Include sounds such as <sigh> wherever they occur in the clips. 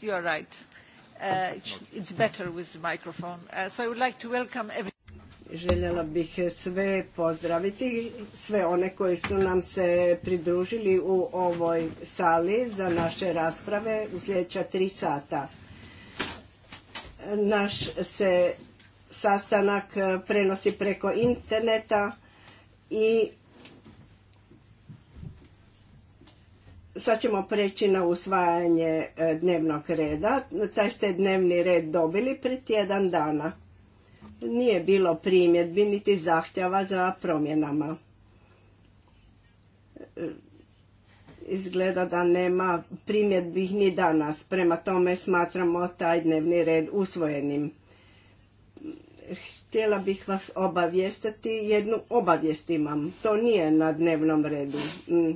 you are right. Uh, it's better with Željela bih sve pozdraviti, sve one koji su nam se pridružili u ovoj sali za naše rasprave u sljedeća tri sata. Naš se sastanak prenosi preko interneta i Sad ćemo preći na usvajanje e, dnevnog reda. Taj ste dnevni red dobili prije tjedan dana. Nije bilo primjedbi niti zahtjeva za promjenama. E, izgleda da nema primjedbi ni danas. Prema tome smatramo taj dnevni red usvojenim. Htjela bih vas obavijestiti, jednu obavijest imam. To nije na dnevnom redu. Mm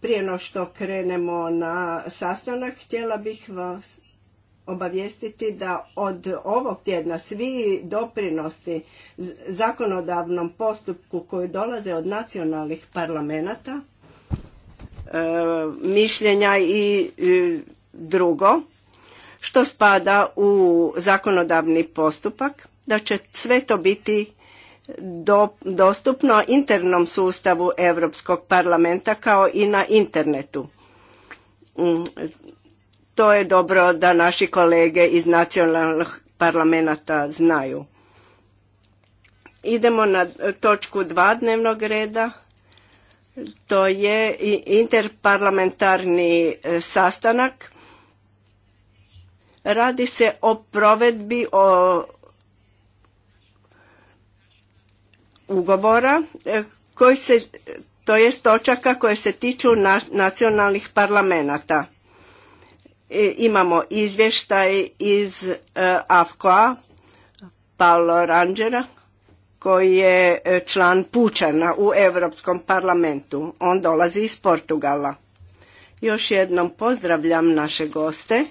prije no što krenemo na sastanak, htjela bih vas obavijestiti da od ovog tjedna svi doprinosti zakonodavnom postupku koji dolaze od nacionalnih parlamenata, e, mišljenja i drugo, što spada u zakonodavni postupak, da će sve to biti dostupno internom sustavu Europskog parlamenta kao i na internetu. Mm, to je dobro da naši kolege iz nacionalnih parlamenta znaju. Idemo na točku dva dnevnog reda. To je interparlamentarni e, sastanak. Radi se o provedbi o ugovora e, koji se, to jest točaka koje se tiču nacionalnih parlamenata. E, imamo izvještaj iz e, AFKOA, Paolo Rangera, koji je e, član Pučana u Europskom parlamentu. On dolazi iz Portugala. Još jednom pozdravljam naše goste,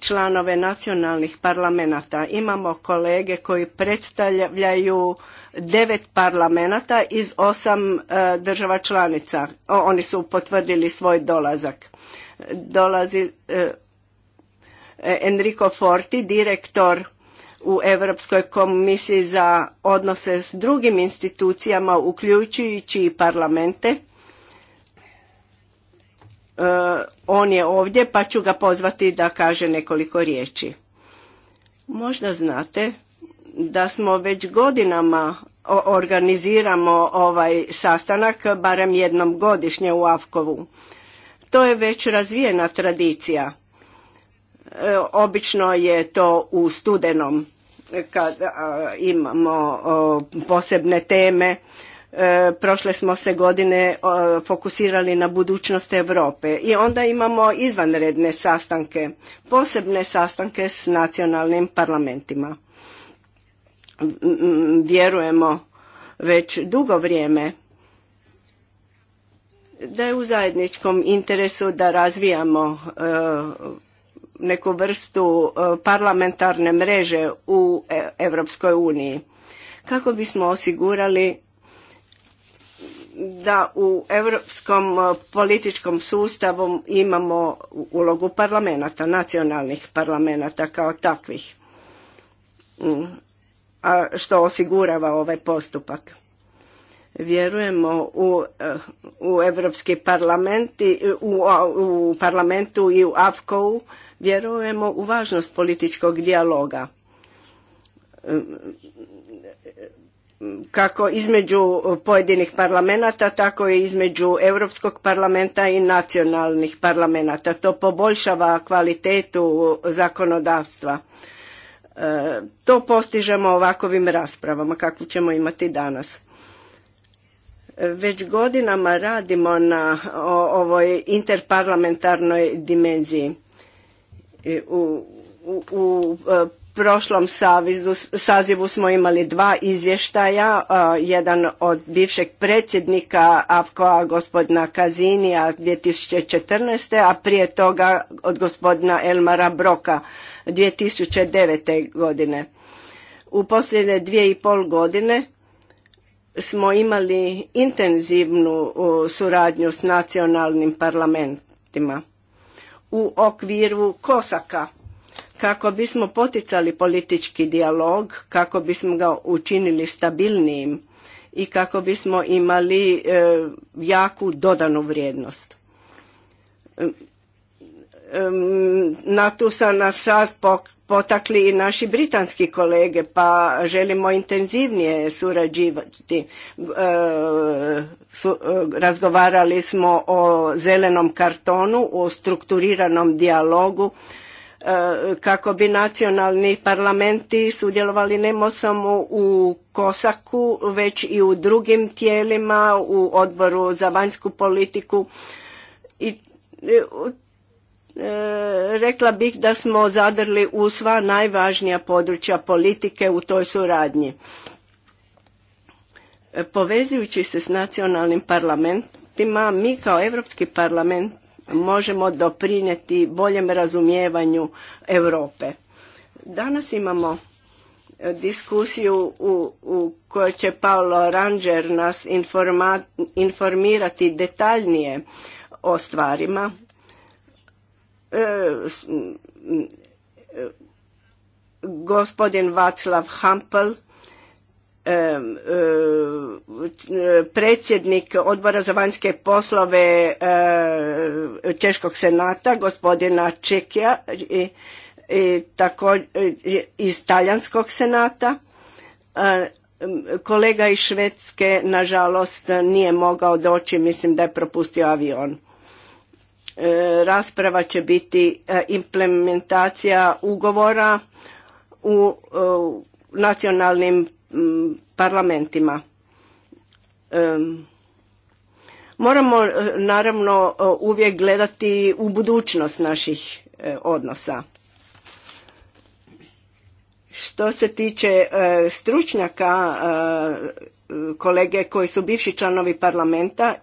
članove nacionalnih parlamentata. Imamo kolege koji predstavljaju devet parlamenata iz osam e, država članica. Oni su potvrdili svoj dolazak. Dolazi e, e, Enrico Forti, direktor u Europskoj komisiji za odnose s drugim institucijama, uključujući i parlamente. On je ovdje, pa ću ga pozvati da kaže nekoliko riječi. Možda znate da smo već godinama organiziramo ovaj sastanak, barem jednom godišnje u Avkovu. To je već razvijena tradicija. E, obično je to u studenom kad imamo posebne teme. E, prošle smo se godine fokusirali na budućnost Europe i onda imamo izvanredne sastanke, posebne sastanke s nacionalnim parlamentima vjerujemo već dugo vrijeme da je u zajedničkom interesu da razvijamo e, neku vrstu e, parlamentarne mreže u Europskoj uniji kako bismo osigurali da u europskom e, političkom sustavu imamo ulogu parlamenta, nacionalnih parlamenta kao takvih. Mm a što osigurava ovaj postupak. Vjerujemo u, eh, u Europski parlament i u, u parlamentu i u afko vjerujemo u važnost političkog dijaloga kako između pojedinih parlamenata, tako i između Europskog parlamenta i nacionalnih parlamenata. To poboljšava kvalitetu zakonodavstva. E, to postižemo ovakvim raspravama kakvu ćemo imati danas. E, već godinama radimo na ovoj interparlamentarnoj dimenziji. E, u, u, u prošlom sazivu smo imali dva izvještaja, jedan od bivšeg predsjednika AFKOA gospodina Kazinija 2014. a prije toga od gospodina Elmara Broka 2009. godine. U posljednje dvije i pol godine smo imali intenzivnu suradnju s nacionalnim parlamentima u okviru Kosaka kako bismo poticali politički dijalog, kako bismo ga učinili stabilnijim i kako bismo imali e, jaku dodanu vrijednost na tu sa nas sad potakli i naši britanski kolege, pa želimo intenzivnije surađivati. E, e, razgovarali smo o zelenom kartonu, o strukturiranom dijalogu, e, kako bi nacionalni parlamenti sudjelovali ne samo u Kosaku, već i u drugim tijelima, u odboru za vanjsku politiku i E, rekla bih da smo zadrli u sva najvažnija područja politike u toj suradnji. E, povezujući se s nacionalnim parlamentima, mi kao Europski parlament možemo doprinijeti boljem razumijevanju Europe. Danas imamo e, diskusiju u, kojoj će Paolo Ranger nas informirati detaljnije o stvarima E, e, gospodin Vaclav Hampel, e, predsjednik odbora za vanjske poslove Češkog senata, gospodina Čekija, tako, iz Talijanskog senata. Kolega iz Švedske, nažalost, nije mogao doći, mislim da je propustio avion. E, rasprava će biti e, implementacija ugovora u e, nacionalnim parlamentima. Moramo naravno uvijek gledati u budućnost naših odnosa. Što se tiče stručnjaka, kolege koji su bivši članovi parlamenta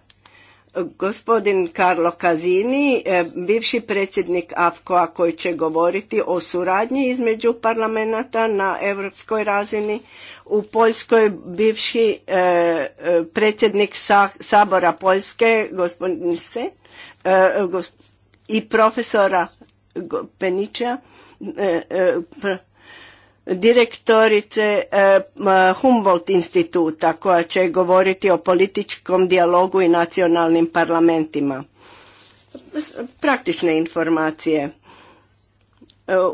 Gospodin Karlo Kazini, e, bivši predsjednik Afkoa koji će govoriti o suradnji između parlamenta na europskoj razini. U Poljskoj bivši e, e, predsjednik Sabora Poljske, gospodin Se, i profesora Penića, direktorice e, Humboldt instituta koja će govoriti o političkom dijalogu i nacionalnim parlamentima. Praktične informacije. E,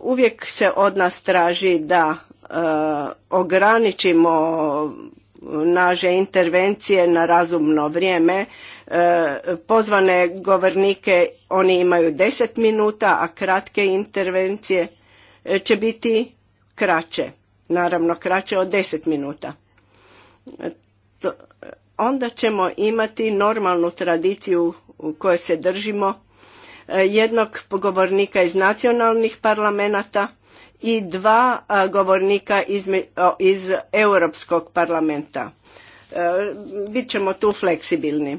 uvijek se od nas traži da e, ograničimo naše intervencije na razumno vrijeme. Pozvane govornike oni imaju 10 minuta, a kratke intervencije će biti kraće, naravno kraće od 10 minuta. onda ćemo imati normalnu tradiciju u kojoj se držimo e, jednog govornika iz nacionalnih parlamenta i dva e, govornika iz, iz Europskog parlamenta. E, bit ćemo tu fleksibilni.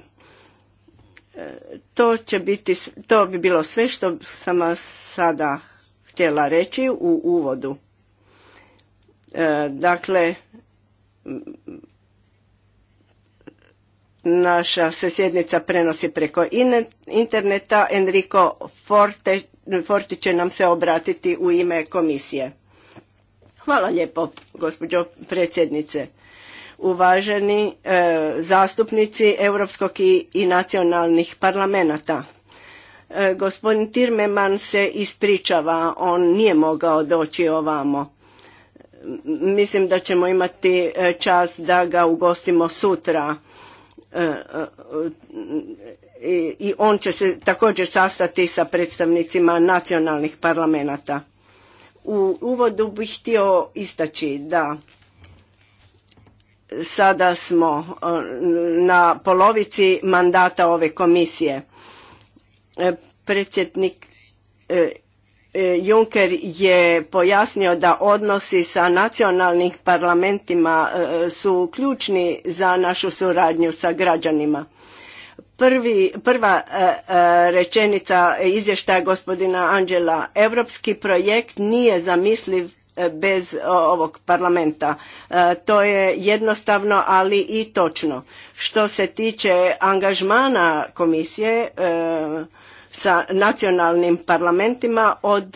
To, će biti, to bi bilo sve što sam sada htjela reći u uvodu. Dakle, naša se sjednica prenosi preko interneta. Enrico Forti će nam se obratiti u ime komisije. Hvala lijepo, gospođo predsjednice. Uvaženi e, zastupnici Europskog i, nacionalnih parlamenata. E, gospodin Tirmeman se ispričava, on nije mogao doći ovamo mislim da ćemo imati e, čas da ga ugostimo sutra e, e, i on će se također sastati sa predstavnicima nacionalnih parlamenata. U uvodu bih htio istaći da sada smo na polovici mandata ove komisije. Predsjednik E, Juncker je pojasnio da odnosi sa nacionalnim parlamentima e, su ključni za našu suradnju sa građanima. Prvi, prva e, rečenica izvještaja gospodina Anđela, europski projekt nije zamisliv bez ovog parlamenta. To je jednostavno, ali i točno. Što se tiče angažmana komisije, sa nacionalnim parlamentima od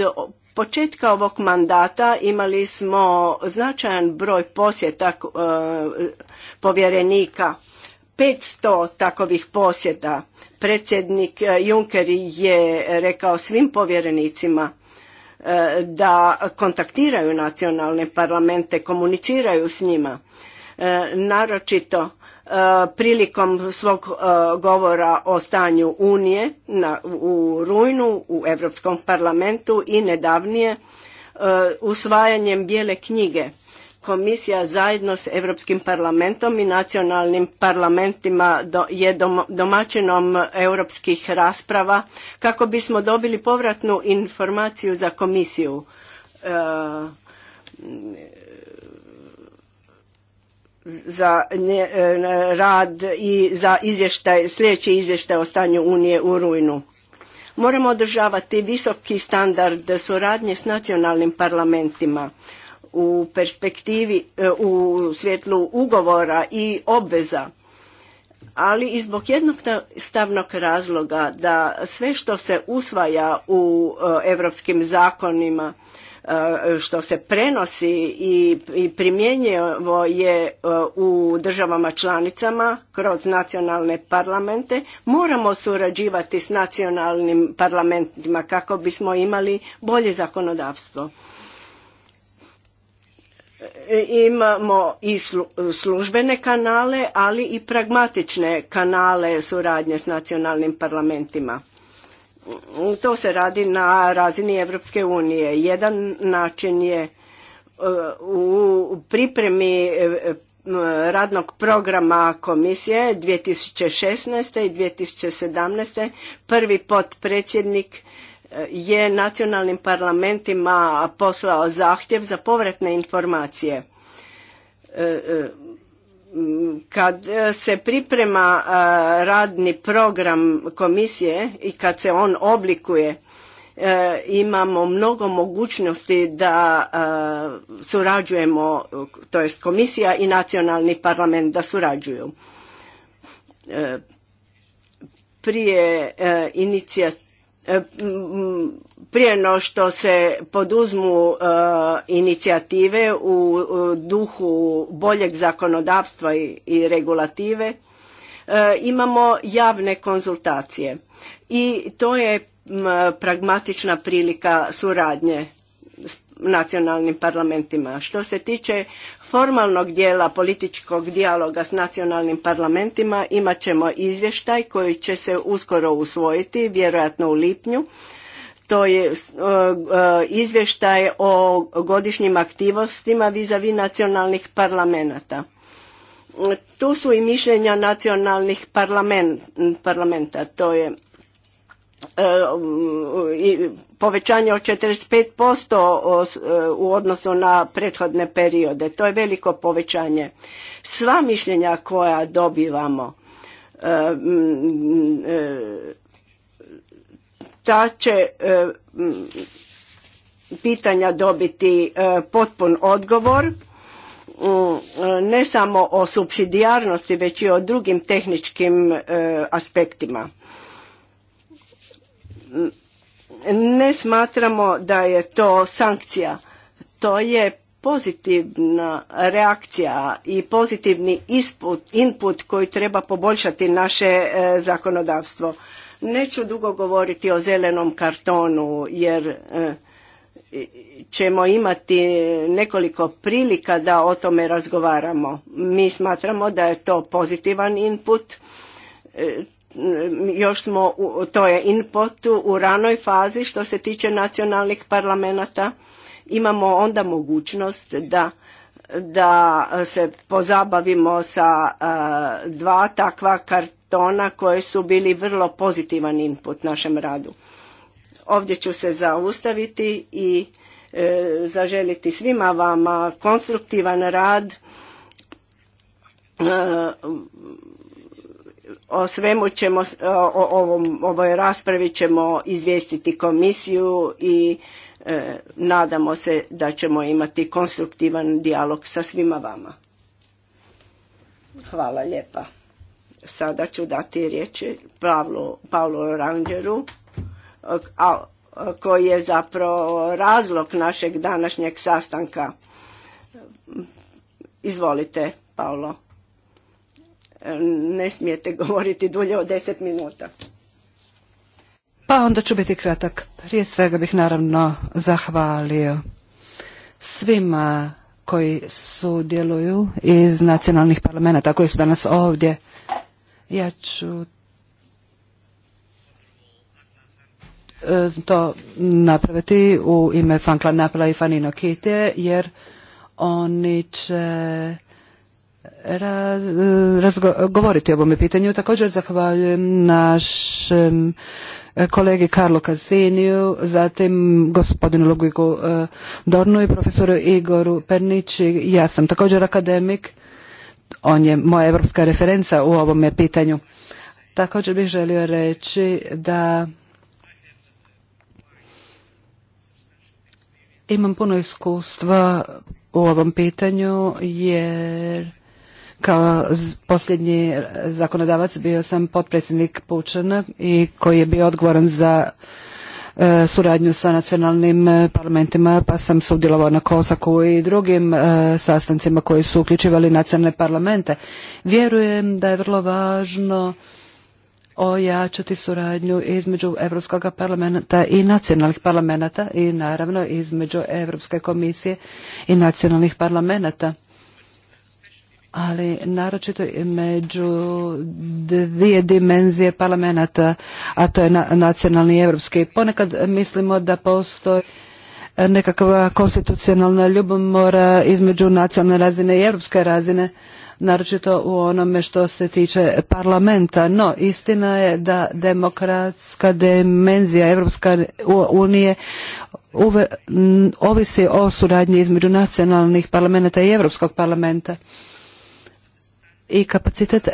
početka ovog mandata imali smo značajan broj posjeta e, povjerenika 500 takovih posjeta predsjednik e, Juncker je rekao svim povjerenicima e, da kontaktiraju nacionalne parlamente komuniciraju s njima naročito Eh, prilikom svog eh, govora o stanju Unije u Rujnu u Europskom parlamentu i nedavnije eh, usvajanjem bijele knjige. Komisija zajedno s Europskim parlamentom i nacionalnim parlamentima je domaćinom europskih rasprava kako bismo dobili povratnu informaciju za komisiju za e, rad i za izvještaj, sljedeći izvještaj o stanju Unije u rujnu. Moramo održavati visoki standard suradnje s nacionalnim parlamentima u perspektivi, e, u svjetlu ugovora i obveza, ali i zbog stavnog razloga da sve što se usvaja u europskim zakonima što se prenosi i primjenjivo je e, u državama članicama kroz nacionalne parlamente moramo surađivati s nacionalnim parlamentima kako bismo imali bolje zakonodavstvo imamo i službene kanale ali i pragmatične kanale suradnje s nacionalnim parlamentima to se radi na razini Europske unije. Jedan način je e, u pripremi e, e, radnog programa komisije 2016. i 2017. prvi potpredsjednik je nacionalnim parlamentima poslao zahtjev za povratne informacije kad e, se priprema e, radni program komisije i kad se on oblikuje e, imamo mnogo mogućnosti da surađujemo to jest komisija i nacionalni parlament da surađuju prije inicijativa E, prije no što se poduzmu e, inicijative u duhu boljeg zakonodavstva i regulative e, imamo javne konzultacije i to je pragmatična prilika suradnje nacionalnim parlamentima. Što se tiče formalnog dijela političkog dijaloga s nacionalnim parlamentima, imat ćemo izvještaj koji će se uskoro usvojiti, vjerojatno u lipnju. To je e, e, izvještaj o godišnjim aktivnostima vizavi nacionalnih parlamenta. Tu su i mišljenja nacionalnih parlamenta, to je e, i povećanje od 45% e, u odnosu na prethodne periode. To je veliko povećanje. Sva mišljenja koja dobivamo e, e, ta će pitanja dobiti potpun odgovor ne samo o subsidijarnosti već i o drugim tehničkim aspektima ne smatramo da je to sankcija. To je pozitivna reakcija i pozitivni isput, input koji treba poboljšati naše e, zakonodavstvo. Neću dugo govoriti o zelenom kartonu jer e, ćemo imati nekoliko prilika da o tome razgovaramo. Mi smatramo da je to pozitivan input. E, još smo, to je input u ranoj fazi što se tiče nacionalnih parlamenata, Imamo onda mogućnost da, da se pozabavimo sa dva takva kartona koje su bili vrlo pozitivan input našem radu. Ovdje ću se zaustaviti i e, zaželiti svima vama konstruktivan rad o svemu ćemo, o ovom, ovoj raspravi ćemo izvijestiti komisiju i e, nadamo se da ćemo imati konstruktivan dijalog sa svima vama. Hvala lijepa. Sada ću dati riječ Pavlu, Pavlu Rangeru, a, koji je zapravo razlog našeg današnjeg sastanka. Izvolite, Paolo ne smijete govoriti dulje od deset minuta. Pa onda ću biti kratak. Prije svega bih naravno zahvalio svima koji sudjeluju iz nacionalnih parlamenta koji su danas ovdje. Ja ću e, to napraviti u ime Fankla Napla i Fanino Kite jer oni će govoriti o ovome pitanju. Također zahvaljujem našem e, kolegi Karlo Casiniju, zatim gospodinu Lugiku e, Dornu i profesoru Igoru Pernići. Ja sam također akademik, on je moja evropska referenca u ovome pitanju. Također bih želio reći da imam puno iskustva u ovom pitanju jer kao posljednji zakonodavac bio sam potpredsjednik Pučana i koji je bio odgovoran za e, suradnju sa nacionalnim e, parlamentima pa sam sudjelovao na Kosaku i drugim e, sastancima koji su uključivali nacionalne parlamente. Vjerujem da je vrlo važno ojačati suradnju između Evropskog parlamenta i nacionalnih parlamenta i naravno između Europske komisije i nacionalnih parlamenta ali naročito među dvije dimenzije parlamenta, a to je nacionalni i evropski. Ponekad mislimo da postoji nekakva konstitucionalna ljubomora između nacionalne razine i europske razine, naročito u onome što se tiče parlamenta. No, istina je da demokratska dimenzija Evropska unije uve, ovisi o suradnji između nacionalnih parlamenta i Europskog parlamenta i kapacitet e,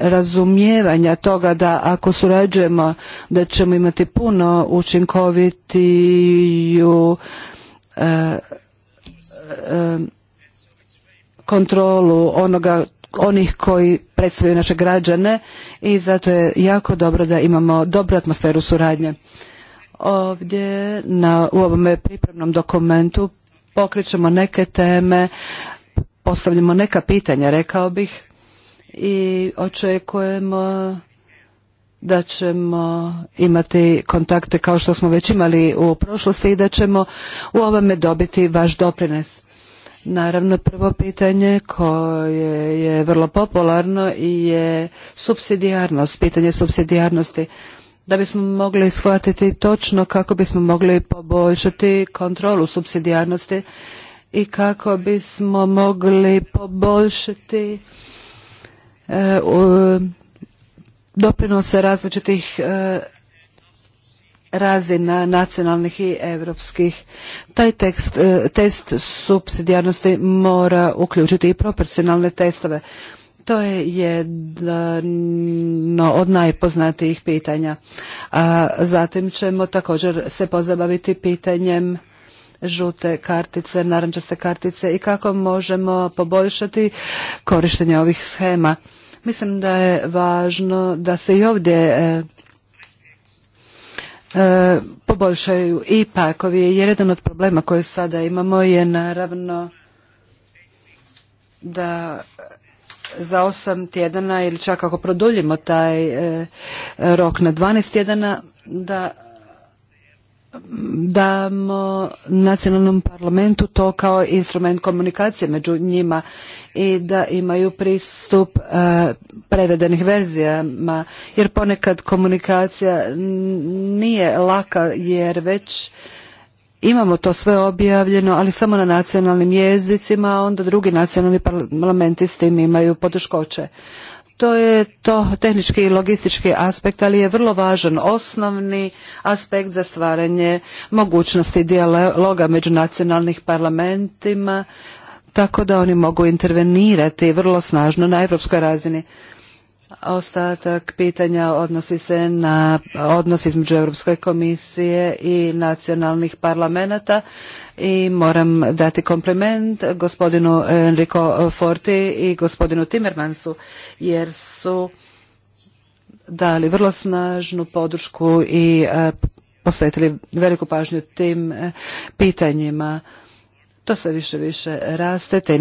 razumijevanja toga da ako surađujemo da ćemo imati puno učinkovitiju e, e, kontrolu onoga onih koji predstavljaju naše građane i zato je jako dobro da imamo dobru atmosferu suradnje. Ovdje na, u ovom pripremnom dokumentu pokrećemo neke teme, postavljamo neka pitanja, rekao bih i očekujemo da ćemo imati kontakte kao što smo već imali u prošlosti i da ćemo u ovome dobiti vaš doprines. Naravno, prvo pitanje koje je vrlo popularno je subsidijarnost, pitanje subsidijarnosti. Da bismo mogli shvatiti točno kako bismo mogli poboljšati kontrolu subsidijarnosti i kako bismo mogli poboljšati E, doprinose različitih e, razina nacionalnih i europskih. Taj tekst, e, test subsidijarnosti mora uključiti i proporcionalne testove. To je jedno od najpoznatijih pitanja. A zatim ćemo također se pozabaviti pitanjem žute kartice, narančaste kartice i kako možemo poboljšati korištenje ovih schema. Mislim da je važno da se i ovdje e, e, poboljšaju i pakovi, jer jedan od problema koje sada imamo je naravno da za osam tjedana ili čak ako produljimo taj e, rok na 12 tjedana da damo nacionalnom parlamentu to kao instrument komunikacije među njima i da imaju pristup e, prevedenih verzijama jer ponekad komunikacija nije laka jer već imamo to sve objavljeno ali samo na nacionalnim jezicima a onda drugi nacionalni parlamenti s tim imaju poteškoće to je to tehnički i logistički aspekt, ali je vrlo važan osnovni aspekt za stvaranje mogućnosti dijaloga među nacionalnih parlamentima, tako da oni mogu intervenirati vrlo snažno na europskoj razini. Ostatak pitanja odnosi se na odnos između Europske komisije i nacionalnih parlamenta i moram dati kompliment gospodinu Enrico Forti i gospodinu Timmermansu jer su dali vrlo snažnu podršku i e, posvetili veliku pažnju tim e, pitanjima. To sve više više raste, te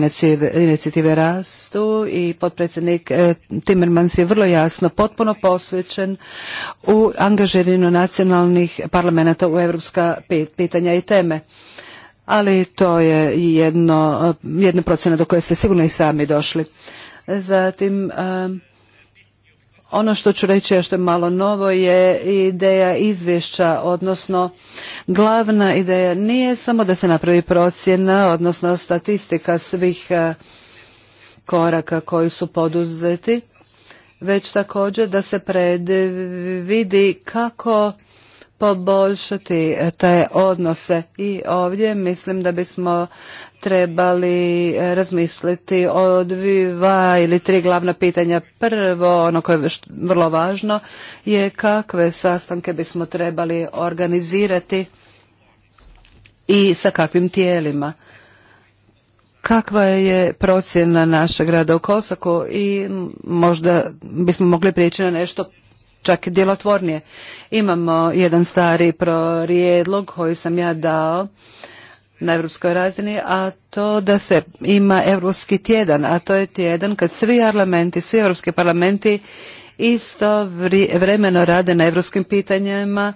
inicijative rastu i potpredsjednik e, Timmermans je vrlo jasno potpuno posvećen u angažiranju nacionalnih parlamenta u evropska pitanja i teme. Ali to je jedno, e, jedna procjena do koje ste sigurno i sami došli. Zatim, e, ono što ću reći, a što je malo novo, je ideja izvješća, odnosno glavna ideja nije samo da se napravi procjena, odnosno statistika svih e, koraka koji su poduzeti, već također da se predvidi kako poboljšati te odnose i ovdje mislim da bismo trebali razmisliti o dva ili tri glavna pitanja. Prvo, ono koje je vrlo važno, je kakve sastanke bismo trebali organizirati i sa kakvim tijelima. Kakva je procjena našeg rada u Kosaku i možda bismo mogli prijeći na nešto čak djelotvornije. Imamo jedan stari prorijedlog koji sam ja dao na europskoj razini, a to da se ima evropski tjedan, a to je tjedan kad svi parlamenti, svi europski parlamenti isto vremeno rade na europskim pitanjima,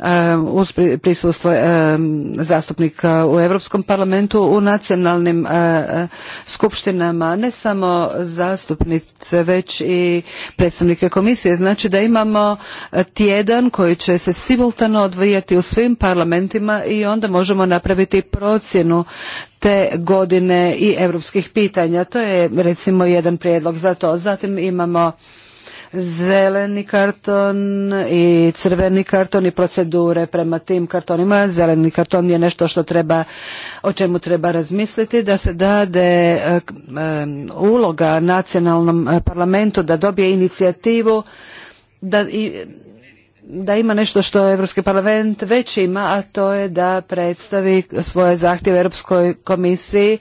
Um, uz prisustvo um, zastupnika u Europskom parlamentu u nacionalnim uh, skupštinama, ne samo zastupnice, već i predstavnike komisije. Znači da imamo uh, tjedan koji će se simultano odvijati u svim parlamentima i onda možemo napraviti procjenu te godine i europskih pitanja. To je recimo jedan prijedlog za to. Zatim imamo zeleni karton i crveni karton i procedure prema tim kartonima. Zeleni karton je nešto što treba, o čemu treba razmisliti, da se dade e, e, uloga nacionalnom e, parlamentu da dobije inicijativu da da ima nešto što Europski parlament već ima, a to je da predstavi svoje zahtjeve Europskoj komisiji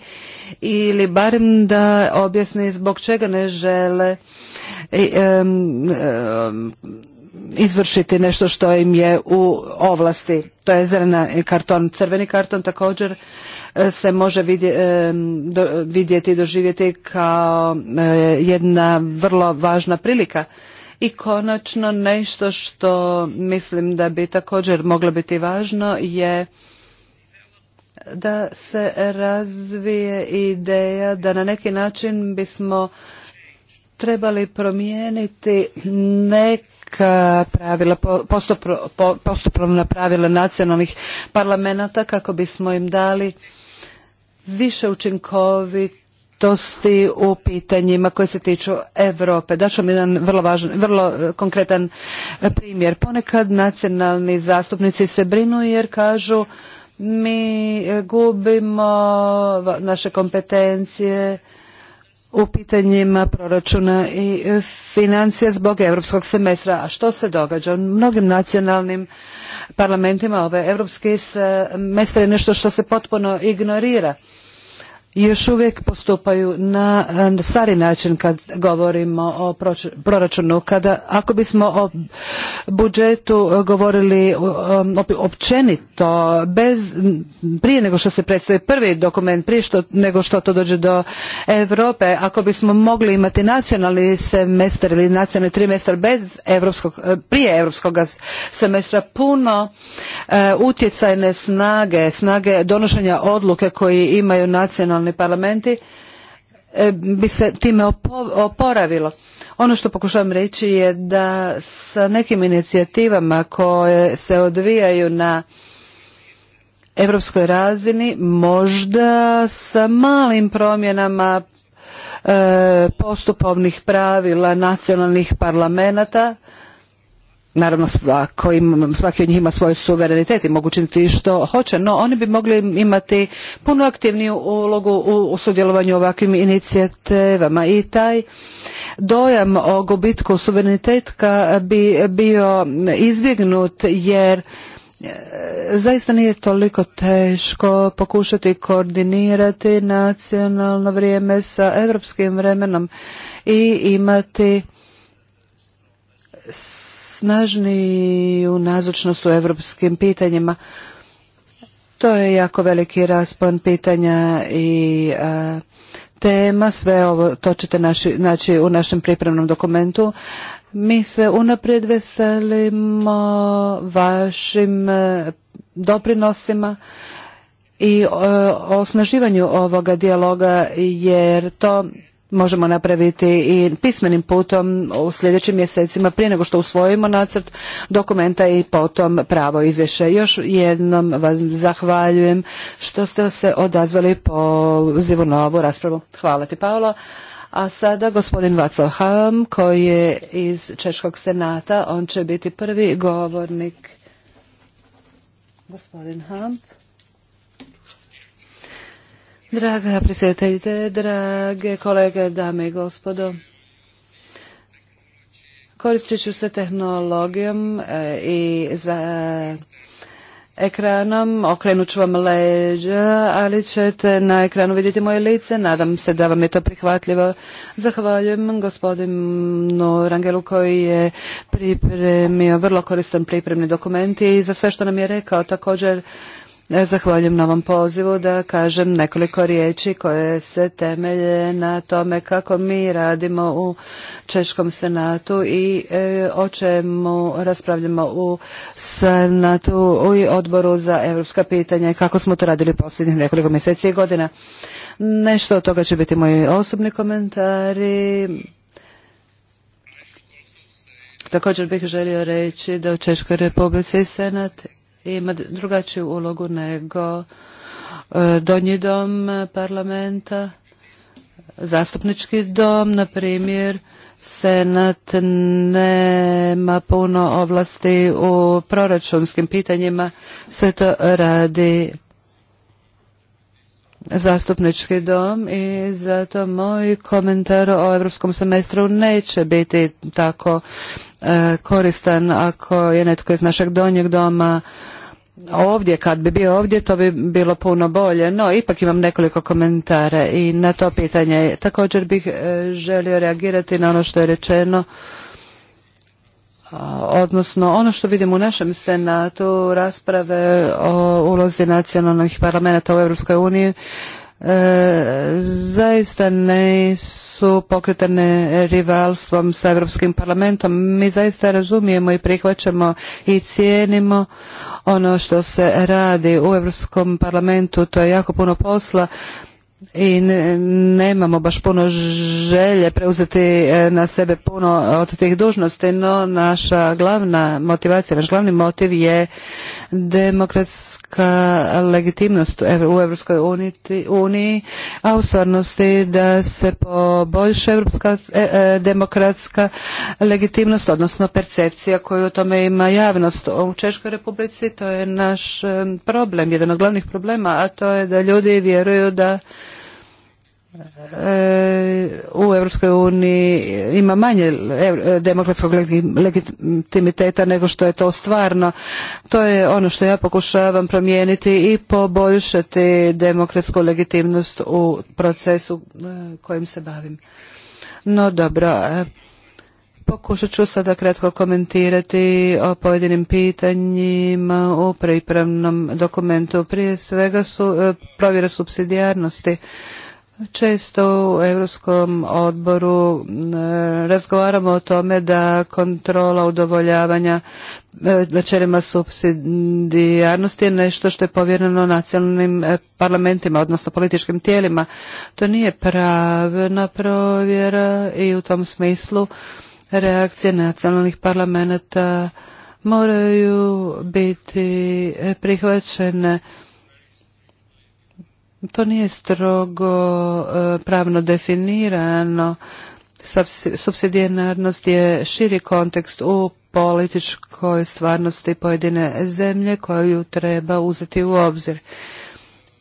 ili barem da objasni zbog čega ne žele izvršiti nešto što im je u ovlasti. To je zelena e, karton. Crveni karton također e, se može vidjeti i doživjeti kao e, jedna vrlo važna prilika. I konačno nešto što mislim da bi također moglo biti važno je da se razvije ideja da na neki način bismo trebali promijeniti neka pravila, postupovna pravila nacionalnih parlamenta kako bismo im dali više učinkovitosti u pitanjima koje se tiču Europe. ću vam jedan vrlo, važan, vrlo e, konkretan e, primjer. Ponekad nacionalni zastupnici se brinu jer kažu mi e, gubimo naše kompetencije, u pitanjima proračuna i e, financija zbog europskog semestra. A što se događa? U mnogim nacionalnim parlamentima ove europske semestre je nešto što se potpuno ignorira još uvijek postupaju na stari način kad govorimo o proračunu. Kada, ako bismo o budžetu govorili um, općenito, bez, prije nego što se predstavi prvi dokument, prije nego što to dođe do Europe, ako bismo mogli imati nacionalni semestar ili nacionalni trimestar bez evropskog, eh, prije europskog semestra, puno eh, utjecajne snage, snage donošenja odluke koji imaju nacionalni nacionalni parlamenti e, bi se time oporavilo. Ono što pokušavam reći je da sa nekim inicijativama koje se odvijaju na europskoj razini možda sa malim promjenama e, postupovnih pravila nacionalnih parlamenata Naravno svako svaki od njih ima svoj suverenitet i mogu činiti što hoće, no oni bi mogli imati puno aktivniju ulogu u, u sudjelovanju ovakvim inicijativama i taj dojam o gubitku suverenitetka bi bio izbjegnut jer e, zaista nije toliko teško pokušati koordinirati nacionalno vrijeme sa europskim vremenom i imati u nazočnost u europskim pitanjima. To je jako veliki raspon pitanja i e, tema. Sve ovo to ćete naši, naći u našem pripremnom dokumentu. Mi se unaprijed veselimo vašim e, doprinosima i e, osnaživanju ovoga dijaloga jer to možemo napraviti i pismenim putom u sljedećim mjesecima prije nego što usvojimo nacrt dokumenta i potom pravo izvješće. Još jednom vas zahvaljujem što ste se odazvali pozivu na ovu raspravu. Hvala ti Paolo. A sada gospodin Vaclav Ham koji je iz Češkog senata, on će biti prvi govornik. Gospodin Ham. Draga predsjedateljite, drage kolege, dame i gospodo, koristit ću se tehnologijom e, i za ekranom, okrenut ću vam leđa, ali ćete na ekranu vidjeti moje lice, nadam se da vam je to prihvatljivo. Zahvaljujem gospodinu Rangelu koji je pripremio vrlo koristan pripremni dokument i za sve što nam je rekao također E, zahvaljujem na ovom pozivu da kažem nekoliko riječi koje se temelje na tome kako mi radimo u Češkom senatu i e, o čemu raspravljamo u senatu i odboru za evropska pitanja i kako smo to radili posljednjih nekoliko mjeseci i godina. Nešto od toga će biti moji osobni komentari. Također bih želio reći da u Češkoj republici i senat ima drugačiju ulogu nego e, donji dom parlamenta, zastupnički dom, na primjer, Senat nema puno ovlasti u proračunskim pitanjima, sve to radi zastupnički dom i zato moj komentar o europskom semestru neće biti tako E, koristan ako je netko iz našeg donjeg doma ovdje, kad bi bio ovdje, to bi bilo puno bolje. No, ipak imam nekoliko komentara i na to pitanje. Također bih e, želio reagirati na ono što je rečeno, odnosno ono što vidim u našem senatu, rasprave o ulozi nacionalnih parlamenta u Europskoj uniji, E, zaista zaista su pokretane rivalstvom sa Europskim parlamentom. Mi zaista razumijemo i prihvaćamo i cijenimo ono što se radi u Europskom parlamentu. To je jako puno posla i nemamo baš puno želje preuzeti e, na sebe puno od tih dužnosti, no naša glavna motivacija, naš glavni motiv je demokratska legitimnost u Europskoj uniji, a u stvarnosti da se poboljša europska e, e, demokratska legitimnost, odnosno percepcija koju o tome ima javnost. U Češkoj republici to je naš problem, jedan od glavnih problema, a to je da ljudi vjeruju da E, u Europskoj uniji ima manje e, demokratskog legitimiteta nego što je to stvarno. To je ono što ja pokušavam promijeniti i poboljšati demokratsku legitimnost u procesu e, kojim se bavim. No dobro, pokušat ću sada kratko komentirati o pojedinim pitanjima u pripremnom dokumentu. Prije svega su provjera supsidijarnosti. Često u Europskom odboru razgovaramo o tome da kontrola udovoljavanja e, načelima subsidijarnosti je nešto što je povjereno nacionalnim e, parlamentima, odnosno političkim tijelima. To nije pravna provjera i u tom smislu reakcije nacionalnih parlamenta moraju biti prihvaćene to nije strogo e, pravno definirano. Subsidijarnost je širi kontekst u političkoj stvarnosti pojedine zemlje koju treba uzeti u obzir.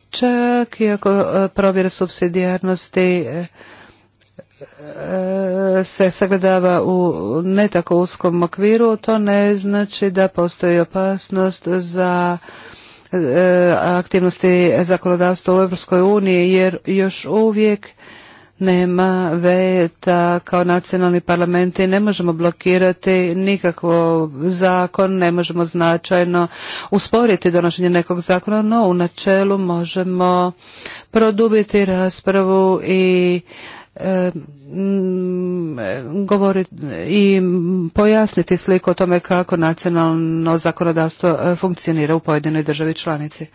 Čak i ako e, provjera subsidijarnosti e, se sagledava u ne tako uskom okviru, to ne znači da postoji opasnost za E, aktivnosti zakonodavstva u Europskoj uniji jer još uvijek nema veta kao nacionalni parlamenti ne možemo blokirati nikakvo zakon, ne možemo značajno usporiti donošenje nekog zakona, no u načelu možemo produbiti raspravu i govoriti i pojasniti sliku o tome kako nacionalno zakonodavstvo e, funkcionira u pojedinoj državi članici.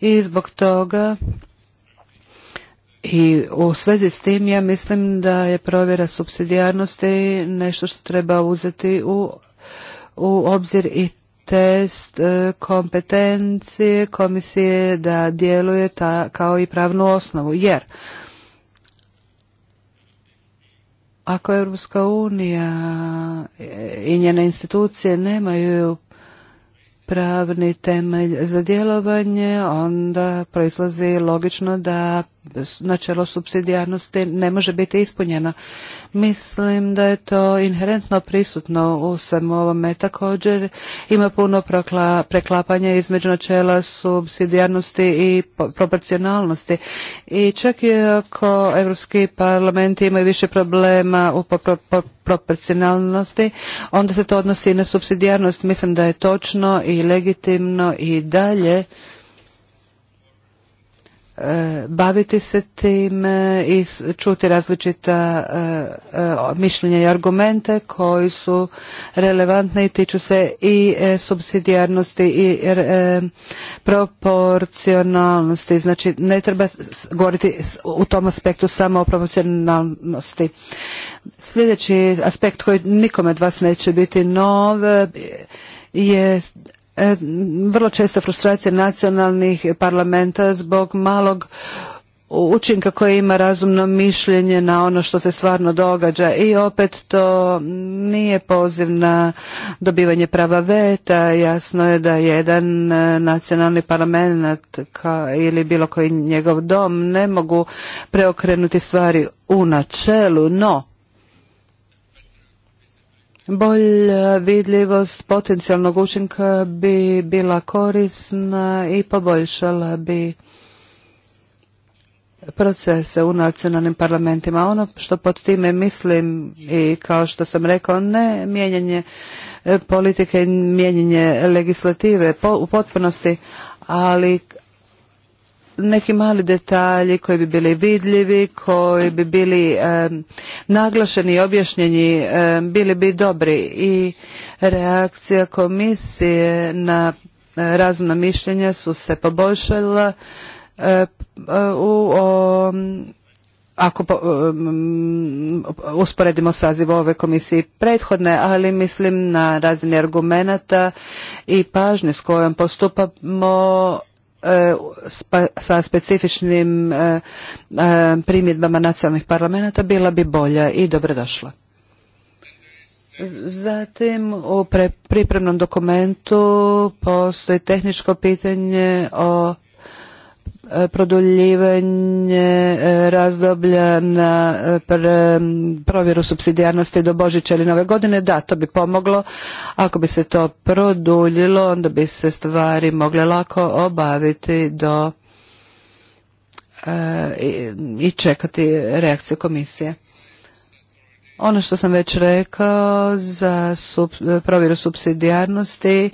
I zbog toga i u svezi s tim ja mislim da je provjera subsidijarnosti nešto što treba uzeti u, u obzir i test e, kompetencije komisije da djeluje ta, kao i pravnu osnovu. Jer ako Europska unija i njene institucije nemaju pravni temelj za djelovanje, onda proizlazi logično da načelo subsidijarnosti ne može biti ispunjeno. Mislim da je to inherentno prisutno u svemu ovome. Također ima puno preklapanja između načela subsidijarnosti i proporcionalnosti. I čak i ako Europski parlament ima više problema u proporcionalnosti, onda se to odnosi i na subsidijarnost. Mislim da je točno i i legitimno i dalje e, baviti se tim e, i čuti različita e, mišljenja i argumente koji su relevantni i tiču se i subsidijarnosti i proporcionalnosti. Znači ne treba govoriti u tom aspektu samo o proporcionalnosti. Sljedeći aspekt koji nikome od vas neće biti nov je E, vrlo često frustracije nacionalnih parlamenta zbog malog učinka koji ima razumno mišljenje na ono što se stvarno događa i opet to nije poziv na dobivanje prava veta jasno je da jedan nacionalni parlament ili bilo koji njegov dom ne mogu preokrenuti stvari u načelu no Bolja eh, vidljivost potencijalnog učinka bi bila korisna i poboljšala bi procese u nacionalnim parlamentima. Ono što pod time mislim i kao što sam rekao, ne mijenjanje eh, politike, mijenjanje legislative u potpunosti, ali neki mali detalji koji bi bili vidljivi, koji bi bili naglašeni i objašnjeni, bili bi dobri i reakcija komisije na eh, razumna mišljenja su se poboljšala eh, eh, u o, ako po, um, usporedimo saziv ove komisije prethodne, ali mislim na razini argumenata i pažnje s kojom postupamo E, sa specifičnim e, e, primjedbama nacionalnih parlamenta bila bi bolja i dobrodošla. Zatim u pripremnom dokumentu postoji tehničko pitanje o produljivanje e, razdoblja na e, provjeru subsidijarnosti do Božića ili Nove godine, da, to bi pomoglo. Ako bi se to produljilo, onda bi se stvari mogle lako obaviti do e, i čekati reakciju komisije. Ono što sam već rekao za provjeru subsidijarnosti,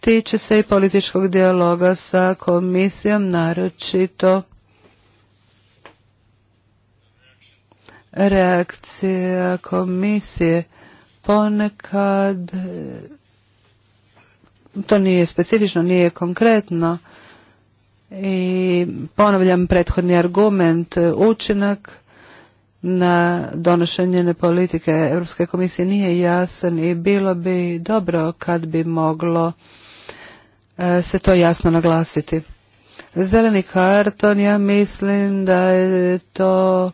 tiče se i političkog dijaloga sa komisijom, naročito reakcija komisije ponekad e, to nije specifično, nije konkretno i ponavljam prethodni argument e, učinak na donošenje politike Europske komisije nije jasan i bilo bi dobro kad bi moglo E, se to jasno naglasiti. Zeleni karton, ja mislim da je to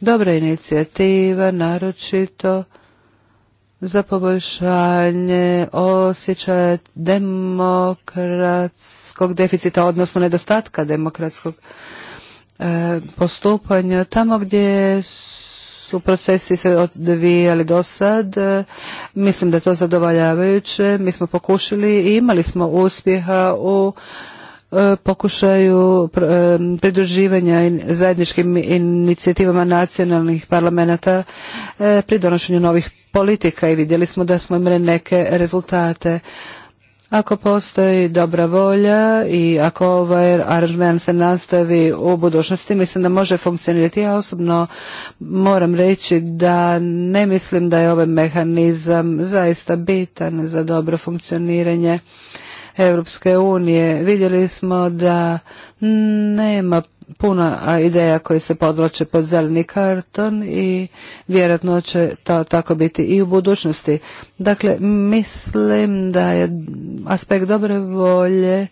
dobra inicijativa, naročito za poboljšanje osjećaja demokratskog deficita, odnosno nedostatka demokratskog e, postupanja. Tamo gdje su procesi se odvijali do sad. Mislim da je to zadovoljavajuće. Mi smo pokušali i imali smo uspjeha u e, pokušaju e, pridruživanja zajedničkim inicijativama nacionalnih parlamenta e, pri donošenju novih politika i vidjeli smo da smo imali neke rezultate. Ako postoji dobra volja i ako ovaj aranžman se nastavi u budućnosti, mislim da može funkcionirati. Ja osobno moram reći da ne mislim da je ovaj mehanizam zaista bitan za dobro funkcioniranje Europske unije. Vidjeli smo da nema puno ideja koje se podvlače pod zeleni karton i vjerojatno će to tako biti i u budućnosti. Dakle, mislim da je aspekt dobre volje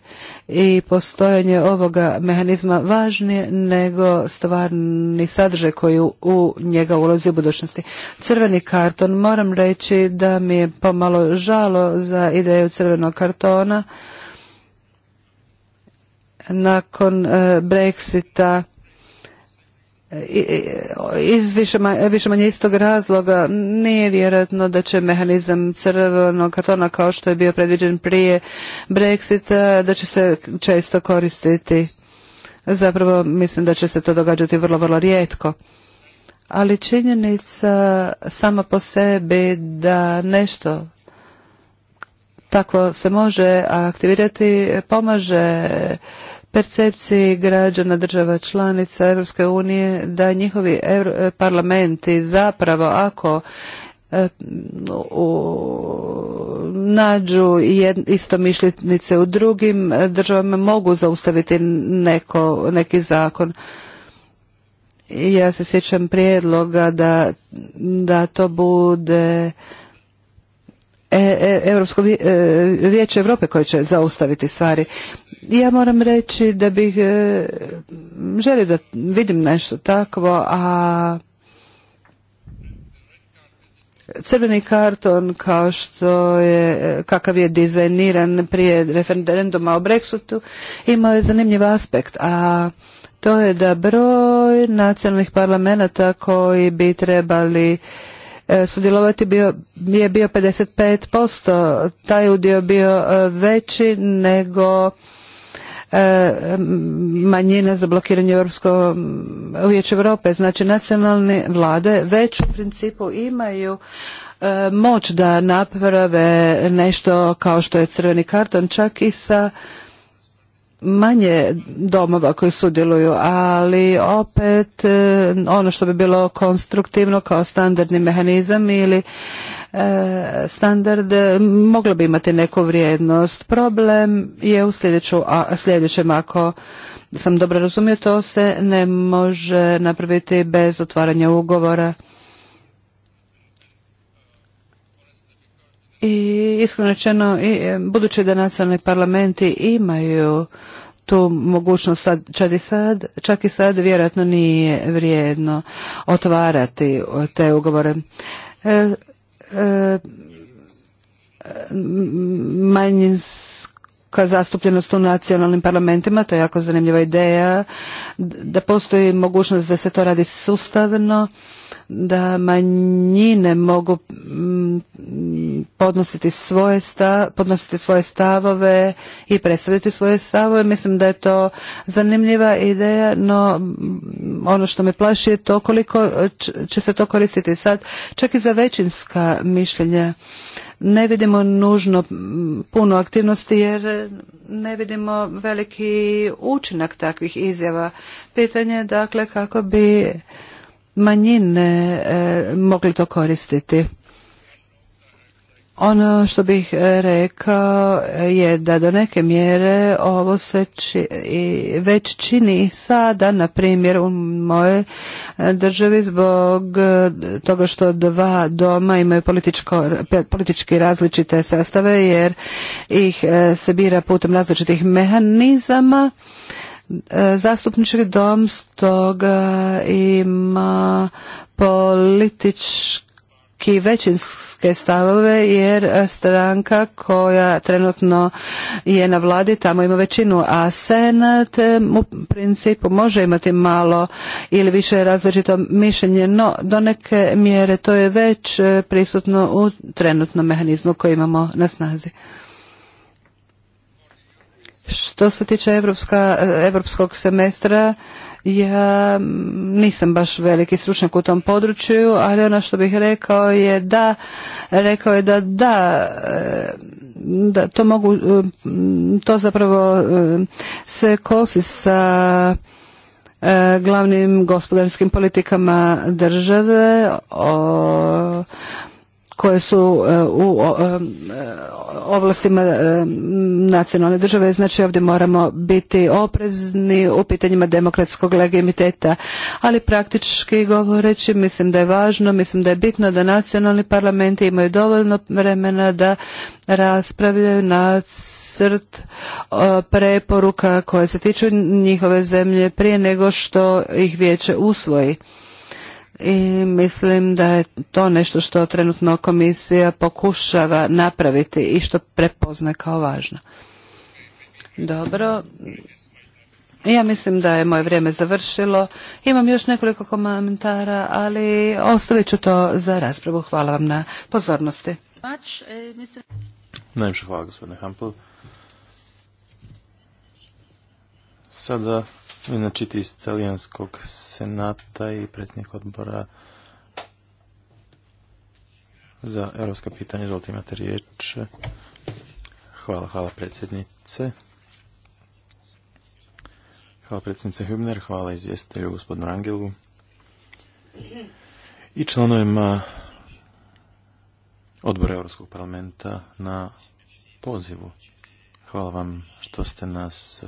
i postojanje ovoga mehanizma važnije nego stvarni sadržaj koji u njega ulozi u budućnosti. Crveni karton, moram reći da mi je pomalo žalo za ideju crvenog kartona, nakon e, Brexita iz više manje, istog razloga nije vjerojatno da će mehanizam crvenog kartona kao što je bio predviđen prije Brexita da će se često koristiti zapravo mislim da će se to događati vrlo vrlo rijetko ali činjenica sama po sebi da nešto tako se može aktivirati pomaže percepciji građana država članica Europske unije da njihovi e, parlamenti zapravo ako e, u, nađu mišljenice u drugim e, državama mogu zaustaviti neki zakon. Ja se sjećam prijedloga da, to bude Europsko vijeće Europe koje će zaustaviti stvari ja moram reći da bih e, želio da vidim nešto takvo, a crveni karton kao što je, kakav je dizajniran prije referenduma o Brexitu imao je zanimljiv aspekt, a to je da broj nacionalnih parlamenta koji bi trebali e, sudjelovati bio, je bio 55%, taj udio bio e, veći nego E, manjina za blokiranje Europsko vijeće Europe. Znači nacionalne vlade već u principu imaju e, moć da naprave nešto kao što je crveni karton, čak i sa manje domova koji sudjeluju, ali opet e, ono što bi bilo konstruktivno kao standardni mehanizam ili e, standard e, moglo bi imati neku vrijednost. Problem je u a, sljedećem ako sam dobro razumio, to se ne može napraviti bez otvaranja ugovora I iskreno rečeno, e, budući da nacionalni parlamenti imaju tu mogućnost sad, čak i sad, čak i sad vjerojatno nije vrijedno otvarati te ugovore. E, e, manjinska zastupljenost u nacionalnim parlamentima, to je jako zanimljiva ideja, da postoji mogućnost da se to radi sustavno da manjine mogu mm, podnositi svoje, sta, podnositi svoje stavove i predstaviti svoje stavove. Mislim da je to zanimljiva ideja, no mm, ono što me plaši je to koliko će se to koristiti sad, čak i za većinska mišljenja. Ne vidimo nužno mm, puno aktivnosti jer ne vidimo veliki učinak takvih izjava. Pitanje je dakle kako bi manjine e, mogli to koristiti. Ono što bih e, rekao e, je da do neke mjere ovo se či, već čini sada, na primjer u moje državi zbog toga što dva doma imaju politički različite sastave jer ih se bira putem različitih mehanizama Zastupnički dom stoga ima politički većinske stavove jer stranka koja trenutno je na vladi tamo ima većinu, a senat u principu može imati malo ili više različito mišljenje, no do neke mjere to je već prisutno u trenutnom mehanizmu koji imamo na snazi. Što se tiče evropska, evropskog semestra, ja nisam baš veliki stručnjak u tom području, ali ono što bih rekao je da, rekao je da da, e, da to mogu, e, to zapravo e, se kosi sa glavnim gospodarskim politikama države o koje su e, u e, ovlastima e, nacionalne države. Znači ovdje moramo biti oprezni u pitanjima demokratskog legitimiteta, ali praktički govoreći mislim da je važno, mislim da je bitno da nacionalni parlamenti imaju dovoljno vremena da raspravljaju nacrt preporuka koje se tiču njihove zemlje prije nego što ih vijeće usvoji i mislim da je to nešto što trenutno komisija pokušava napraviti i što prepozna kao važno. Dobro, ja mislim da je moje vrijeme završilo. Imam još nekoliko komentara, ali ostavit ću to za raspravu. Hvala vam na pozornosti. Najviše hvala gospodine Hampel. Sada inačiti iz talijanskog senata i predsjednik odbora za europska pitanja. Želite imate riječ. Hvala, hvala predsjednice. Hvala predsjednice Hübner, hvala izvjestitelju gospodinu Rangelu. i članovima odbora Europskog parlamenta na pozivu. Hvala vam što ste nas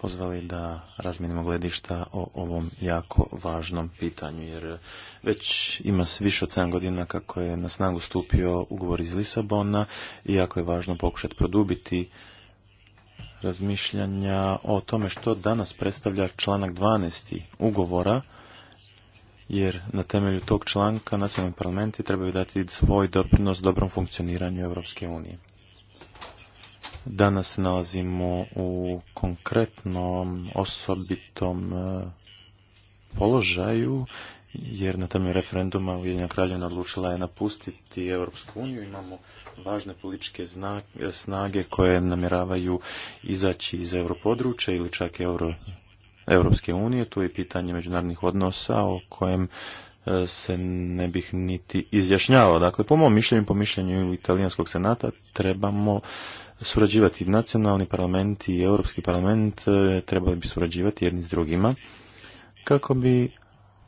pozvali da razmijenimo gledišta o ovom jako važnom pitanju, jer već ima više od 7 godina kako je na snagu stupio ugovor iz Lisabona i jako je važno pokušati produbiti razmišljanja o tome što danas predstavlja članak 12. ugovora, jer na temelju tog članka nacionalni parlamenti trebaju dati svoj doprinos dobrom funkcioniranju Europske unije. Danas se nalazimo u konkretnom, osobitom e, položaju, jer na temelju referenduma Ujedinja Kraljevina odlučila je napustiti Europsku uniju. Imamo važne političke e, snage koje namjeravaju izaći iz europodručja ili čak Europske unije. Tu je pitanje međunarodnih odnosa o kojem E, se ne bih niti izjašnjavao. Dakle, po mom mišljenju, po mišljenju italijanskog senata, trebamo surađivati. Nacionalni parlament i Europski parlament e, trebali bi surađivati jedni s drugima kako bi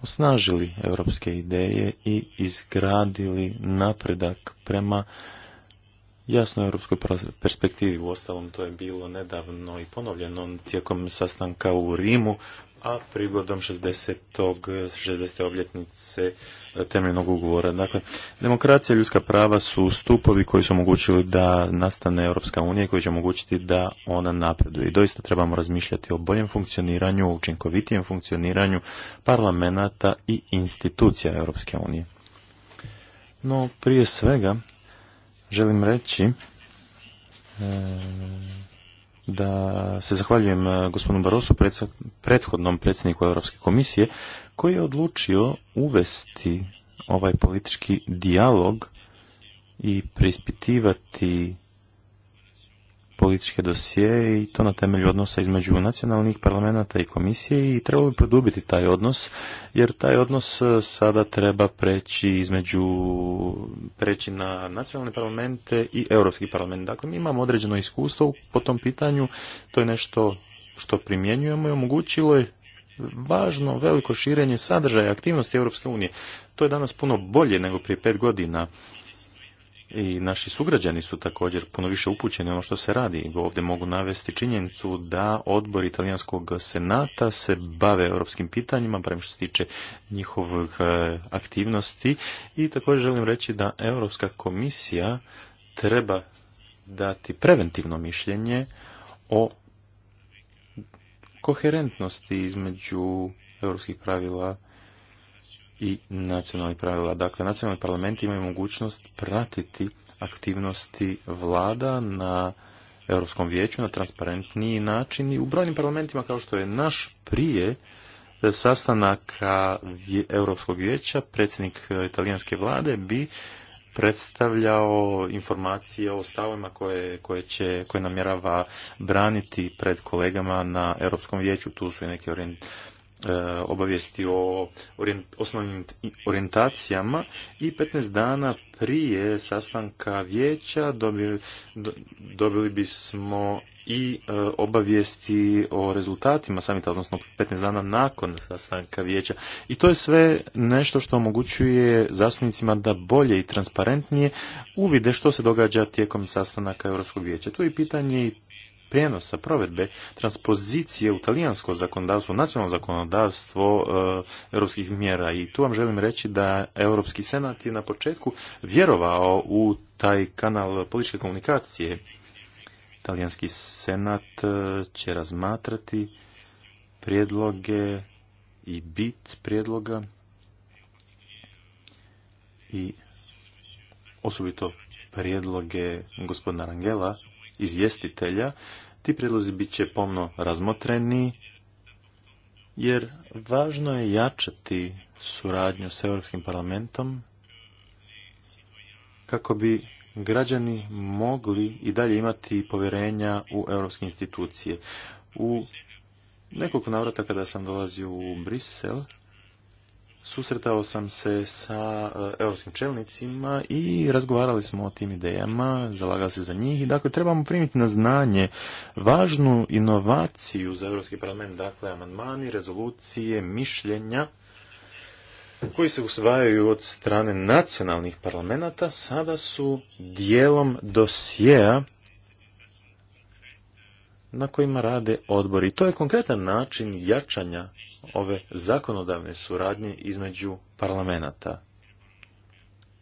osnažili europske ideje i izgradili napredak prema jasno europskoj perspektivi. U ostalom to je bilo nedavno i ponovljeno tijekom sastanka u Rimu a prigodom 60. 60. obljetnice e, temeljnog ugovora. Dakle, demokracija i ljudska prava su stupovi koji su omogućili da nastane Europska unija i koji će omogućiti da ona napreduje. I doista trebamo razmišljati o boljem funkcioniranju, učinkovitijem funkcioniranju parlamenta i institucija Europske unije. No, prije svega, želim reći e, da se zahvaljujem eh, gospodinu Barosu, prethodnom predsjedniku Europske komisije, koji je odlučio uvesti ovaj politički dijalog i preispitivati političke dosije i to na temelju odnosa između nacionalnih parlamenta i komisije i trebalo bi produbiti taj odnos jer taj odnos e, sada treba preći između preći na nacionalne parlamente i europski parlament. Dakle, mi imamo određeno iskustvo po tom pitanju, to je nešto što primjenjujemo i omogućilo je važno veliko širenje sadržaja aktivnosti Europske unije. To je danas puno bolje nego prije pet godina i naši sugrađani su također puno više upućeni ono što se radi. Ovdje mogu navesti činjenicu da odbor italijanskog senata se bave europskim pitanjima, barem što se tiče njihovog e, aktivnosti i također želim reći da Europska komisija treba dati preventivno mišljenje o koherentnosti između europskih pravila i nacionalnih pravila. Dakle, nacionalni parlamenti imaju mogućnost pratiti aktivnosti vlada na Europskom vijeću na transparentniji način i u brojnim parlamentima kao što je naš prije sastanaka Europskog vijeća predsjednik e, italijanske vlade bi predstavljao informacije o stavima koje, koje, će, koje namjerava braniti pred kolegama na Europskom vijeću. Tu su i neke E, obavijesti o osnovnim orijentacijama i 15 dana prije sastanka vijeća dobili, bismo i e, obavijesti o rezultatima samita, odnosno 15 dana nakon sastanka vijeća. I to je sve nešto što omogućuje zastupnicima da bolje i transparentnije uvide što se događa tijekom sastanaka Europskog vijeća. Tu je pitanje i prijenosa provedbe transpozicije u talijansko zakonodavstvo, nacionalno zakonodavstvo e, europskih mjera i tu vam želim reći da Europski senat je na početku vjerovao u taj kanal političke komunikacije. Talijanski senat e, će razmatrati prijedloge i bit prijedloga i osobito prijedloge gospodina Rangela izvjestitelja, ti prijedlozi bit će pomno razmotreni, jer važno je jačati suradnju s Europskim parlamentom kako bi građani mogli i dalje imati povjerenja u europske institucije. U nekoliko navrata kada sam dolazio u Brisel, susretao sam se sa eh, europskim čelnicima i razgovarali smo o tim idejama, zalagali se za njih i dakle trebamo primiti na znanje važnu inovaciju za Europski parlament, dakle amandmani, rezolucije, mišljenja koji se usvajaju od strane nacionalnih parlamenta sada su dijelom dosjea na kojima rade odbori. I to je konkretan način jačanja ove zakonodavne suradnje između parlamenta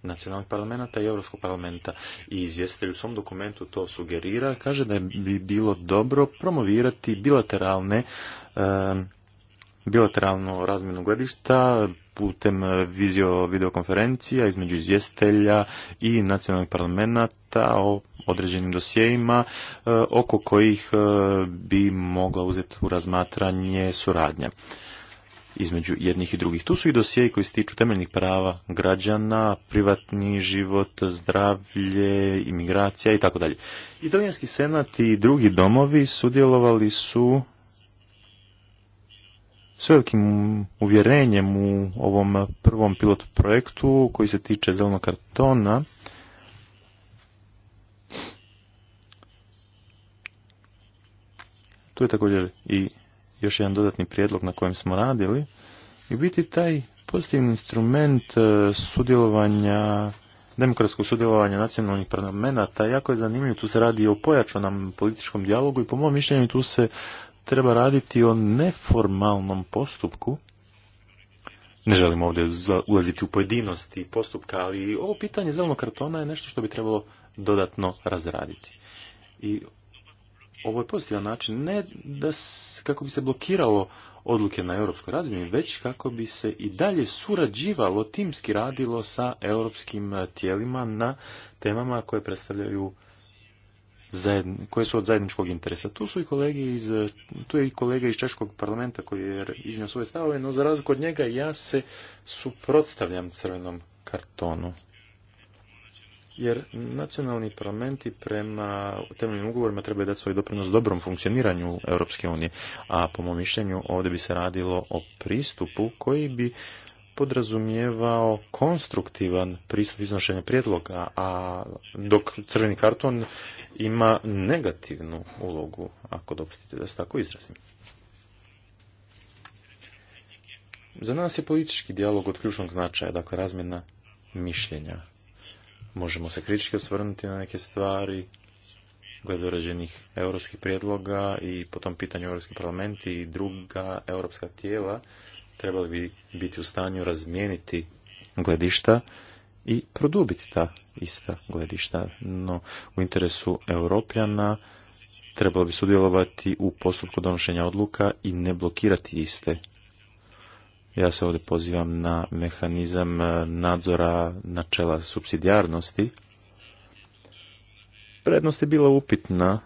nacionalnih parlamenta i Europskog parlamenta. I izvjestitelj u svom dokumentu to sugerira, kaže da bi bilo dobro promovirati bilateralne eh, bilateralno razmjenu gledišta, putem eh, vizio videokonferencija između izvjestelja i nacionalnih parlamenta o određenim dosjejima eh, oko kojih eh, bi mogla uzeti u razmatranje suradnja između jednih i drugih. Tu su i dosjei koji se tiču temeljnih prava građana, privatni život, zdravlje, imigracija i tako dalje. Italijanski senat i drugi domovi sudjelovali su s velikim uvjerenjem u ovom prvom pilot projektu koji se tiče zelenog kartona. Tu je također i još jedan dodatni prijedlog na kojem smo radili. I biti taj pozitivni instrument e, sudjelovanja demokratskog sudjelovanja nacionalnih parlamenta jako je zanimljivo, tu se radi o pojačanom političkom dijalogu i po mom mišljenju tu se treba raditi o neformalnom postupku. Ne želim ovdje ulaziti u pojedinosti postupka, ali ovo pitanje zelenog kartona je nešto što bi trebalo dodatno razraditi. I ovo je pozitivan način, ne da se, kako bi se blokiralo odluke na europskoj razini, već kako bi se i dalje surađivalo, timski radilo sa europskim e, tijelima na temama koje predstavljaju koje su od zajedničkog interesa. Tu su i kolege iz, tu je i kolega iz Češkog parlamenta koji je iznio svoje stavove, no za razliku od njega ja se suprotstavljam crvenom kartonu. Jer nacionalni parlamenti prema temeljnim ugovorima trebaju dati svoj doprinos dobrom funkcioniranju Europske unije, a po mom mišljenju ovdje bi se radilo o pristupu koji bi podrazumijevao konstruktivan pristup iznošenja prijedloga, a dok crveni karton ima negativnu ulogu, ako dopustite da se tako izrazim. Za nas je politički dijalog od ključnog značaja, dakle razmjena mišljenja. Možemo se kritički osvrnuti na neke stvari, glede određenih europskih prijedloga i po tom pitanju Europski parlament i druga europska tijela trebali bi biti u stanju razmijeniti gledišta i produbiti ta ista gledišta. No, u interesu europljana trebalo bi sudjelovati u postupku donošenja odluka i ne blokirati iste. Ja se ovdje pozivam na mehanizam e, nadzora načela subsidijarnosti. Prednost je bila upitna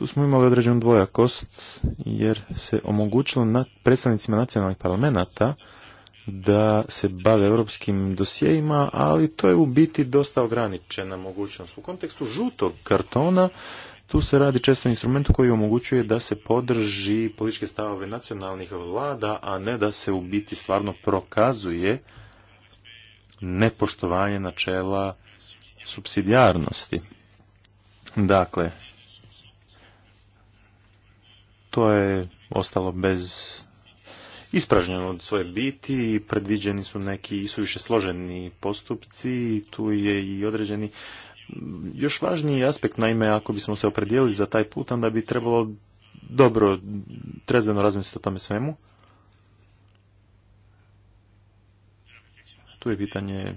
Tu smo imali određenu dvojakost jer se omogućilo predstavnicima nacionalnih parlamenata da se bave europskim dosjejima, ali to je u biti dosta ograničena mogućnost. U kontekstu žutog kartona tu se radi često o instrumentu koji omogućuje da se podrži političke stavove nacionalnih vlada, a ne da se u biti stvarno prokazuje nepoštovanje načela subsidijarnosti. Dakle, to je ostalo bez ispražnjeno od svoje biti i predviđeni su neki suviše složeni postupci tu je i određeni mm, još važniji aspekt, naime, ako bismo se opredijelili za taj put, onda bi trebalo dobro, trezveno razmisliti o tome svemu. Tu je pitanje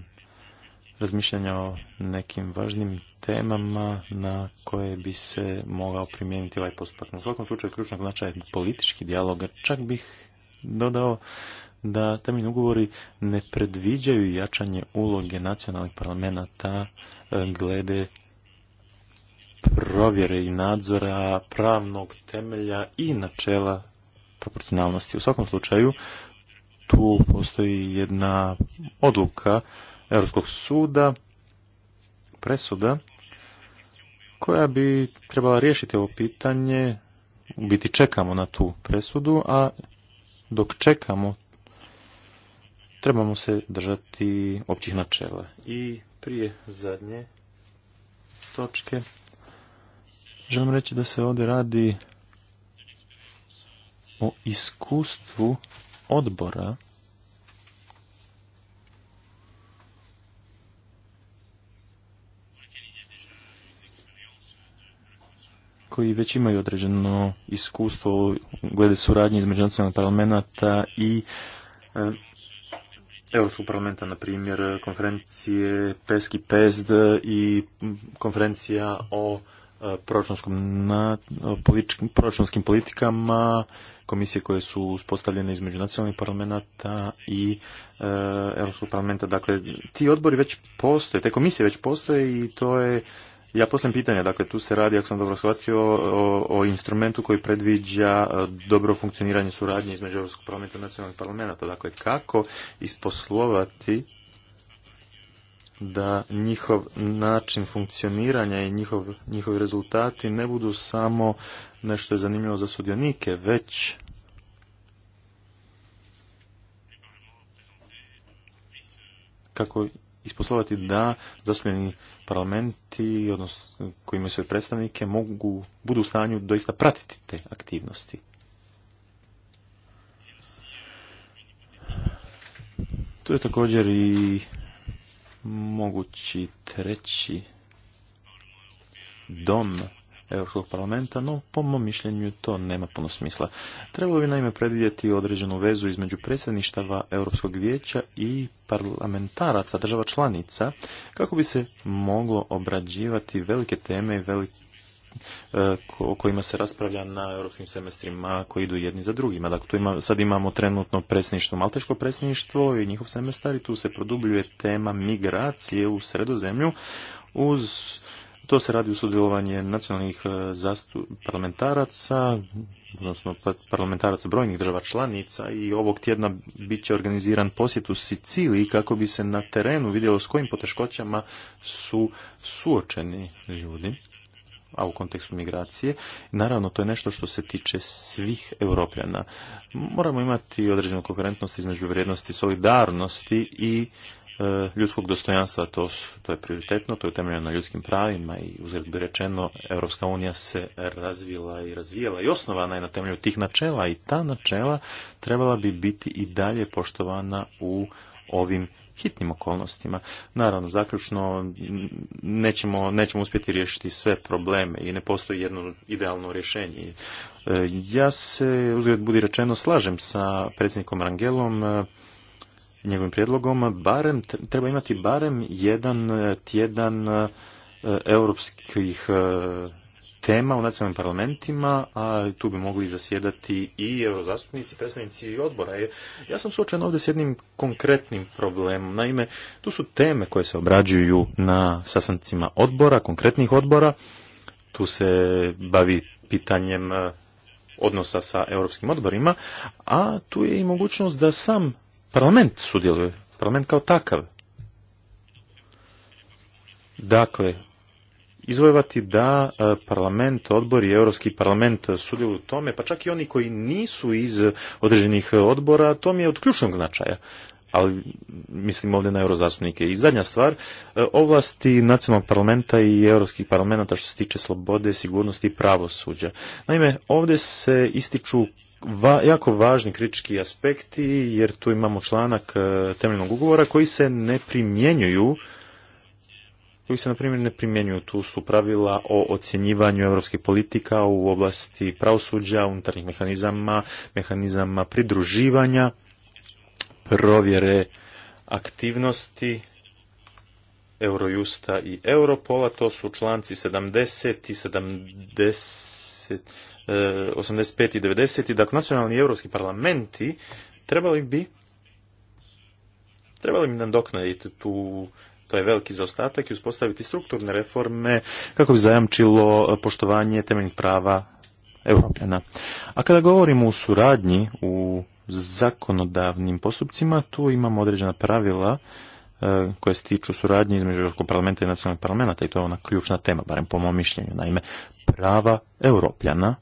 razmišljanja o nekim važnim temama na koje bi se mogao primijeniti ovaj postupak. U svakom slučaju ključnog značaja je politički dijalog, čak bih dodao da temeljni ugovori ne predviđaju jačanje uloge nacionalnih parlamenta e, glede provjere i nadzora pravnog temelja i načela proporcionalnosti. U svakom slučaju tu postoji jedna odluka Europskog suda, presuda, koja bi trebala riješiti ovo pitanje. U biti čekamo na tu presudu, a dok čekamo trebamo se držati općih načela. I prije zadnje točke želim reći da se ovdje radi o iskustvu odbora koji već imaju određeno iskustvo glede suradnje između nacionalnih parlamenta i eh, Europskog parlamenta, na primjer, konferencije Peski i i konferencija o eh, proračunskim politikama, komisije koje su uspostavljene između nacionalnih parlamenta i eh, Europskog parlamenta. Dakle, ti odbori već postoje, te komisije već postoje i to je ja postavljam pitanje, dakle tu se radi, ako sam dobro shvatio, o, instrumentu koji predviđa e, dobro funkcioniranje suradnje između Europskog parlamenta i nacionalnih parlamenta. Dakle, kako isposlovati da njihov način funkcioniranja i njihov, njihovi rezultati ne budu samo nešto je zanimljivo za sudionike, već kako isposlovati da zastupljeni parlamenti, odnosno koji imaju svoje predstavnike, mogu, budu u stanju doista pratiti te aktivnosti. Tu je također i mogući treći dom Europskog parlamenta, no po mom mišljenju to nema puno smisla. Trebalo bi naime predvidjeti određenu vezu između predsjedništava Europskog vijeća i parlamentaraca država članica kako bi se moglo obrađivati velike teme i e, o kojima se raspravlja na europskim semestrima koji idu jedni za drugima. Dakle, tu ima, sad imamo trenutno predsjedništvo, malteško predsjedništvo i njihov semestar i tu se produbljuje tema migracije u sredozemlju uz to se radi u sudjelovanje nacionalnih e, parlamentaraca, odnosno pa-, parlamentaraca brojnih država članica i ovog tjedna bit će organiziran posjet u Siciliji kako bi se na terenu vidjelo s kojim poteškoćama su suočeni ljudi a u kontekstu migracije. Naravno, to je nešto što se tiče svih europljana. Moramo imati određenu konkurentnost između vrijednosti solidarnosti i E, ljudskog dostojanstva, to, to je prioritetno, to je temeljeno na ljudskim pravima i uzred bi rečeno, Europska unija se razvila i razvijela i osnovana je na temelju tih načela i ta načela trebala bi biti i dalje poštovana u ovim hitnim okolnostima. Naravno, zaključno, nećemo, nećemo uspjeti riješiti sve probleme i ne postoji jedno idealno rješenje. E, ja se, uzgled budi rečeno, slažem sa predsjednikom Rangelom e, njegovim prijedlogom, barem, treba imati barem jedan e, tjedan e, europskih e, tema u nacionalnim parlamentima, a tu bi mogli zasjedati i eurozastupnici, predstavnici i odbora. Ja sam suočen ovdje s jednim konkretnim problemom. Naime, tu su teme koje se obrađuju na sastancima odbora, konkretnih odbora. Tu se bavi pitanjem odnosa sa europskim odborima, a tu je i mogućnost da sam parlament sudjeluje, parlament kao takav. Dakle, izvojevati da e, parlament, odbor i Europski parlament sudjeluju u tome, pa čak i oni koji nisu iz određenih odbora, to mi je od ključnog značaja. Ali mislim ovdje na eurozastupnike. I zadnja stvar, e, ovlasti nacionalnog parlamenta i europskih parlamenta što se tiče slobode, sigurnosti i pravosuđa. Naime, ovdje se ističu va, jako važni kritički aspekti jer tu imamo članak e, temeljnog ugovora koji se ne primjenjuju koji se na primjer ne primjenjuju. Tu su pravila o ocjenjivanju europskih politika u oblasti pravosuđa, unutarnjih mehanizama, mehanizama pridruživanja, provjere aktivnosti Eurojusta i Europola. To su članci 70 i 70 85. Eh, i 90. Dakle, nacionalni i europski parlamenti trebali bi trebali bi nam doknaditi tu to je veliki zaostatak i uspostaviti strukturne reforme kako bi zajamčilo poštovanje temeljnih prava Europljana. A kada govorimo o suradnji u zakonodavnim postupcima, tu imamo određena pravila eh, koje se tiču suradnje između Europskog parlamenta i nacionalnih parlamenta i to je ona ključna tema, barem po mom mišljenju. Naime, prava Europljana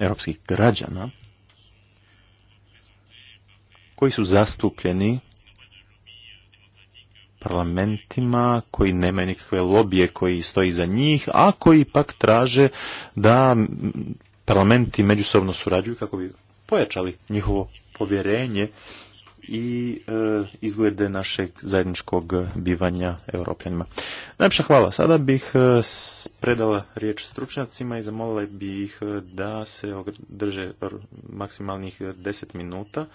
europskih građana koji su zastupljeni parlamentima koji nemaju nikakve lobije koji stoji za njih, a koji pak traže da parlamenti međusobno surađuju kako bi pojačali njihovo povjerenje i e, izglede našeg zajedničkog bivanja europljanima. Najpša hvala. Sada bih e, predala riječ stručnjacima i zamolila bih ih e, da se drže maksimalnih deset minuta.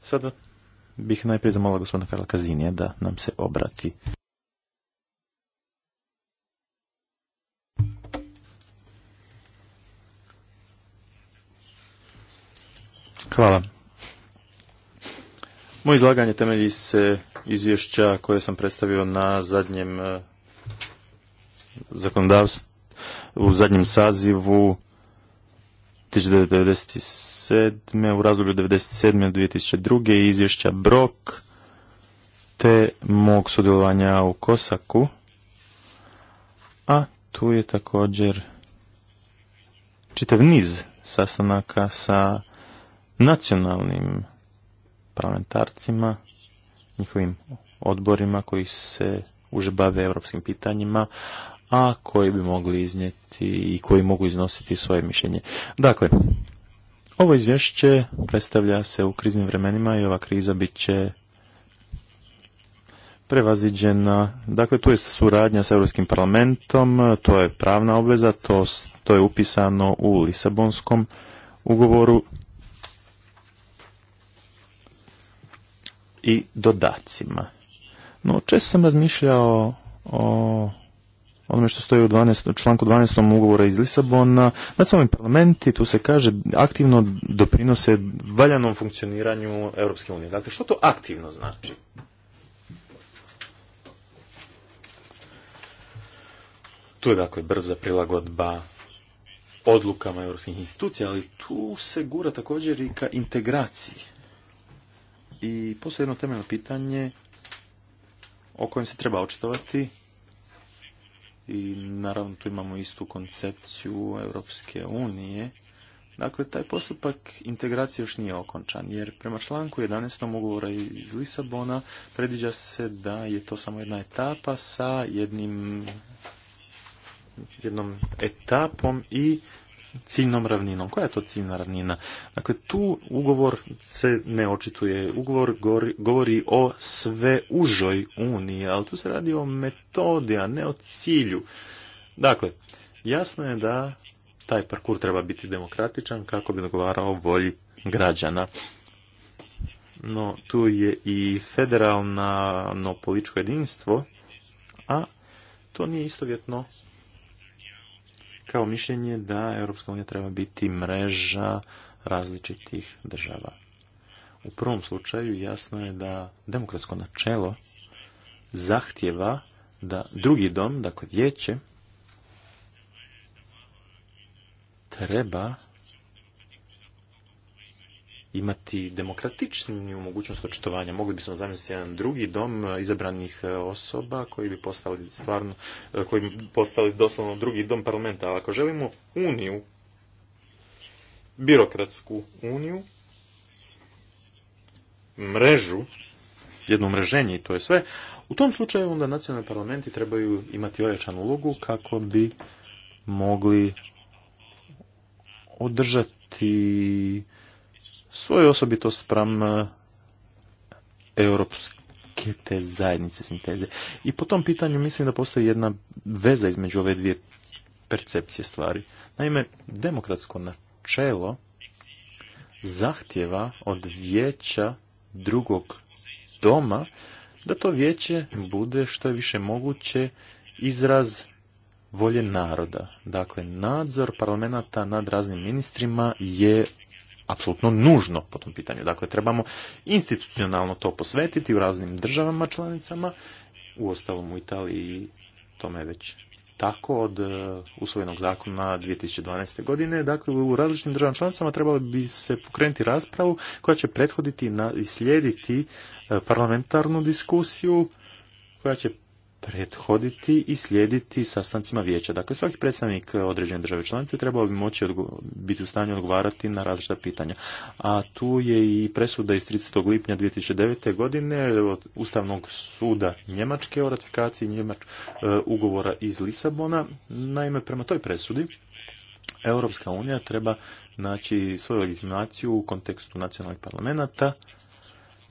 Sada bih najprije zamolila gospodina Karla Kazinija da nam se obrati. Hvala moje izlaganje temelji se izvješća koje sam predstavio na zadnjem e, zakonodavstvu, u zadnjem sazivu 1997. u razdoblju 1997. 2002. izvješća Brok te mog sudjelovanja u Kosaku. A tu je također čitav niz sastanaka sa nacionalnim parlamentarcima, njihovim odborima koji se uže bave europskim pitanjima, a koji bi mogli iznijeti i koji mogu iznositi svoje mišljenje. Dakle, ovo izvješće predstavlja se u kriznim vremenima i ova kriza bit će prevaziđena. Dakle, tu je suradnja sa Europskim parlamentom, to je pravna obveza, to, to je upisano u Lisabonskom ugovoru i dodacima. No, često sam razmišljao o onome što stoji u članku 12. ugovora iz Lisabona. Nacionalni parlamenti, tu se kaže, aktivno doprinose valjanom funkcioniranju Europske unije. Dakle, što to aktivno znači? Tu je dakle brza prilagodba odlukama europskih institucija, ali tu se gura također i ka integraciji. I postoji jedno temeljno pitanje o kojem se treba očitovati i naravno tu imamo istu koncepciju Europske unije. Dakle, taj postupak integracije još nije okončan, jer prema članku 11. ugovora iz Lisabona predviđa se da je to samo jedna etapa sa jednim jednom etapom i ciljnom ravninom. Koja je to ciljna ravnina? Dakle, tu ugovor se ne očituje. Ugovor govori o sve uniji, ali tu se radi o metodi, a ne o cilju. Dakle, jasno je da taj parkur treba biti demokratičan kako bi dogovarao volji građana. No, tu je i federalno političko jedinstvo, a to nije istovjetno kao mišljenje da Europska unija treba biti mreža različitih država. U prvom slučaju jasno je da demokratsko načelo zahtjeva da drugi dom, dakle vijeće, treba imati demokratičniju mogućnost očitovanja. Mogli bismo zamisliti jedan drugi dom e, izabranih e, osoba koji bi postali stvarno, e, koji bi postali doslovno drugi dom parlamenta. Ali ako želimo uniju, birokratsku uniju, mrežu, jedno mreženje i to je sve, u tom slučaju onda nacionalni parlamenti trebaju imati ojačanu ulogu kako bi mogli održati svoju osobitost spram e, europske te zajednice sinteze. I po tom pitanju mislim da postoji jedna veza između ove dvije percepcije stvari. Naime, demokratsko načelo zahtjeva od vijeća drugog doma da to vijeće bude što je više moguće izraz volje naroda. Dakle, nadzor parlamenta nad raznim ministrima je apsolutno nužno po tom pitanju. Dakle, trebamo institucionalno to posvetiti u raznim državama članicama, u ostalom u Italiji tome je već tako od e, usvojenog zakona 2012. godine. Dakle, u različitim državama članicama trebalo bi se pokrenuti raspravu koja će prethoditi na, i slijediti e, parlamentarnu diskusiju koja će prethoditi i slijediti sastancima vijeća. Dakle, svaki predstavnik određene države članice trebao bi moći biti u stanju odgovarati na različita pitanja. A tu je i presuda iz 30. lipnja 2009. godine od Ustavnog suda Njemačke o ratifikaciji Njemač, e, ugovora iz Lisabona. Naime, prema toj presudi Europska unija treba naći svoju legitimaciju u kontekstu nacionalnih parlamenta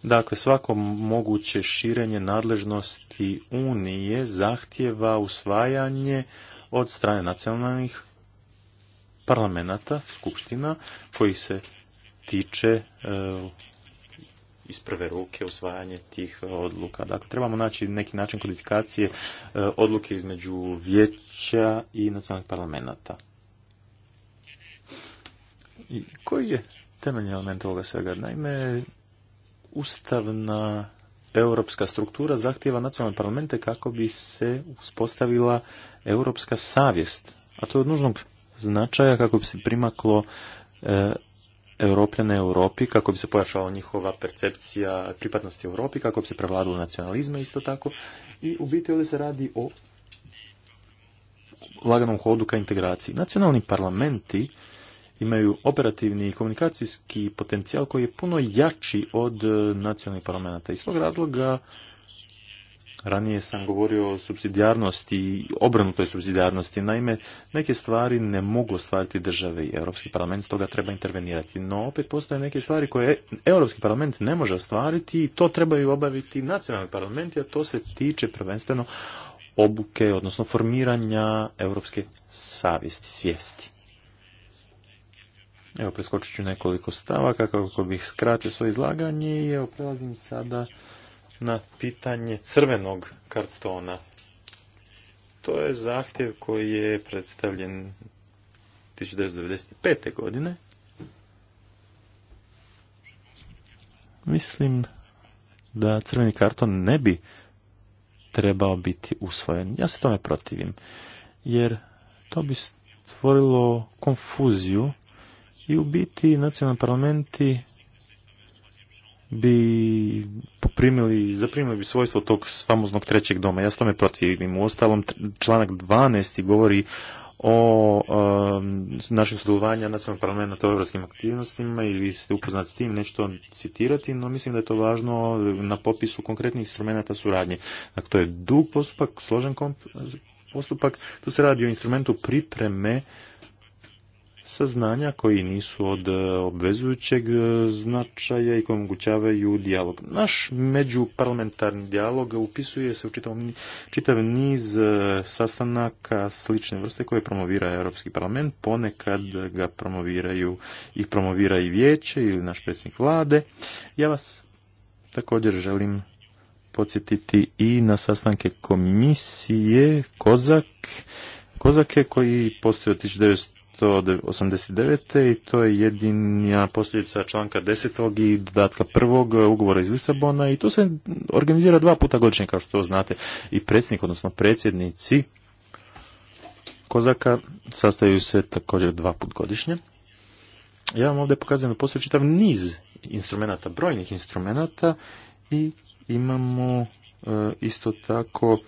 Dakle, svako moguće širenje nadležnosti Unije zahtjeva usvajanje od strane nacionalnih parlamenta, skupština, koji se tiče e, iz prve ruke usvajanje tih odluka. Dakle, trebamo naći neki način kodifikacije e, odluke između vijeća i nacionalnih parlamenta. I koji je temeljni element ovoga svega? Naime, ustavna europska struktura zahtjeva nacionalne parlamente kako bi se uspostavila europska savjest. A to je od nužnog značaja kako bi se primaklo e, europljane Europi, kako bi se pojačala njihova percepcija pripadnosti Europi, kako bi se prevladalo nacionalizme isto tako. I u biti ovdje se radi o laganom hodu ka integraciji. Nacionalni parlamenti imaju operativni i komunikacijski potencijal koji je puno jači od e, nacionalnih parlamenta. Iz tog razloga ranije sam govorio o subsidijarnosti i obrnutoj subsidijarnosti. Naime, neke stvari ne mogu ostvariti države i Europski parlament, stoga treba intervenirati. No, opet postoje neke stvari koje Europski parlament ne može ostvariti i to trebaju obaviti nacionalni parlamenti, a to se tiče prvenstveno obuke, odnosno formiranja europske savjesti, svijesti. Evo, preskočit ću nekoliko stavaka kako bih skratio svoje izlaganje i evo, prelazim sada na pitanje crvenog kartona. To je zahtjev koji je predstavljen 1995. godine. Mislim da crveni karton ne bi trebao biti usvojen. Ja se tome protivim, jer to bi stvorilo konfuziju i u biti nacionalni parlamenti bi poprimili, zaprimili bi svojstvo tog famoznog trećeg doma. Ja s tome protivim. U ostalom, članak 12. govori o um, našem sudjelovanja nacionalnog parlamenta o europskim aktivnostima i vi ste upoznati s tim, neću to citirati, no mislim da je to važno na popisu konkretnih instrumenata suradnje. Dakle, to je dug postupak, složen postupak, tu se radi o instrumentu pripreme saznanja koji nisu od e, obvezujućeg e, značaja i koji omogućavaju dijalog. Naš međuparlamentarni dijalog upisuje se u čitav, niz e, sastanaka slične vrste koje promovira Europski parlament, ponekad ga promoviraju, ih promovira i vijeće ili naš predsjednik vlade. Ja vas također želim podsjetiti i na sastanke komisije Kozak Kozake koji postoji od 1900 1989. i to je jedinja posljedica članka 10. i dodatka prvog ugovora iz Lisabona i to se organizira dva puta godišnje kao što to znate i predsjednik, odnosno predsjednici Kozaka sastaju se također dva puta godišnje. Ja vam ovdje pokazujem da postoji čitav niz instrumenata, brojnih instrumenata i imamo e, isto tako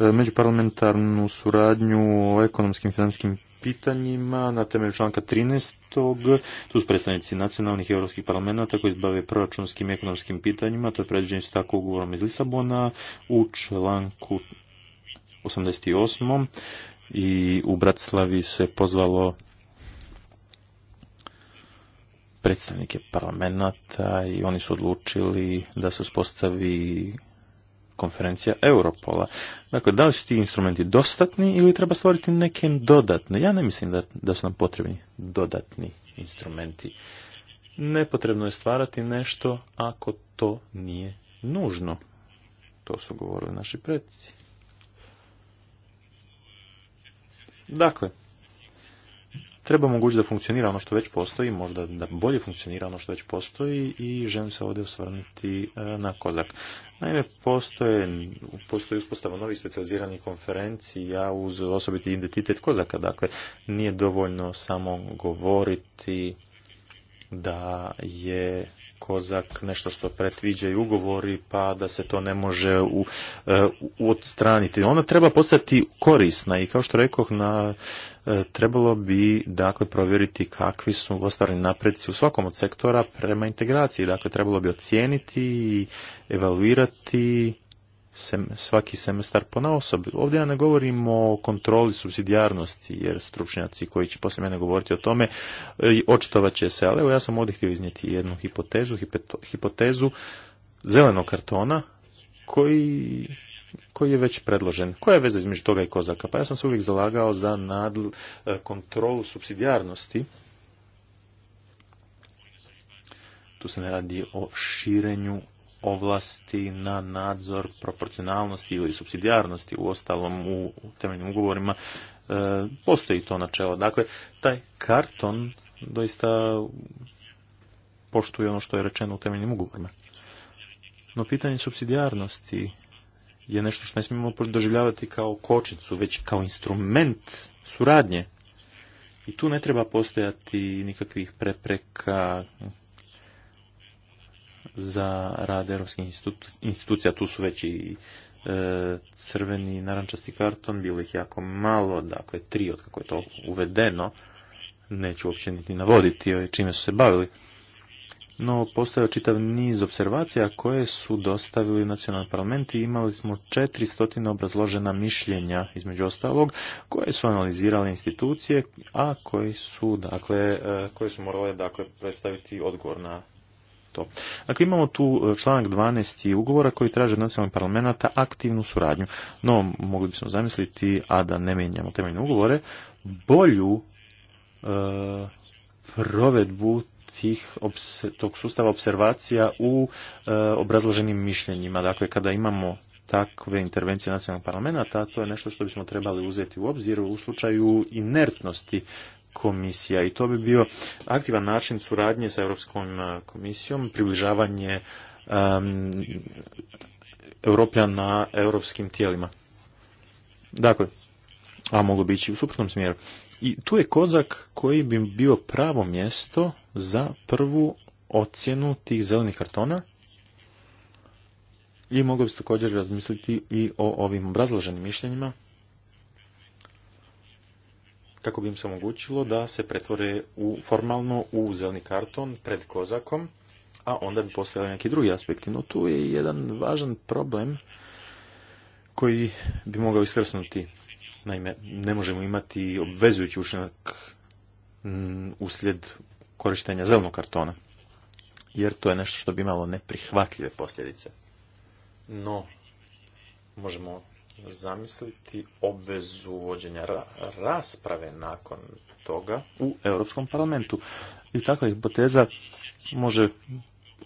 e, međuparlamentarnu suradnju o ekonomskim i financijskim pitanjima na temelju članka 13. Tu su predstavnici nacionalnih i europskih parlamenta koji izbave proračunskim i ekonomskim pitanjima. To je predviđeno s tako ugovorom iz Lisabona u članku 88. I u Bratislavi se pozvalo predstavnike parlamenta i oni su odlučili da se uspostavi konferencija Europola. Dakle, da li su ti instrumenti dostatni ili treba stvoriti neke dodatne? Ja ne mislim da, da su nam potrebni dodatni instrumenti. Nepotrebno je stvarati nešto ako to nije nužno. To su govorili naši predici. Dakle, treba mogući da funkcionira ono što već postoji, možda da bolje funkcionira ono što već postoji i želim se ovdje osvrnuti e, na kozak. Naime, postoje, postoji uspostava novih specializiranih konferencija uz osobiti identitet kozaka. Dakle, nije dovoljno samo govoriti da je kozak nešto što i ugovori pa da se to ne može u, e, odstraniti. Ona treba postati korisna i kao što rekoh na e, trebalo bi dakle provjeriti kakvi su ostvareni napreci u svakom od sektora prema integraciji. Dakle, trebalo bi ocijeniti i evaluirati sem, svaki semestar po osob. Ovdje ja ne govorim o kontroli subsidijarnosti, jer stručnjaci koji će poslije mene govoriti o tome e, očitovat će se, ali evo ja sam ovdje htio iznijeti jednu hipotezu, hipotezu zelenog kartona koji koji je već predložen. Koja je veza između toga i kozaka? Pa ja sam se uvijek zalagao za nadl, e, kontrolu subsidijarnosti. Tu se ne radi o širenju ovlasti na nadzor proporcionalnosti ili subsidijarnosti u ostalom u temeljnim ugovorima e, postoji to načelo. Dakle, taj karton doista poštuje ono što je rečeno u temeljnim ugovorima. No pitanje subsidijarnosti je nešto što ne smijemo doživljavati kao kočicu, već kao instrument suradnje. I tu ne treba postojati nikakvih prepreka za rad europskih institucija, tu su već i e, crveni narančasti karton, bilo ih jako malo, dakle tri od kako je to uvedeno, neću uopće niti navoditi čime su se bavili. No, postojao čitav niz observacija koje su dostavili nacionalni parlamenti i imali smo 400 obrazložena mišljenja, između ostalog, koje su analizirale institucije, a koje su, dakle, e, koje su morale dakle, predstaviti odgovor na to. Dakle, imamo tu e, članak 12. ugovora koji traže od nacionalnih parlamenta aktivnu suradnju. No, mogli bismo zamisliti, a da ne mijenjamo temeljne ugovore, bolju e, provedbu tih tog sustava observacija u e, obrazloženim mišljenjima. Dakle, kada imamo takve intervencije nacionalnog parlamenta, to je nešto što bismo trebali uzeti u obzir u slučaju inertnosti komisija i to bi bio aktivan način suradnje sa Europskom eh, komisijom, približavanje um, na europskim tijelima. Dakle, a moglo biti ići u suprotnom smjeru. I tu je kozak koji bi bio pravo mjesto za prvu ocjenu tih zelenih kartona i mogu bi se također razmisliti i o ovim obrazloženim mišljenjima kako bi im se omogućilo da se pretvore u, formalno u zeleni karton pred kozakom, a onda bi postojali neki drugi aspekti. No tu je jedan važan problem koji bi mogao iskrsnuti. Naime, ne možemo imati obvezujući učinak mm, uslijed korištenja zelnog kartona, jer to je nešto što bi imalo neprihvatljive posljedice. No, možemo zamisliti obvezu vođenja rasprave nakon toga u Europskom parlamentu. I takva hipoteza može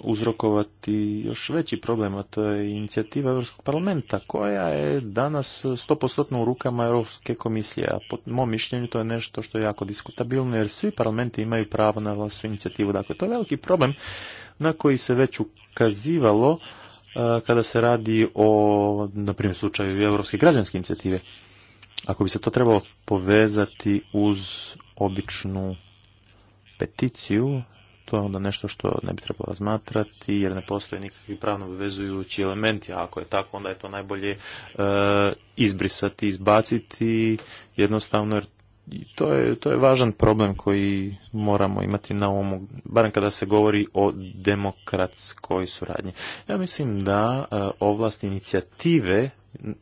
uzrokovati još veći problem, a to je inicijativa Europskog parlamenta, koja je danas 100% u rukama Europske komisije. A po mom mišljenju to je nešto što je jako diskutabilno, jer svi parlamenti imaju pravo na vlasu inicijativu. Dakle, to je veliki problem na koji se već ukazivalo kada se radi o, na primjer, slučaju evropske građanske inicijative. Ako bi se to trebalo povezati uz običnu peticiju, to je onda nešto što ne bi trebalo razmatrati jer ne postoje nikakvi pravno obvezujući elementi, a ako je tako onda je to najbolje e, izbrisati, izbaciti jednostavno jer i to je, to je važan problem koji moramo imati na umu, barem kada se govori o demokratskoj suradnji. Ja mislim da e, ovlast inicijative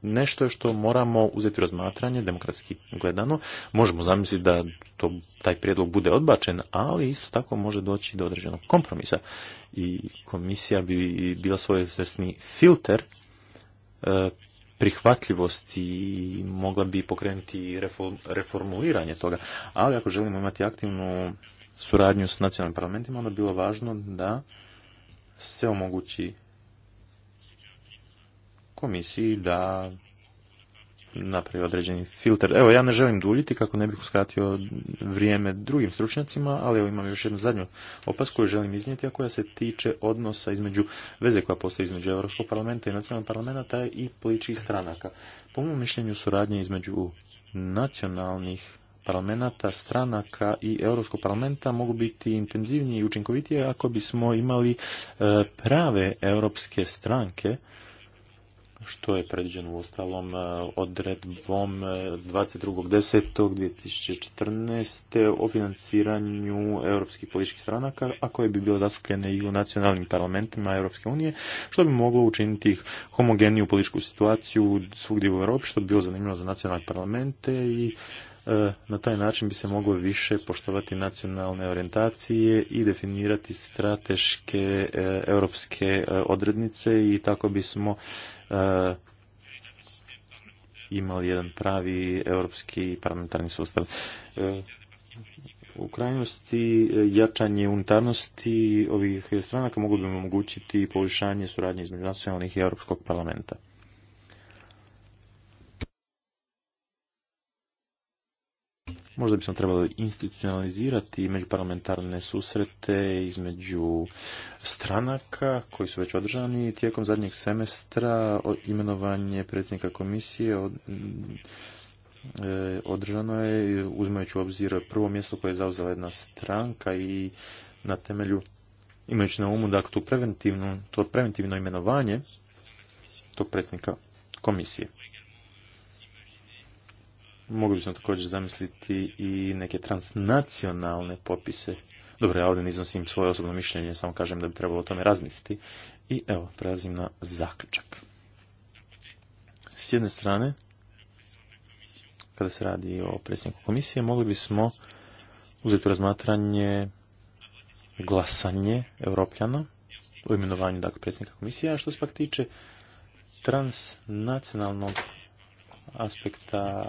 nešto je što moramo uzeti u razmatranje, demokratski gledano. Možemo zamisliti da to, taj prijedlog bude odbačen, ali isto tako može doći do određenog kompromisa. I komisija bi bila svoj sesni filter e, prihvatljivosti i mogla bi pokrenuti reformuliranje toga. Ali ako želimo imati aktivnu suradnju s nacionalnim parlamentima, onda je bilo važno da se omogući komisiji da napravi određeni filter. Evo, ja ne želim duljiti kako ne bih uskratio vrijeme drugim stručnjacima, ali evo imam još jednu zadnju opasku koju želim iznijeti, a koja se tiče odnosa između veze koja postoji između Europskog parlamenta i nacionalnog parlamenta i političkih stranaka. Po mom mišljenju suradnje između nacionalnih parlamenta, stranaka i Europskog parlamenta mogu biti intenzivnije i učinkovitije ako bismo imali e, prave europske stranke što je predviđeno u ostalom e, odredbom 22.10.2014. E, o financiranju europskih političkih stranaka, a koje bi bile zastupljene i u nacionalnim parlamentima Europske unije, što bi moglo učiniti ih homogeniju političku situaciju svugdje u Europi, što bi bilo zanimljivo za nacionalne parlamente i e, na taj način bi se moglo više poštovati nacionalne orijentacije i definirati strateške europske odrednice i tako bismo E, imali jedan pravi europski parlamentarni sustav. E, u krajnosti e, jačanje unitarnosti ovih stranaka mogu bi omogućiti poboljšanje suradnje između nacionalnih i europskog parlamenta. Možda bismo trebali institucionalizirati međuparlamentarne susrete između stranaka koji su već održani tijekom zadnjeg semestra imenovanje predsjednika komisije e, održano je uzmajući u obzir prvo mjesto koje je zauzela jedna stranka i na temelju imajući na umu dakle, tu preventivnu, to preventivno imenovanje tog predsjednika komisije mogli bismo također zamisliti i neke transnacionalne popise. Dobro, ja ovdje ne iznosim svoje osobno mišljenje, samo kažem da bi trebalo o tome razmisliti. I evo, prelazim na zaključak. S jedne strane, kada se radi o predsjedniku komisije, mogli bismo uzeti u razmatranje glasanje Europljana u imenovanju dakle, predsjednika komisije, a što se pak tiče transnacionalnog aspekta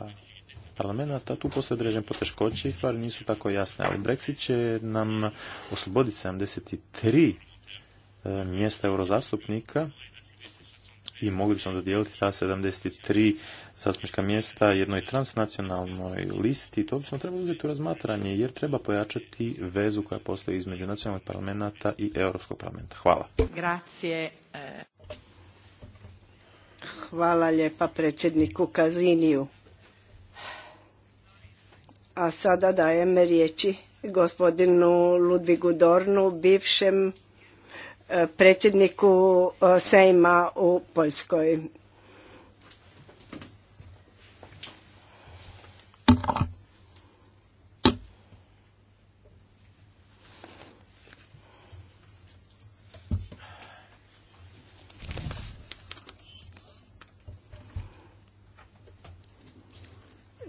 parlamenta, tu postoje određene poteškoće i stvari nisu tako jasne, ali Brexit će nam osloboditi 73 e, mjesta eurozastupnika i mogli smo dodijeliti ta 73 zastupnička mjesta jednoj transnacionalnoj listi. To bismo trebali uzeti u razmatranje jer treba pojačati vezu koja postoji između nacionalnog parlamenta i Europskog parlamenta. Hvala. Grazie. E. Hvala lijepa predsjedniku Kaziniju. A sada dajem riječi gospodinu Ludvigu Dornu, bivšem e, predsjedniku e, Sejma u Poljskoj.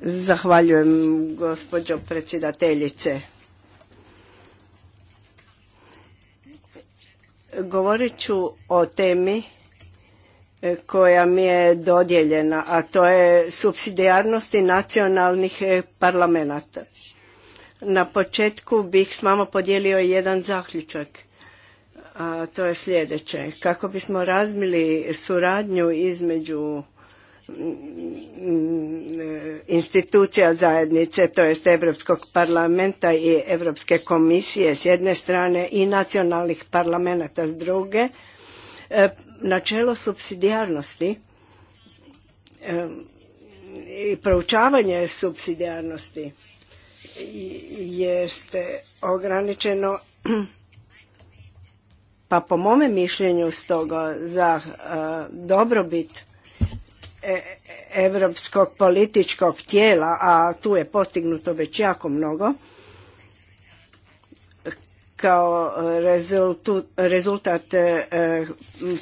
Zahvaljujem gospođo predsjedateljice. Govorit ću o temi e, koja mi je dodijeljena, a to je subsidijarnosti nacionalnih e, parlamenta. Na početku bih s vama podijelio jedan zaključak, a to je sljedeće. Kako bismo razmili suradnju između institucija zajednice, to jest Europskog parlamenta i Europske komisije s jedne strane i nacionalnih parlamenta s druge, e, načelo subsidijarnosti e, i proučavanje subsidijarnosti jeste ograničeno pa po mome mišljenju stoga za e, dobrobit europskog političkog tijela, a tu je postignuto već jako mnogo, kao rezultat e,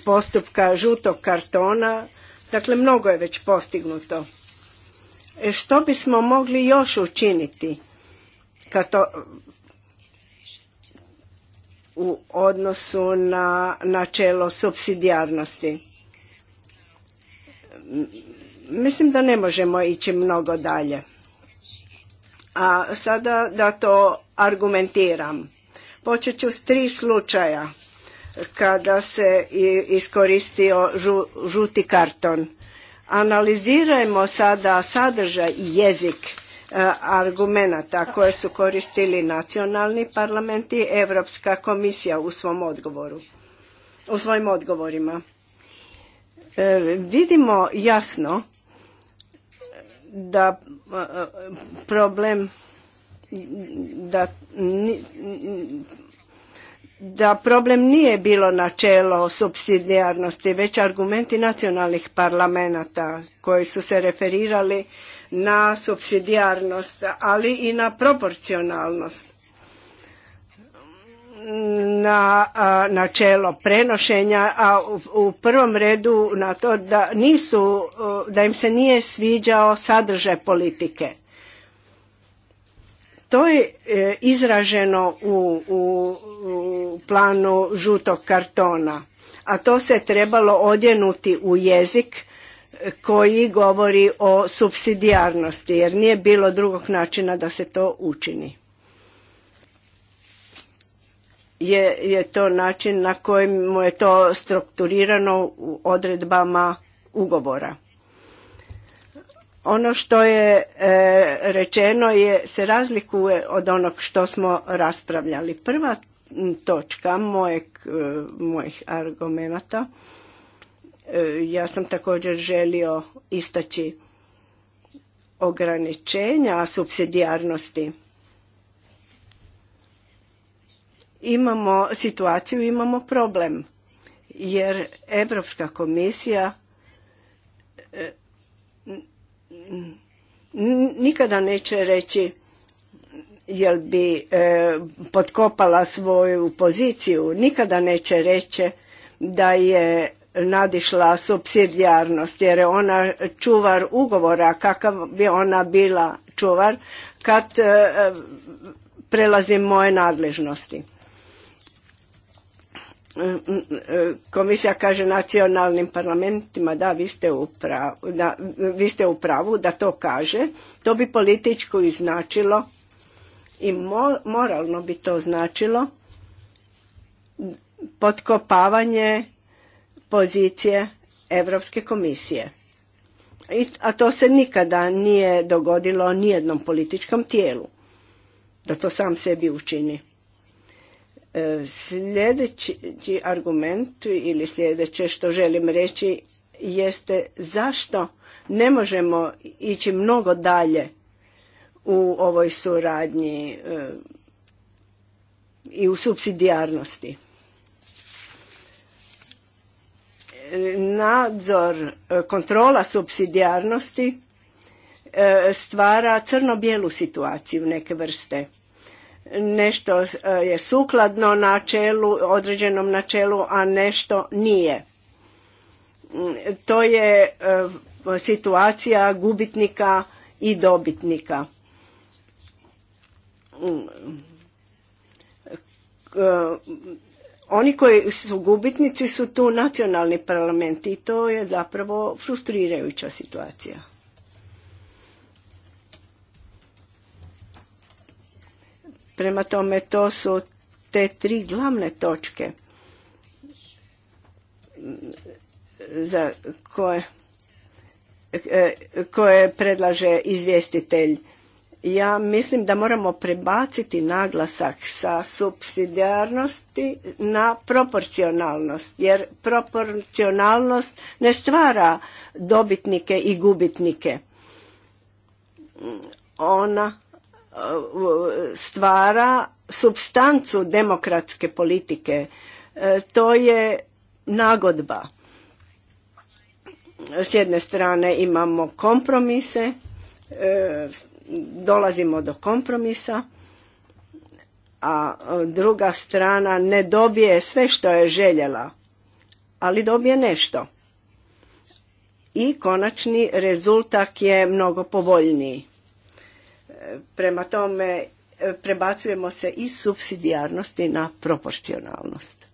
postupka žutog kartona, dakle mnogo je već postignuto. E, što bismo mogli još učiniti u odnosu na načelo subsidijarnosti? Mislim da ne možemo ići mnogo dalje. A sada da to argumentiram. Počet ću s tri slučaja kada se iskoristio žuti karton. Analizirajmo sada sadržaj i jezik e, argumenata koje su koristili nacionalni parlament i Europska komisija u svom odgovoru, u svojim odgovorima. E, vidimo jasno da e, problem da da problem nije bilo načelo subsidijarnosti, već argumenti nacionalnih parlamenta koji su se referirali na subsidijarnost, ali i na proporcionalnost na načelo prenošenja, a u, prvom redu na to da nisu, da im se nije sviđao sadržaj politike. To je e, izraženo u, u, planu žutog kartona, a to se trebalo odjenuti u jezik koji govori o subsidijarnosti jer nije bilo drugog načina da se to učini je, je to način na mu je to strukturirano u odredbama ugovora. Ono što je e, rečeno je se razlikuje od onog što smo raspravljali. Prva točka mojeg, e, mojih argumenata, e, ja sam također želio istaći ograničenja subsidijarnosti imamo situaciju, imamo problem. Jer Europska komisija eh, nikada neće reći jel bi eh, potkopala svoju poziciju, nikada neće reći da je nadišla subsidijarnost jer je ona čuvar ugovora kakav bi ona bila čuvar kad eh, prelazi moje nadležnosti komisija kaže nacionalnim parlamentima da vi ste u pravu da, vi ste u pravu da to kaže to bi političko i značilo i moralno bi to značilo potkopavanje pozicije Europske komisije a to se nikada nije dogodilo nijednom političkom tijelu da to sam sebi učini E, sljedeći argument ili sljedeće što želim reći jeste zašto ne možemo ići mnogo dalje u ovoj suradnji e, i u subsidijarnosti. Nadzor e, kontrola subsidijarnosti stvara crno-bijelu situaciju neke vrste nešto e, je sukladno načelu, određenom načelu, a nešto nije. Mm, to je e, situacija gubitnika i dobitnika. Mm, e, oni koji su gubitnici su tu nacionalni parlamenti i to je zapravo frustrirajuća situacija. Prema tome, to su te tri glavne točke mm, za koje, e, koje predlaže izvjestitelj. Ja mislim da moramo prebaciti naglasak sa subsidijarnosti na proporcionalnost, jer proporcionalnost ne stvara dobitnike i gubitnike. Ona stvara substancu demokratske politike. E, to je nagodba. S jedne strane imamo kompromise, e, dolazimo do kompromisa, a druga strana ne dobije sve što je željela, ali dobije nešto. I konačni rezultat je mnogo povoljniji. Prema tome e, prebacujemo se iz subsidijarnosti na proporcionalnost.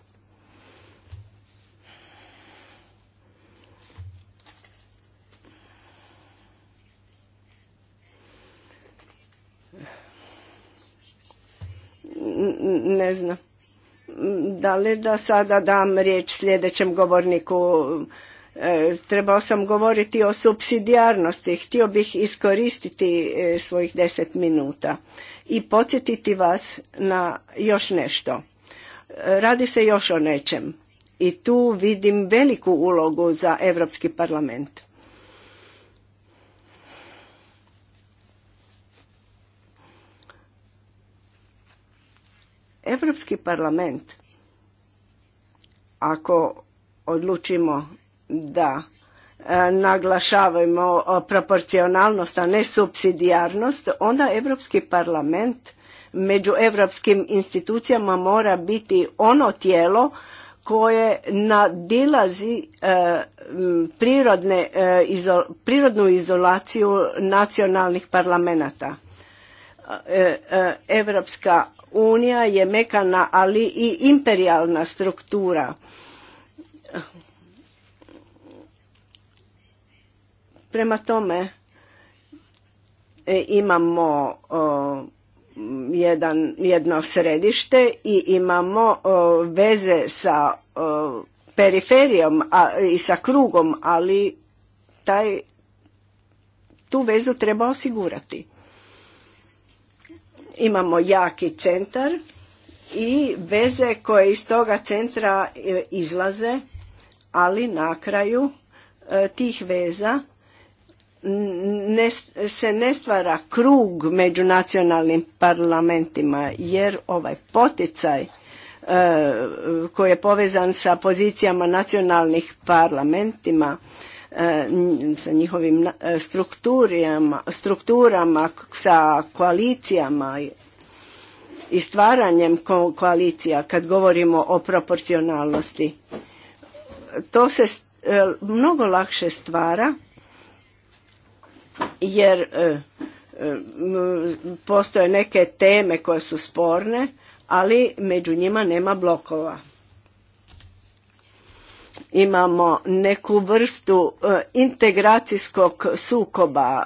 ne znam da li da sada dam riječ sljedećem govorniku E, trebao sam govoriti o subsidijarnosti. Htio bih iskoristiti e, svojih deset minuta i podsjetiti vas na još nešto. E, radi se još o nečem i tu vidim veliku ulogu za Europski parlament. Europski parlament, ako odlučimo da e, naglašavamo proporcionalnost, a ne subsidijarnost, onda Europski parlament među europskim institucijama mora biti ono tijelo koje nadilazi e, e, prirodnu izolaciju nacionalnih parlamenata. Europska unija je mekana, ali i imperialna struktura Prema tome e, imamo jedan, jedno središte i imamo veze sa periferijom i sa krugom, ali taj, tu vezu treba osigurati. Imamo jaki centar i veze koje iz toga centra e, izlaze, ali na kraju e, tih veza ne, se ne stvara krug među nacionalnim parlamentima jer ovaj poticaj e, koji je povezan sa pozicijama nacionalnih parlamentima e, sa njihovim e, strukturama, strukturama sa koalicijama i stvaranjem koalicija kad govorimo o proporcionalnosti to se e, mnogo lakše stvara jer e, e, postoje neke teme koje su sporne, ali među njima nema blokova. Imamo neku vrstu e, integracijskog sukoba,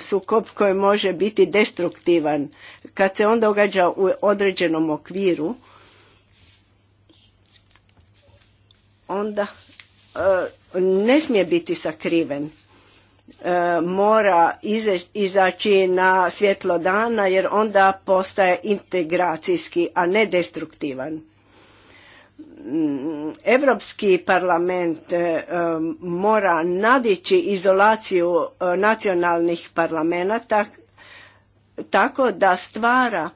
sukob koji može biti destruktivan. Kad se on događa u određenom okviru, onda ne smije biti sakriven E, mora izaći na svjetlo dana jer onda postaje integracijski, a ne destruktivan. Mm, Europski parlament e, mora nadići izolaciju e, nacionalnih parlamenta tako da stvara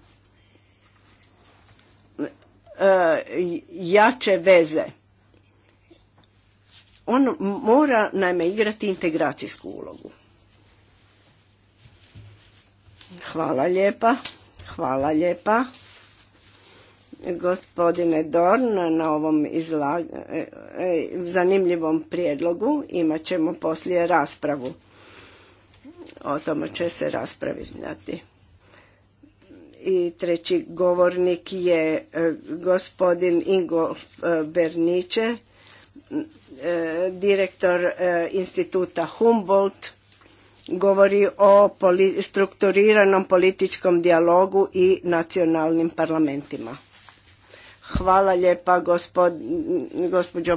jače veze on mora naime igrati integracijsku ulogu. Hvala lijepa. Hvala lijepa gospodine Dorn na ovom e, e, zanimljivom prijedlogu. Imat ćemo poslije raspravu. O tome će se raspravljati. I treći govornik je e, gospodin Ingo Berniče Eh, direktor eh, instituta Humboldt govori o strukturiranom političkom dijalogu i nacionalnim parlamentima. Hvala lijepa gospođo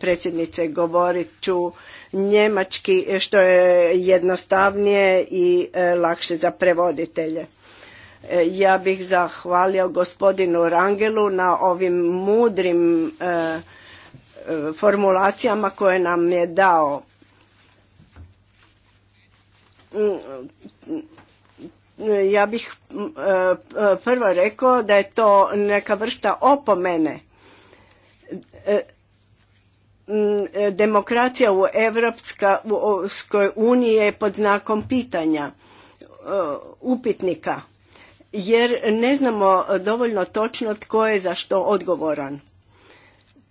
predsjednice, govorit ću njemački što je jednostavnije i eh, lakše za prevoditelje. Ja bih zahvalio gospodinu Rangelu na ovim mudrim formulacijama koje nam je dao ja bih e, prvo rekao da je to neka vrsta opomene e, demokracija u Europskoj uniji je pod znakom pitanja e, upitnika jer ne znamo dovoljno točno tko je za što odgovoran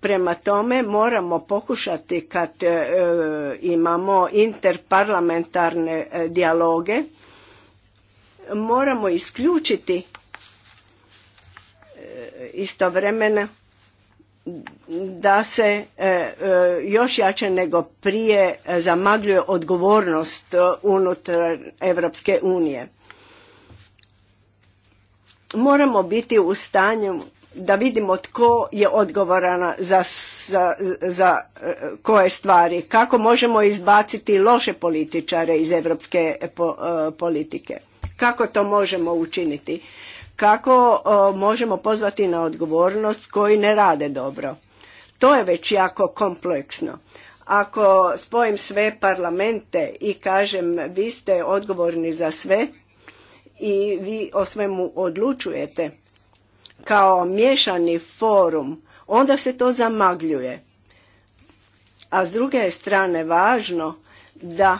Prema tome moramo pokušati kad e, imamo interparlamentarne e, dijaloge, moramo isključiti e, istovremeno da se e, još jače nego prije zamagljuje odgovornost unutar europske unije. Moramo biti u stanju da vidimo tko je odgovoran za, za, za e, koje stvari, kako možemo izbaciti loše političare iz europske e, e, politike, kako to možemo učiniti, kako možemo pozvati na odgovornost koji ne rade dobro. To je već jako kompleksno. Ako spojim sve parlamente i kažem vi ste odgovorni za sve i vi o svemu odlučujete, kao miješani forum, onda se to zamagljuje. A s druge strane važno da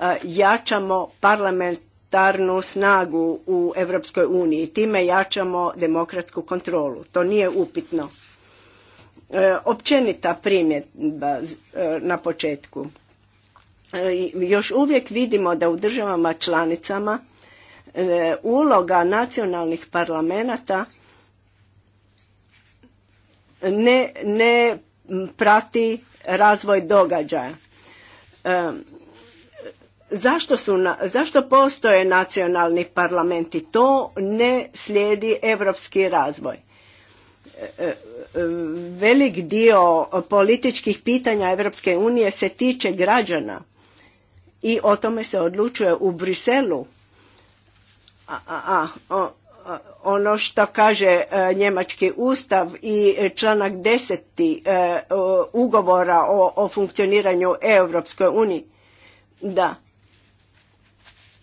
e, jačamo parlamentarnu snagu u Europskoj uniji. Time jačamo demokratsku kontrolu. To nije upitno. E, općenita primjetba e, na početku. Još uvijek vidimo da u državama članicama uloga nacionalnih parlamenta ne, ne prati razvoj događaja. E, zašto, su zašto postoje nacionalni parlamenti? To ne slijedi europski razvoj. E, e, velik dio političkih pitanja Europske unije se tiče građana i o tome se odlučuje u Briselu. A, a, a, Eh, ono što kaže eh, njemački ustav i članak 10. Eh, ugovora o, funkcioniranju Europskoj uniji. Da.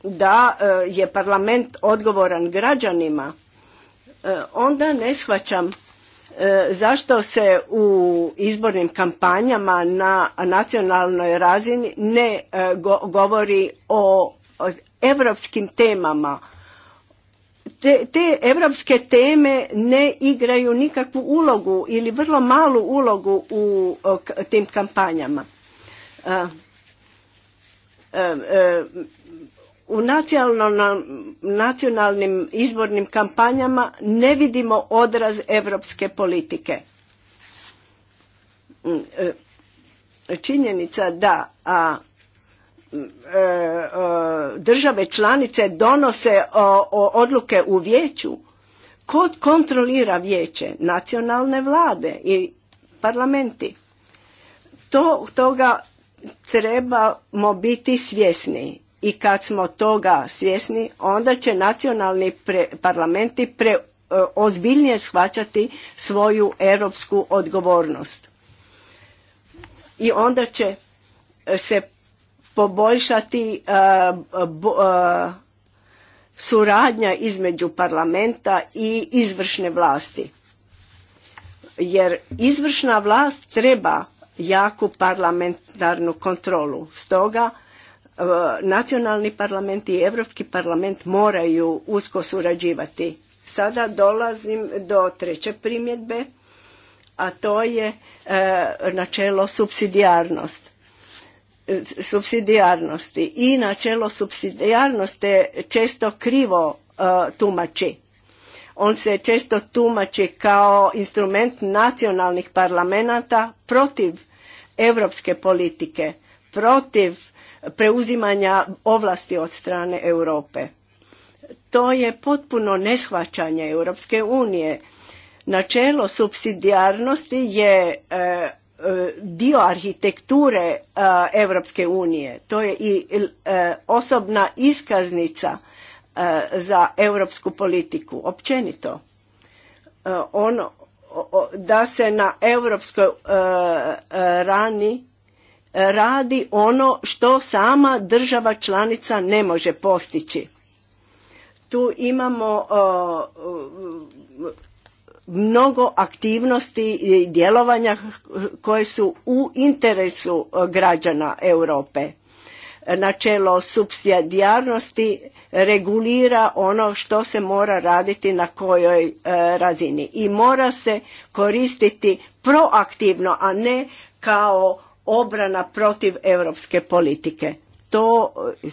Da je parlament odgovoran građanima, onda ne shvaćam zašto se u izbornim kampanjama na nacionalnoj razini ne govori o europskim temama te, te evropske teme ne igraju nikakvu ulogu ili vrlo malu ulogu u tim kampanjama. u nacionalnim izbornim kampanjama ne vidimo odraz evropske politike. Mm, e, činjenica da, a E, e, države članice donose odluke u vijeću, ko kontrolira vijeće? Nacionalne vlade i parlamenti. To, toga trebamo biti svjesni i kad smo toga svjesni, onda će nacionalni parlamenti pre, e, ozbiljnije shvaćati svoju europsku odgovornost. I onda će se poboljšati e, e, suradnja između parlamenta i izvršne vlasti. Jer izvršna vlast treba jaku parlamentarnu kontrolu. Stoga e, nacionalni parlament i Europski parlament moraju usko surađivati. Sada dolazim do treće primjedbe, a to je načelo subsidijarnost subsidijarnosti i načelo subsidijarnosti često krivo e, tumači. On se često tumači kao instrument nacionalnih parlamenta protiv europske politike, protiv preuzimanja ovlasti od strane Europe. To je potpuno neshvaćanje Europske unije. Načelo subsidijarnosti je e, E, dio arhitekture Europske unije. To je i e, osobna iskaznica e, za europsku politiku općenito. Ono da se na europskoj rani radi ono što sama država članica ne može postići. Tu imamo mnogo aktivnosti i djelovanja koje su u interesu e, građana Europe. Načelo subsidijarnosti regulira ono što se mora raditi na kojoj e, razini i mora se koristiti proaktivno, a ne kao obrana protiv europske politike. To e,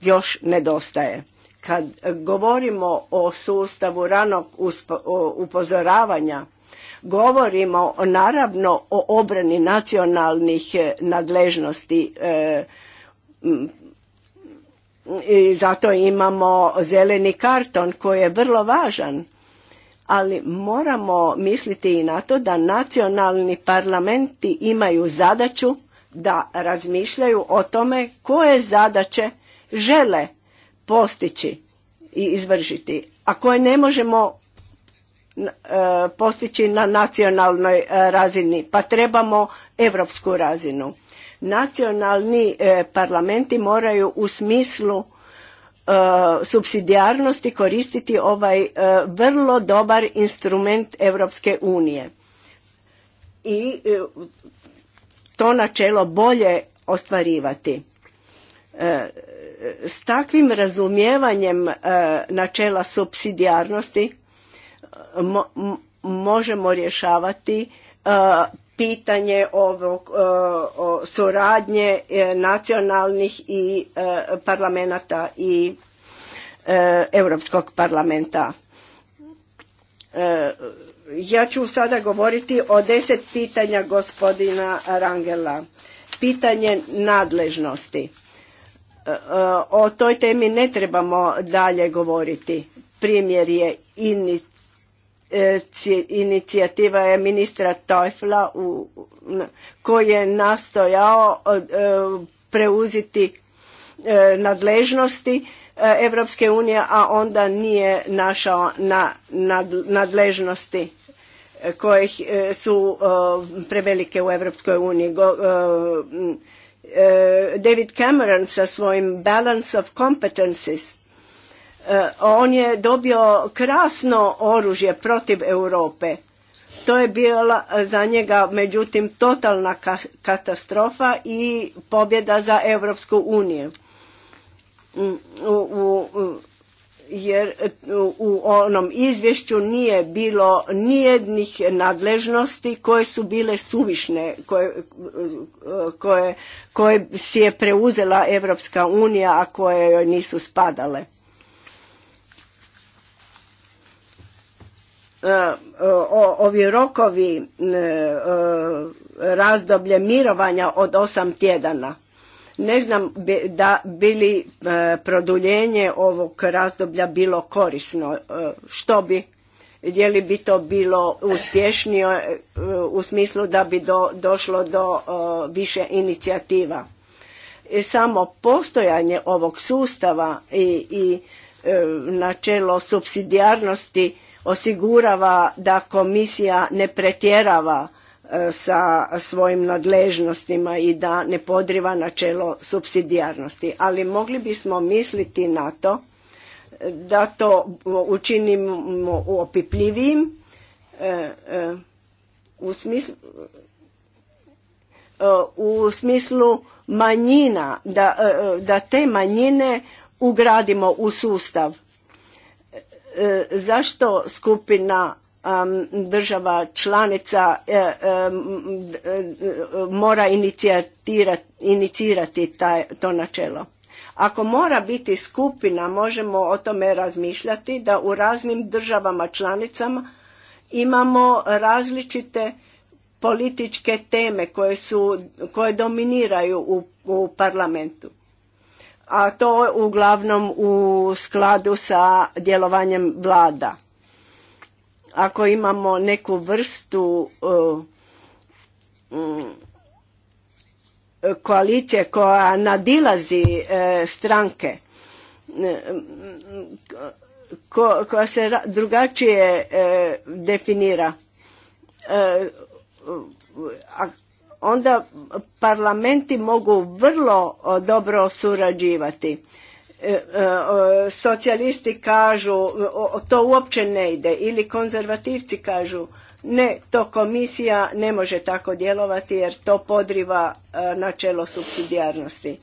još nedostaje. Kad govorimo o sustavu ranog upozoravanja, govorimo naravno o obrani nacionalnih e, nadležnosti e, i zato imamo zeleni karton koji je vrlo važan ali moramo misliti i na to da nacionalni parlamenti imaju zadaću da razmišljaju o tome koje zadaće žele postići i izvršiti, a koje ne možemo e, postići na nacionalnoj e, razini, pa trebamo europsku razinu. Nacionalni e, parlamenti moraju u smislu subsidijarnosti koristiti ovaj vrlo dobar instrument Europske unije. I to načelo bolje ostvarivati. S takvim razumijevanjem e, načela subsidijarnosti možemo rješavati e, pitanje ovog e, suradnje nacionalnih i parlamenta i Europskog parlamenta. Ja ću sada govoriti o deset pitanja gospodina Rangela. Pitanje nadležnosti E, o toj temi ne trebamo dalje govoriti. Primjer je e, inicijativa je ministra Tojfla koji je nastojao e, preuzeti nadležnosti Evropske unije, a onda nije našao na nadležnosti kojih su prevelike u Evropskoj uniji Uh, David Cameron sa svojim Balance of Competences, uh, On je dobio krasno oružje protiv Europe. To je bila uh, za njega međutim totalna katastrofa i pobjeda za Europsku uniju. Mm, u, jer e, u onom izvješću nije bilo nijednih nadležnosti koje su bile suvišne, koje, e, koje, koje si je preuzela Evropska unija, a koje joj nisu spadale. E, o, ovi rokovi razdoblje mirovanja od osam tjedana ne znam da bili e, produljenje ovog razdoblja bilo korisno, e, što bi je li bi to bilo uspješnije e, u smislu da bi do, došlo do više inicijativa. Samo postojanje ovog sustava i, i načelo subsidijarnosti osigurava da komisija ne pretjerava E, sa svojim nadležnostima i da ne podriva načelo supsidijarnosti. Ali mogli bismo misliti na to da to učinimo opipljivijim e, e, u smislu, u smislu manjina, da, da te manjine ugradimo u sustav. Zašto skupina Um, država članica e, e, e, mora inicirati taj, to načelo. Ako mora biti skupina, možemo o tome razmišljati da u raznim državama članicama imamo različite političke teme koje, su, koje dominiraju u, u parlamentu. A to je uglavnom u skladu sa djelovanjem vlada. Ako imamo neku vrstu e, mm, koalicije koja nadilazi e, stranke, e, koja se drugačije definira onda parlamenti mogu vrlo dobro surađivati E, e, socijalisti kažu to uopće ne ide ili konzervativci kažu ne, to komisija ne može tako djelovati jer to podriva e, načelo supsidijarnosti.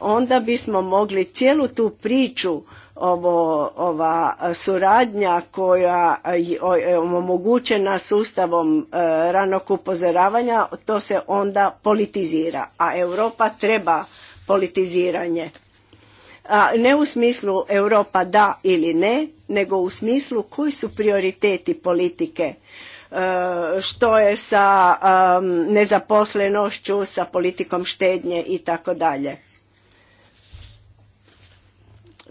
Onda bismo mogli cijelu tu priču ova suradnja koja je omogućena sustavom ranog upozoravanja, to se onda politizira. A Europa treba politiziranje ne u smislu Europa da ili ne, nego u smislu koji su prioriteti politike, e, što je sa nezaposlenošću, sa politikom štednje i tako dalje.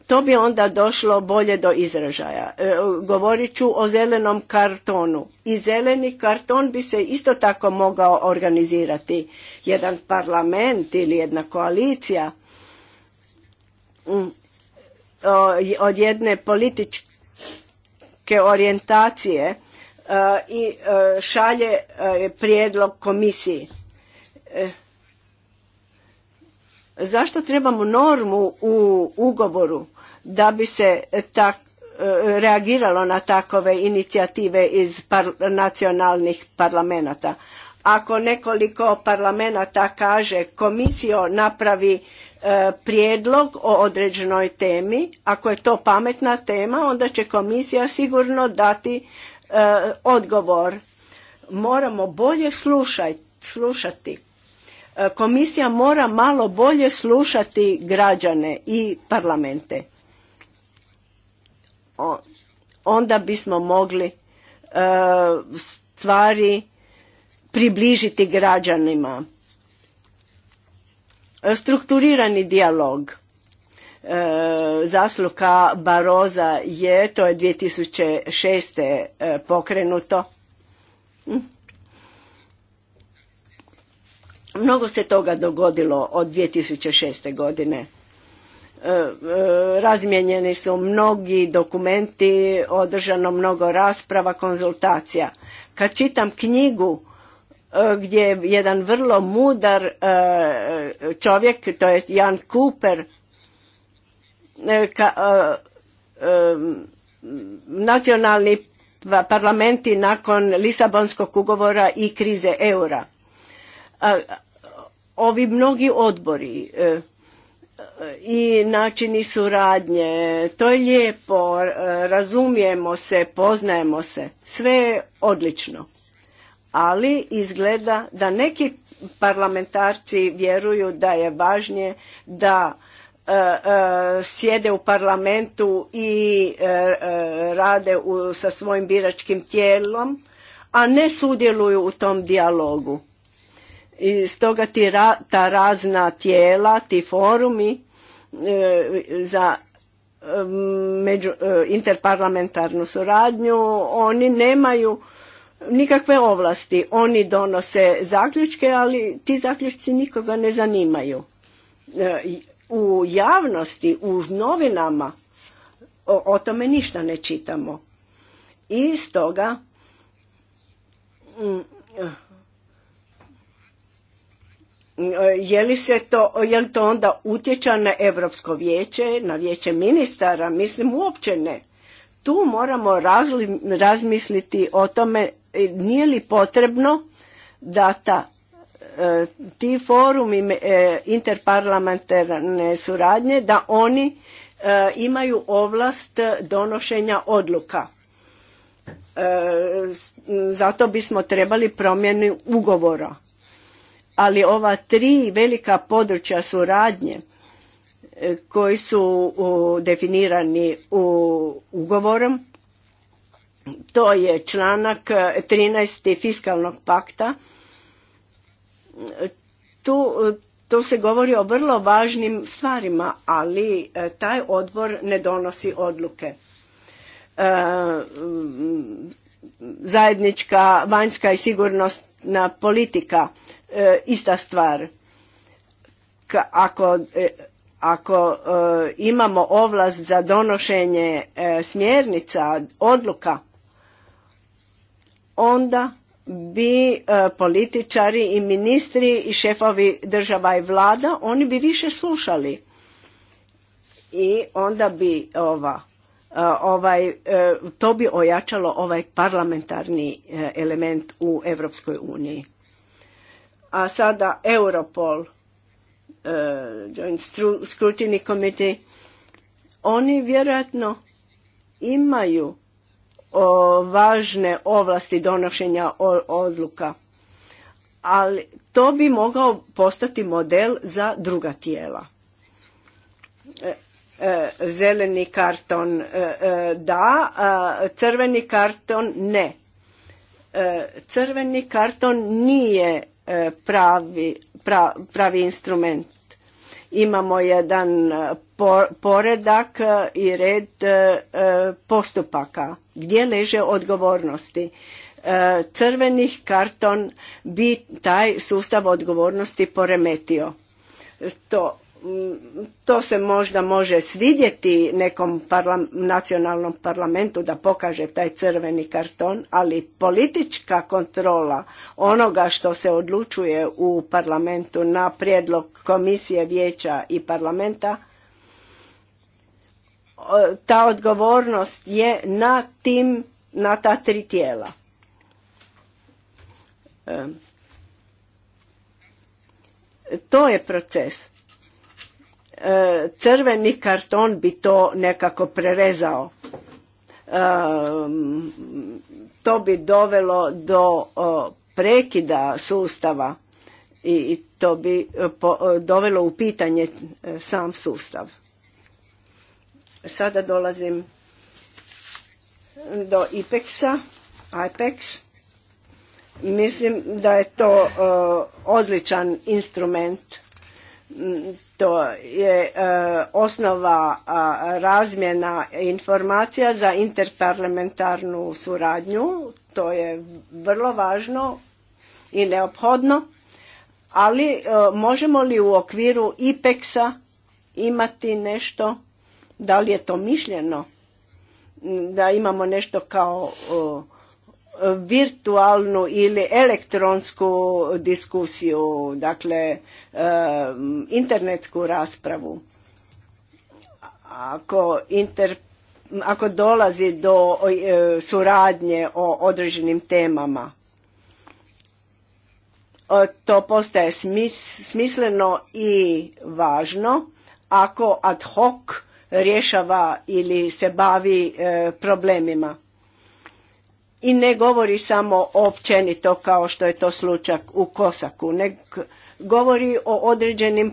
To bi onda došlo bolje do izražaja. E, govorit ću o zelenom kartonu. I zeleni karton bi se isto tako mogao organizirati. Jedan parlament ili jedna koalicija od jedne političke orijentacije e, i e, šalje e, prijedlog komisiji. Zašto trebamo normu u ugovoru da bi se tak reagiralo na takove inicijative iz nacionalnih parlamenata? Ako nekoliko parlamenata kaže komisijo napravi E, prijedlog o određenoj temi, ako je to pametna tema, onda će komisija sigurno dati e, odgovor. Moramo bolje slušati. E, komisija mora malo bolje slušati građane i parlamente. Onda bismo mogli stvari približiti građanima Strukturirani dijalog e, zasluka Baroza je, to je 2006. E, pokrenuto. Hm. Mnogo se toga dogodilo od 2006. godine. E, razmijenjeni su mnogi dokumenti, održano mnogo rasprava, konzultacija. Kad čitam knjigu gdje je jedan vrlo mudar e, čovjek, to je Jan Cooper, e, e, nacionalni pa, parlamenti nakon Lisabonskog ugovora i krize eura. Ovi mnogi odbori i načini suradnje, to je lijepo, razumijemo se, poznajemo se, sve je odlično ali izgleda da neki parlamentarci vjeruju da je važnije da e, e, sjede u parlamentu i e, rade sa svojim biračkim tijelom, a ne sudjeluju u tom dijalogu. I stoga ti ta razna tijela, ti forumi za među, interparlamentarnu suradnju, oni nemaju nikakve ovlasti. Oni donose zaključke, ali ti zaključci nikoga ne zanimaju. E, u javnosti, u novinama o, tome ništa ne čitamo. I stoga mm, eh, je li se to, je to onda utječe na Europsko vijeće, na vijeće ministara? Mislim uopće ne. Tu moramo razli, razmisliti o tome E, nije li potrebno da ta, e, ti forumi e, interparlamentarne suradnje da oni imaju ovlast donošenja odluka. Zato bismo trebali promjenu ugovora. Ali ova tri velika područja suradnje koji su definirani u ugovorom to je članak 13. E, fiskalnog pakta. Tu, se govori o vrlo važnim stvarima, ali e, taj odbor ne donosi odluke. E, zajednička vanjska i sigurnosna politika ista stvar. ako ako imamo ovlast za donošenje smjernica, odluka, onda bi e, političari i ministri i šefovi država i vlada, oni bi više slušali. I onda bi ova, e, ovaj, e, to bi ojačalo ovaj parlamentarni element u Europskoj uniji. A sada Europol, Joint Scrutiny Committee, oni vjerojatno imaju o, važne ovlasti donošenja odluka ali to bi mogao postati model za druga tijela e, e, zeleni karton e, da crveni karton ne crveni karton nije pravi, pravi instrument imamo jedan e, poredak e, i red e, postupaka gdje leže odgovornosti crvenih karton bi taj sustav odgovornosti poremetio to to se možda može svidjeti nekom nacionalnom parlamentu da pokaže taj crveni karton, ali politička kontrola onoga što se odlučuje u parlamentu na prijedlog komisije vijeća i parlamenta, ta odgovornost je na tim, na ta tri tijela. E, to je proces E, crveni karton bi to nekako prerezao. E, to bi dovelo do prekida sustava i to bi e, dovelo u pitanje sam sustav. Sada dolazim do IPEX-a, IPEX. Mislim da je to odličan instrument to je e, osnova razmjena informacija za interparlamentarnu suradnju to je vrlo važno i neophodno ali e, možemo li u okviru IPEX-a imati nešto da li je to mišljeno da imamo nešto kao virtualnu ili elektronsku diskusiju, dakle eh, internetsku raspravu. Ako, inter, ako dolazi do eh, suradnje o određenim temama, eh, to postaje smisleno i važno ako ad hoc rješava ili se bavi problemima i ne govori samo općenito kao što je to slučaj u Kosaku, nego govori o određenim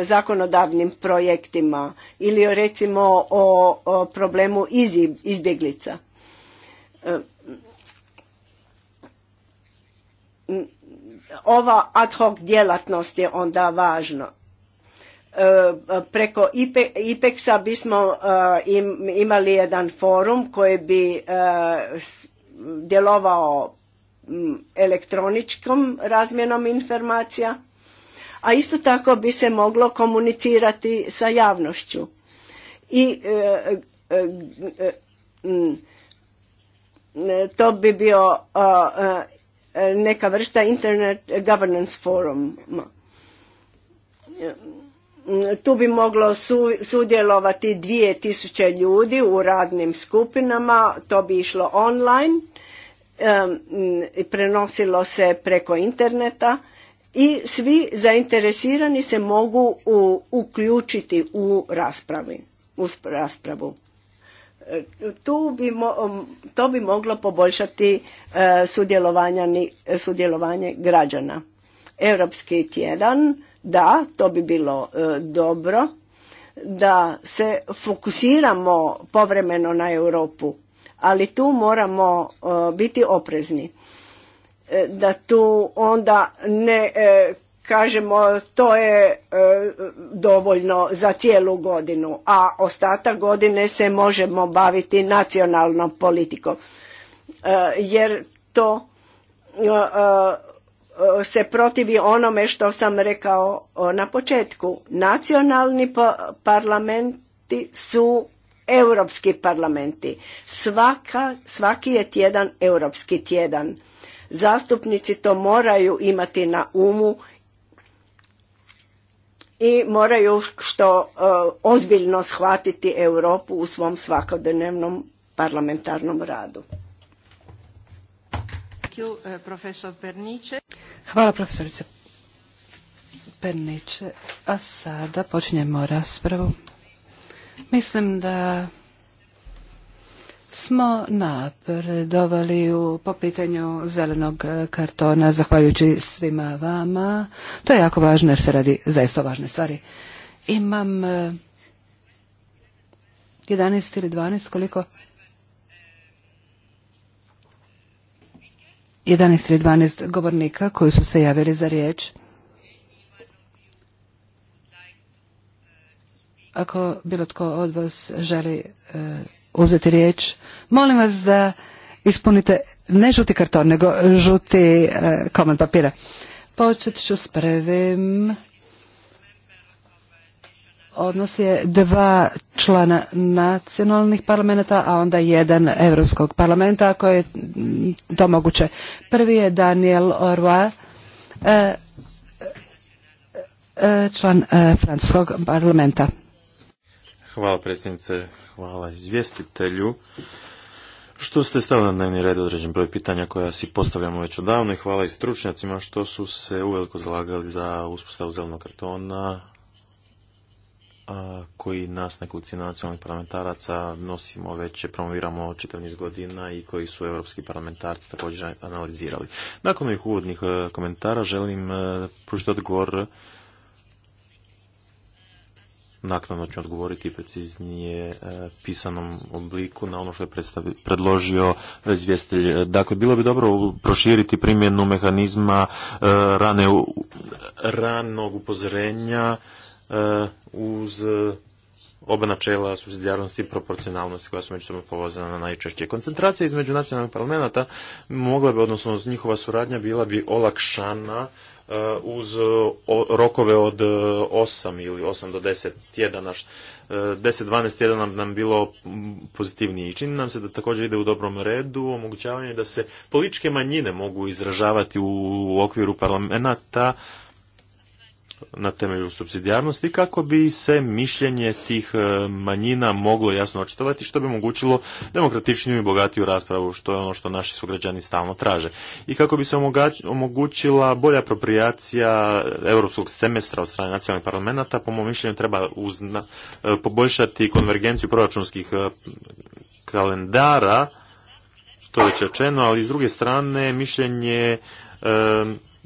e, zakonodavnim projektima ili recimo o, problemu izbjeglica. E, ova ad hoc djelatnost je onda važna. E, preko IPE, IPEX-a bismo imali jedan forum koji bi s, djelovao mm, elektroničkom razmjenom informacija, a isto tako bi se moglo komunicirati sa javnošću. I e, e, e, mm, to bi bio neka vrsta Internet Governance Forum. Tu bi moglo sudjelovati dvije tisuće ljudi u radnim skupinama, to bi išlo online, i prenosilo se preko interneta i svi zainteresirani se mogu uključiti u raspravi, u raspravu. E, tu bi to bi moglo poboljšati e, sudjelovanje građana. Europski tjedan da, to bi bilo e, dobro da se fokusiramo povremeno na Europu, ali tu moramo e, biti oprezni. E, da tu onda ne kažemo to je dovoljno za cijelu godinu, a ostatak godine se možemo baviti nacionalnom politikom jer to Eh, se protivi onome što sam rekao eh, na početku. Nacionalni pa, parlamenti su europski parlamenti. Svaka, svaki je tjedan europski tjedan. Zastupnici to moraju imati na umu i moraju što eh, ozbiljno shvatiti Europu u svom svakodnevnom parlamentarnom radu. Uh, Hvala profesorice Perniče. A sada počinjemo raspravu. Mislim da smo napredovali u, po pitanju zelenog e, kartona, zahvaljujući svima vama. To je jako važno jer se radi zaista važne stvari. Imam 11 e, ili 12, koliko 11 i 12 govornika koji su se javili za riječ. Ako bilo tko od vas želi e, uzeti riječ, molim vas da ispunite ne žuti karton, nego žuti e, komad papira. Počet ću s prvim odnos je dva člana nacionalnih parlamenta, a onda jedan Europskog parlamenta, ako je to moguće. Prvi je Daniel Orwa, e, e, član e, Francuskog parlamenta. Hvala predsjednice, hvala izvjestitelju. Što ste stavili na dnevni red određen broj pitanja koja si postavljamo već odavno i hvala i stručnjacima što su se uveliko zalagali za uspostavu zelenog kartona koji nas nekolicina nacionalnih parlamentaraca nosimo već, promoviramo čitav niz godina i koji su europski parlamentarci također analizirali. Nakon ovih uvodnih e, komentara želim e, pružiti odgovor naknadno ću odgovoriti preciznije e, pisanom obliku na ono što je predložio izvjestitelj. Dakle, bilo bi dobro proširiti primjenu mehanizma ranog upozorenja E, uz e, oba načela subsidijarnosti i proporcionalnosti koja su međusobno povezana najčešće. Koncentracija između nacionalnih parlamenta mogla bi, odnosno njihova suradnja bila bi olakšana e, uz rokove od 8 ili 8 do 10 tjedana. 10-12 tjedana nam bilo pozitivnije i čini nam se da također ide u dobrom redu omogućavanje da se političke manjine mogu izražavati u okviru parlamenta na temelju subsidijarnosti kako bi se mišljenje tih e, manjina moglo jasno očitovati što bi omogućilo demokratičniju i bogatiju raspravu što je ono što naši sugrađani stalno traže i kako bi se omogućila bolja apropriacija europskog semestra od strane nacionalnih parlamenta po mom mišljenju treba uzna, e, poboljšati konvergenciju proračunskih e, kalendara to je već rečeno ali s druge strane mišljenje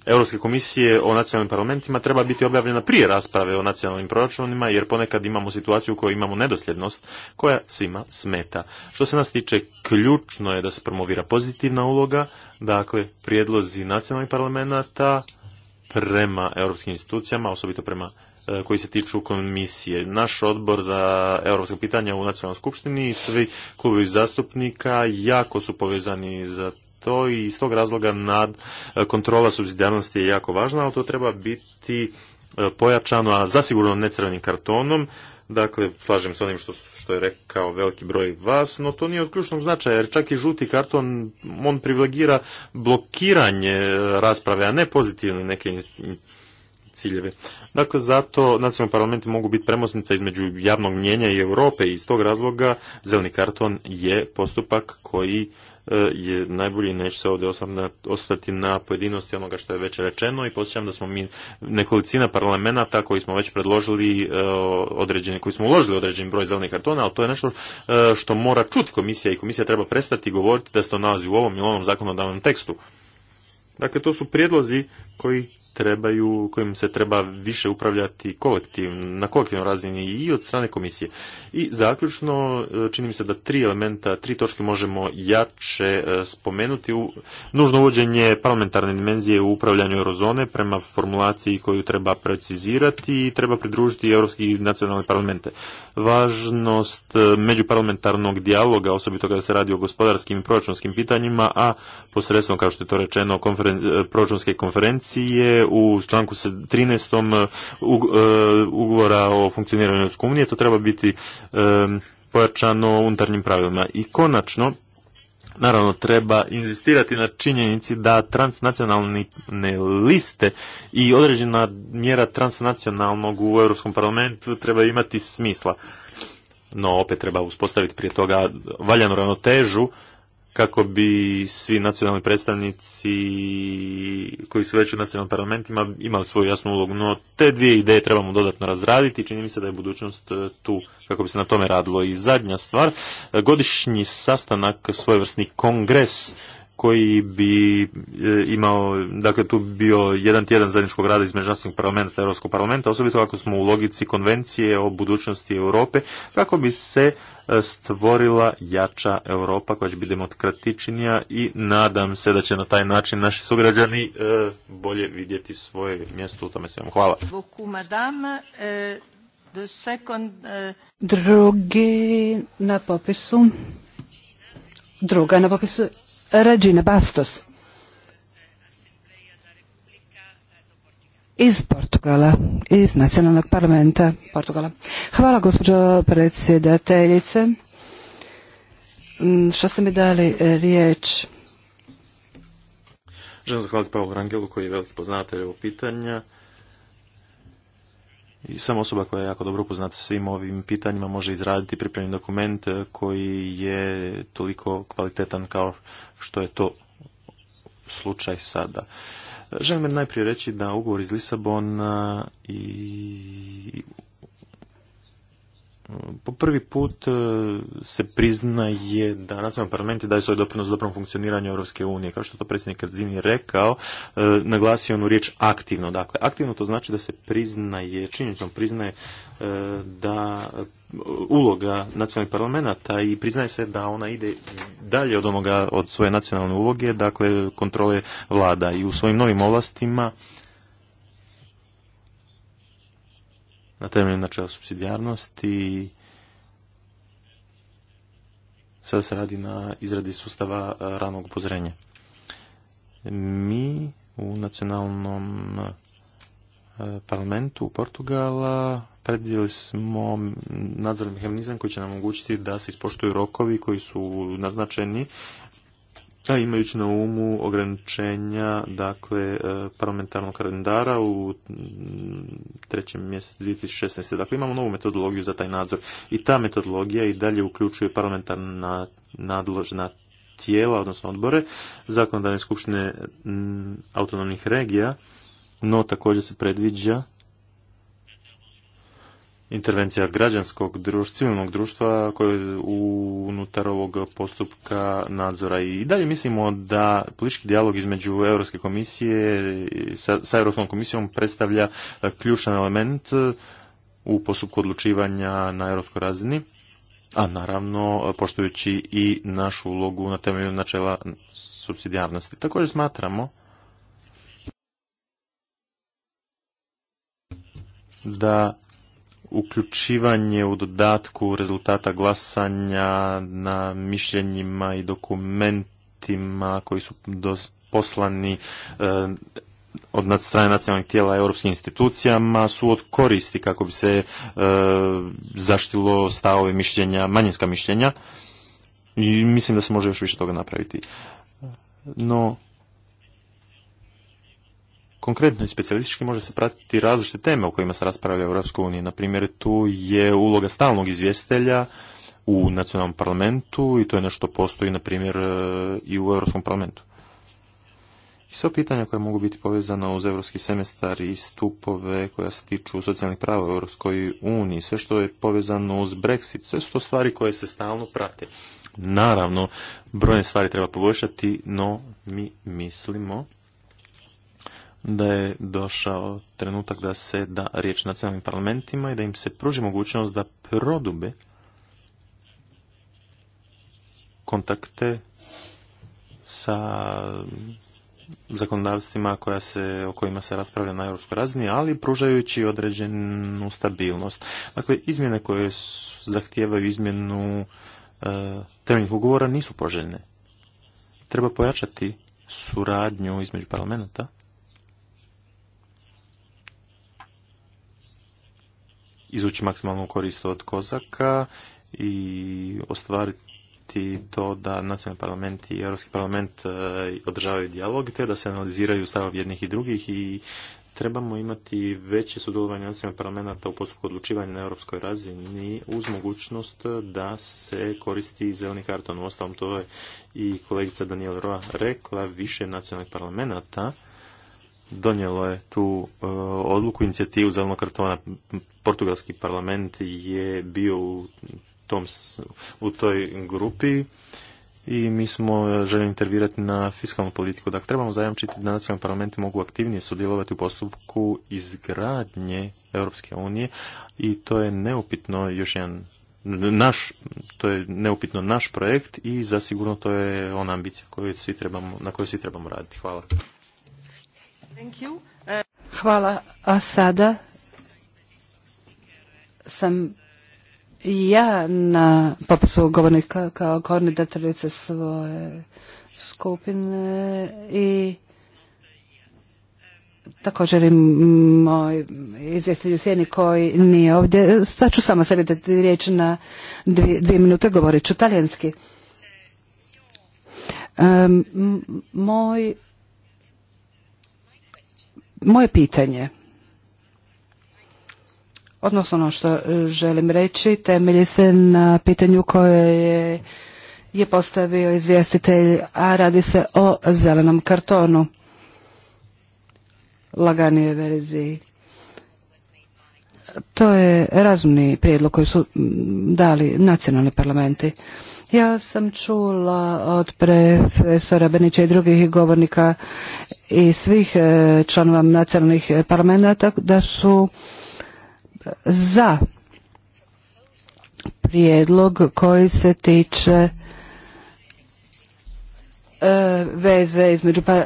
Europske komisije o nacionalnim parlamentima treba biti objavljena prije rasprave o nacionalnim proračunima, jer ponekad imamo situaciju u kojoj imamo nedosljednost koja svima smeta. Što se nas tiče, ključno je da se promovira pozitivna uloga, dakle, prijedlozi nacionalnih parlamenta prema europskim institucijama, osobito prema e, koji se tiču komisije. Naš odbor za europske pitanja u nacionalnoj skupštini i svi klubovi zastupnika jako su povezani za to i iz tog razloga nad e, kontrola subsidijarnosti je jako važna, ali to treba biti e, pojačano, a zasigurno ne crvenim kartonom. Dakle, slažem se onim što, je rekao veliki broj vas, no to nije od ključnog značaja, jer čak i žuti karton, on privilegira blokiranje e, rasprave, a ne pozitivne neke ciljeve. Dakle, zato nacionalni parlamenti mogu biti premosnica između javnog mnjenja i Europe i iz tog razloga zeleni karton je postupak koji E, je najbolji, neću se ovdje ostati na pojedinosti onoga što je već rečeno i posjećam da smo mi nekolicina parlamenta koji smo već predložili e, određeni, koji smo uložili određeni broj zelenih kartona, ali to je nešto e, što mora čuti komisija i komisija treba prestati govoriti da se to nalazi u ovom ili onom zakonodavnom tekstu. Dakle, to su prijedlozi koji trebaju, kojim se treba više upravljati kolektiv, na kolektivnom razini i od strane komisije. I zaključno, e, čini mi se da tri elementa, tri točke možemo jače e, spomenuti. nužno uvođenje parlamentarne dimenzije u upravljanju eurozone prema formulaciji koju treba precizirati i treba pridružiti europski nacionalni parlamente. Važnost e, međuparlamentarnog dijaloga, osobito kada se radi o gospodarskim i proračunskim pitanjima, a posredstvom, kao što je to rečeno, proračunske konferencije, u članku 13. E, e, ugovora o funkcioniranju Europske unije, to treba biti e, pojačano unutarnjim pravilima. I konačno, Naravno, treba inzistirati na činjenici da transnacionalne liste i određena mjera transnacionalnog u Europskom parlamentu treba imati smisla. No, opet treba uspostaviti prije toga valjanu ravnotežu kako bi svi nacionalni predstavnici koji su već u nacionalnim parlamentima imali svoju jasnu ulogu. No te dvije ideje trebamo dodatno razraditi i čini mi se da je budućnost e, tu kako bi se na tome radilo. I zadnja stvar, e, godišnji sastanak svojevrsni kongres koji bi e, imao, dakle tu bio jedan tjedan zajedničkog rada između nacionalnog parlamenta i Europskog parlamenta, osobito ako smo u logici konvencije o budućnosti Europe, kako bi se stvorila jača Europa koja će biti demokratičnija i nadam se da će na taj način naši sugrađani e, bolje vidjeti svoje mjesto u tome svemu. Hvala. E, e, Drugi na popisu. Druga na popisu. Regina Bastos. iz Portugala, iz nacionalnog parlamenta Portugala. Hvala gospođo predsjedateljice mm, što ste mi dali e, riječ. Želim zahvaliti Pavlu Rangelu koji je veliki poznatelj ovog pitanja. I sam osoba koja je jako dobro upoznata svim ovim pitanjima može izraditi pripremljen dokument e, koji je toliko kvalitetan kao što je to slučaj sada. Želim najprije reći da ugovor iz Lisabona i po prvi put e, se priznaje da nacionalni parlamenti daje svoj doprinos dobrom funkcioniranju Europske unije. Kao što to predsjednik Kazini rekao, e, naglasio onu riječ aktivno. Dakle, aktivno to znači da se priznaje, činjenicom priznaje e, da uloga nacionalnih parlamenta i priznaje se da ona ide dalje od onoga od svoje nacionalne uloge, dakle kontrole vlada i u svojim novim ovlastima na temelju načela subsidijarnosti sada se radi na izradi sustava ranog upozorenja. Mi u nacionalnom parlamentu u Portugala predvidjeli smo nadzorni mehanizam koji će nam omogućiti da se ispoštuju rokovi koji su naznačeni a imajući na umu ograničenja dakle e, parlamentarnog kalendara u trećem mjesecu 2016. Dakle, imamo novu metodologiju za taj nadzor i ta metodologija i dalje uključuje parlamentarna nadložna tijela, odnosno odbore, zakonodavne skupštine autonomnih regija, no također se predviđa intervencija građanskog društva, civilnog društva koje unutar ovog postupka nadzora. I dalje mislimo da politički dijalog između Europske komisije sa, sa Europskom komisijom predstavlja e, ključan element e, u postupku odlučivanja na europskoj razini, a naravno e, poštujući i našu ulogu na temelju načela subsidijarnosti. Također smatramo da uključivanje u dodatku rezultata glasanja na mišljenjima i dokumentima koji su poslani e, od strane nacionalnih tijela europskim institucijama su od koristi kako bi se e, zaštilo stavove mišljenja, manjinska mišljenja i mislim da se može još više toga napraviti. No, konkretno i specijalistički može se pratiti različite teme o kojima se raspravlja u Europskoj uniji. Na primjer, tu je uloga stalnog izvjestitelja u nacionalnom parlamentu i to je nešto postoji, na primjer, e, i u Europskom parlamentu. I sva pitanja koja mogu biti povezana uz europski semestar i stupove koja se tiču socijalnih prava u Europskoj uniji, sve što je povezano uz Brexit, sve su to stvari koje se stalno prate. Naravno, brojne stvari treba poboljšati, no mi mislimo da je došao trenutak da se da riječ nacionalnim parlamentima i da im se pruži mogućnost da prodube kontakte sa zakonodavstvima koja se, o kojima se raspravlja na europskoj razini, ali pružajući određenu stabilnost. Dakle, izmjene koje zahtijevaju izmjenu e, temeljnih ugovora nisu poželjne. Treba pojačati suradnju između parlamenta izvući maksimalnu korist od kozaka i ostvariti to da nacionalni parlament i Europski parlament e, održavaju dijalog te da se analiziraju stav jednih i drugih i trebamo imati veće sudjelovanje nacionalnih parlamenta u postupku odlučivanja na europskoj razini uz mogućnost da se koristi zeleni karton. Uostalom to je i kolegica Daniela Roa rekla, više nacionalnih parlamenta donijelo je tu e, odluku, inicijativu zelenog kartona. Portugalski parlament je bio u, tom, u toj grupi i mi smo e, željeli intervirati na fiskalnu politiku. Dakle, trebamo zajamčiti da nacionalni parlamenti mogu aktivnije sudjelovati u postupku izgradnje Europske unije i to je neupitno još jedan naš, to je neupitno naš projekt i zasigurno to je ona ambicija koju svi trebamo, na kojoj svi trebamo raditi. Hvala. Hvala. A sada sam ja na popisu govornika kao koordinatorica svoje skupine i također i moj izvjestitelj u sjeni koji nije ovdje. Sad ću samo sebi dati riječ na dvije, minute, govorit ću talijanski. moj moje pitanje, odnosno ono što e, želim reći, temelji se na pitanju koje je, je postavio izvjestitelj, a radi se o zelenom kartonu, laganije verziji. To je razumni prijedlog koji su dali nacionalni parlamenti. Ja sam čula od profesora Benića i drugih govornika i svih e, članova nacionalnih e, parlamenta da su za prijedlog koji se tiče e, veze između pa,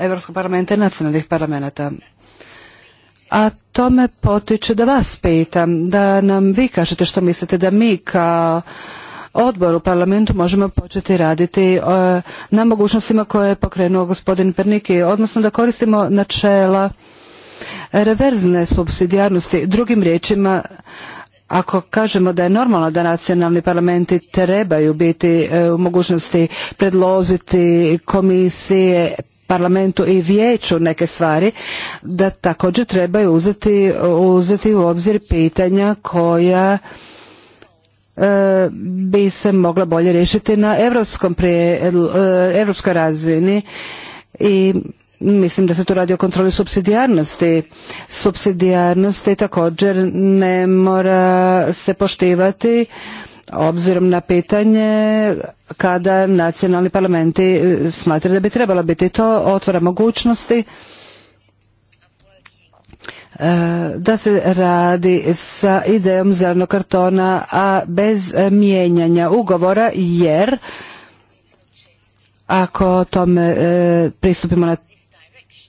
Europskog parlamenta i nacionalnih parlamenta. A to me potiče da vas pitam, da nam vi kažete što mislite da mi kao odbor u parlamentu možemo početi raditi e, na mogućnostima koje je pokrenuo gospodin Perniki, odnosno da koristimo načela reverzne subsidijarnosti. Drugim riječima, ako kažemo da je normalno da nacionalni parlamenti trebaju biti e, u mogućnosti predložiti komisije parlamentu i vijeću neke stvari da također trebaju uzeti, uzeti u obzir pitanja koja bi se mogla bolje riješiti na europskoj eh, razini i mislim da se tu radi o kontroli subsidijarnosti. Subsidijarnosti također ne mora se poštivati obzirom na pitanje kada nacionalni parlamenti smatraju da bi trebala biti to otvara mogućnosti E, da se radi sa idejom zelenog kartona, a bez mijenjanja ugovora, jer ako tome e, pristupimo na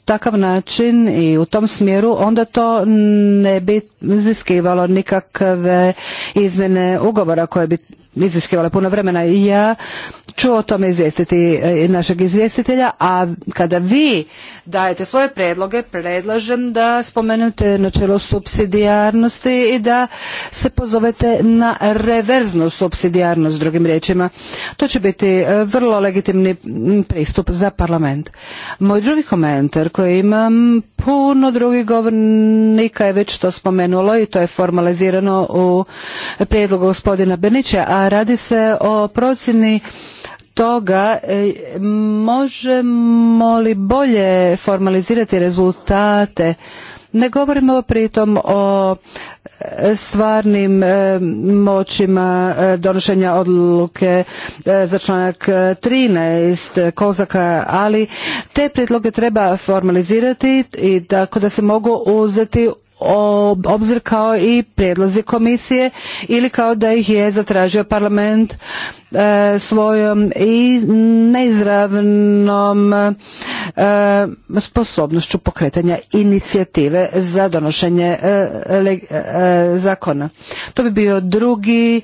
takav način i u tom smjeru, onda to ne bi iziskivalo nikakve izmjene ugovora koje bi iziskivala puno vremena i ja ću o tome izvijestiti e, našeg izvjestitelja, a kada vi dajete svoje predloge, predlažem da spomenute načelo subsidijarnosti i da se pozovete na reverznu subsidijarnost, drugim riječima. To će biti e, vrlo legitimni pristup za parlament. Moj drugi komentar koji imam, puno drugih govornika je već to spomenulo i to je formalizirano u prijedlogu gospodina Benića, a radi se o procjeni toga e, možemo li bolje formalizirati rezultate ne govorimo pritom o e, stvarnim e, moćima donošenja odluke za članak 13 Kozaka, ali te prijedloge treba formalizirati i tako da se mogu uzeti obzir kao i prijedlozi komisije ili kao da ih je zatražio parlament E, svojom i neizravnom e, sposobnošću pokretanja inicijative za donošenje e, zakona. To bi bio drugi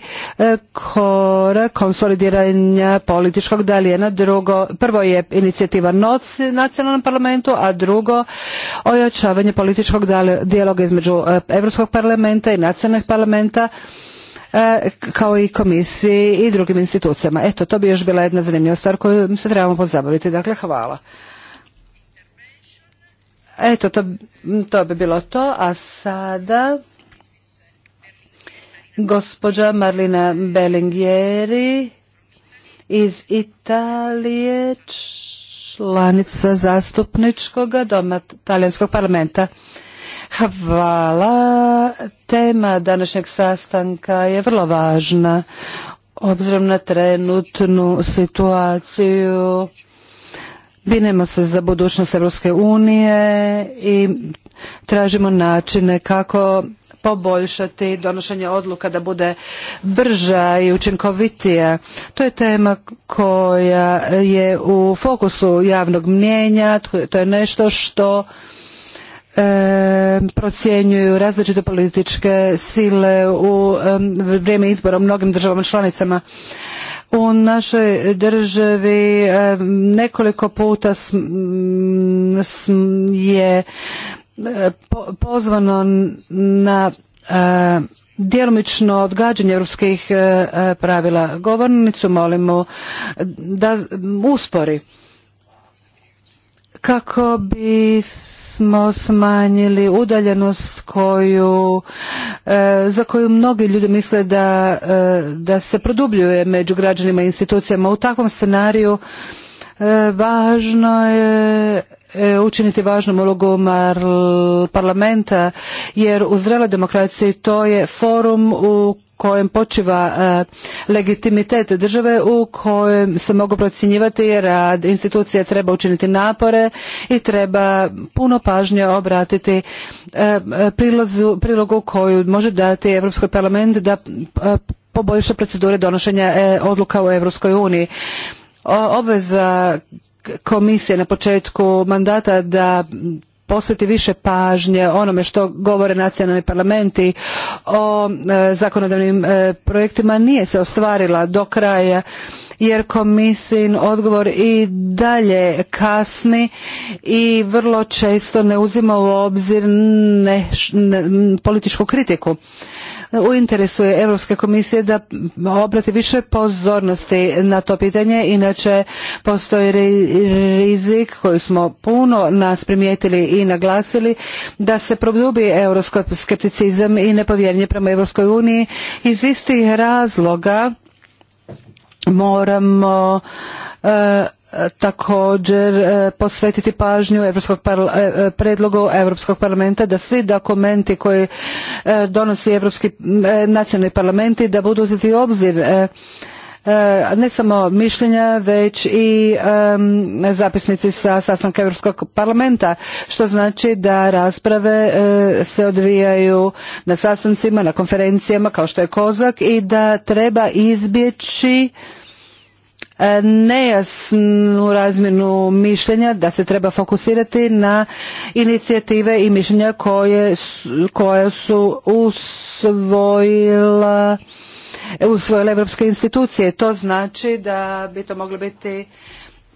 korak konsolidiranja političkog dalijena. Drugo, prvo je inicijativa NOC nacionalnom parlamentu, a drugo ojačavanje političkog dijaloga između Europskog parlamenta i nacionalnih parlamenta E, kao i komisiji i drugim institucijama. Eto, to bi još bila jedna zanimljiva stvar koju se trebamo pozabaviti. Dakle, hvala. Eto, to, to bi bilo to. A sada gospođa Marlina Bellingieri iz Italije, članica zastupničkog doma talijanskog parlamenta. Hvala. Tema današnjeg sastanka je vrlo važna obzirom na trenutnu situaciju. Binemo se za budućnost Europske unije i tražimo načine kako poboljšati donošenje odluka da bude brža i učinkovitija. To je tema koja je u fokusu javnog mnjenja, to je nešto što procjenjuju različite političke sile u vrijeme izbora u mnogim državama članicama. U našoj državi nekoliko puta je eh, pozvano na eh, djelomično odgađanje europskih eh, pravila. Govornicu molimo da uspori kako bismo smanjili udaljenost koju, e, za koju mnogi ljudi misle da, e, da se produbljuje među građanima i institucijama. U takvom scenariju e, važno je E, učiniti važnom ulogom parlamenta jer u zreloj demokraciji to je forum u kojem počiva e, legitimitet države u kojem se mogu procjenjivati rad institucija treba učiniti napore i treba puno pažnje obratiti e, prilogu koju može dati Evropski parlament da poboljša procedure donošenja odluka u Europskoj uniji obveza komisije na početku mandata da posjeti više pažnje onome što govore nacionalni parlamenti o e, zakonodavnim e, projektima nije se ostvarila do kraja jer komisijin odgovor i dalje kasni i vrlo često ne uzima u obzir ne, političku kritiku u interesu je Europske komisije da obrati više pozornosti na to pitanje, inače postoji rizik koji smo puno nas primijetili i naglasili da se produbi euroskepticizam i nepovjerenje prema Europskoj uniji iz istih razloga moramo e, E, također e, posvetiti pažnju prijedlogu e, predlogu Europskog parlamenta da svi dokumenti koji donosi Europski nacionalni parlamenti da budu uzeti u obzir ne samo mišljenja već i zapisnici sa sastanka Europskog parlamenta što znači da rasprave se odvijaju na sastancima, na konferencijama kao što je Kozak i da treba izbjeći E, nejasnu razmjenu mišljenja da se treba fokusirati na inicijative i mišljenja koje, koje su usvojila usvojile evropske institucije. To znači da bi to moglo biti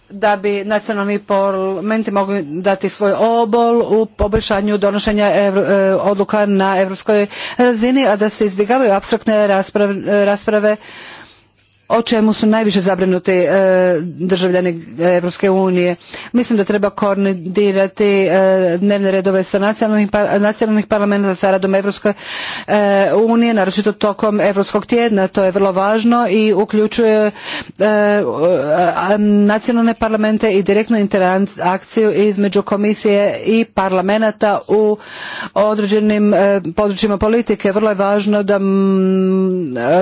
da bi nacionalni parlamenti mogli dati svoj obol u poboljšanju donošenja e, odluka na europskoj razini, a da se izbjegavaju apstraktne rasprave o čemu su najviše zabrinuti e, državljani Europske unije. Mislim da treba koordinirati e, dnevne redove sa pa, nacionalnih, parlamenta sa radom Europske e, unije, naročito tokom Europskog tjedna. To je vrlo važno i uključuje nacionalne parlamente i direktnu interakciju između komisije i parlamenta u određenim područjima politike. Vrlo je važno da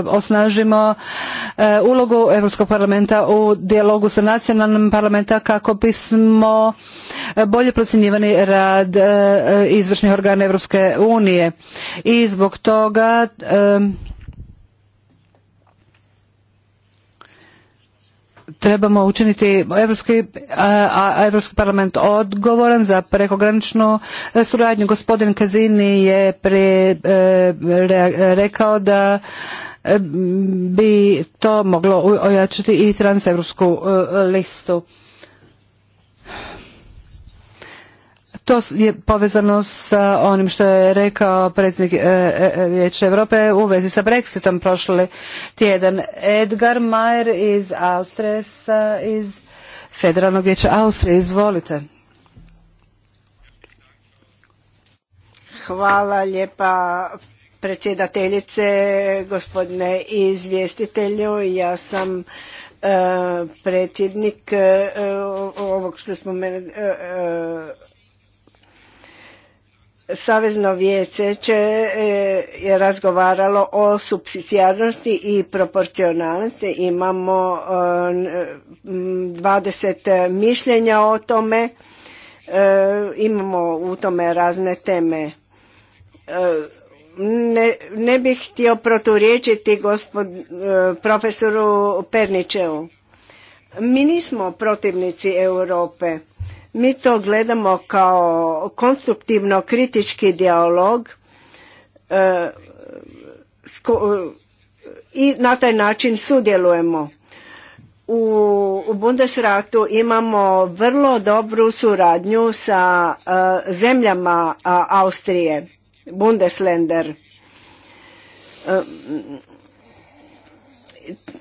osnažimo Eh, ulogu Europskog parlamenta u dijalogu sa nacionalnim parlamenta kako bismo eh, bolje procjenjivani rad eh, izvršnih organa Europske unije i zbog toga trebamo učiniti Europski, a parlament odgovoran za prekograničnu suradnju. Gospodin Kazini je pre, rekao da bi to moglo ojačati i transevropsku e, listu. To je povezano s e, onim što je rekao predsjednik e, Vijeća Europe u vezi sa Brexitom prošli tjedan. Edgar Mayer iz Austrije, iz Federalnog vijeća Austrije. Izvolite. Hvala lijepa predsjedateljice, gospodine izvjestitelju. Ja sam e, predsjednik e, ovog što smo e, Savezno vijeće je razgovaralo o subsidijarnosti i proporcionalnosti. Imamo 20 mišljenja o tome. Imamo u tome razne teme ne, bih htio proturječiti gospod, e, profesoru Perničevu. Mi nismo protivnici Europe. Mi to gledamo kao konstruktivno kritički dijalog e, e, i na taj način sudjelujemo. U, u Bundesratu imamo vrlo dobru suradnju sa zemljama Austrije Bundesländer. E,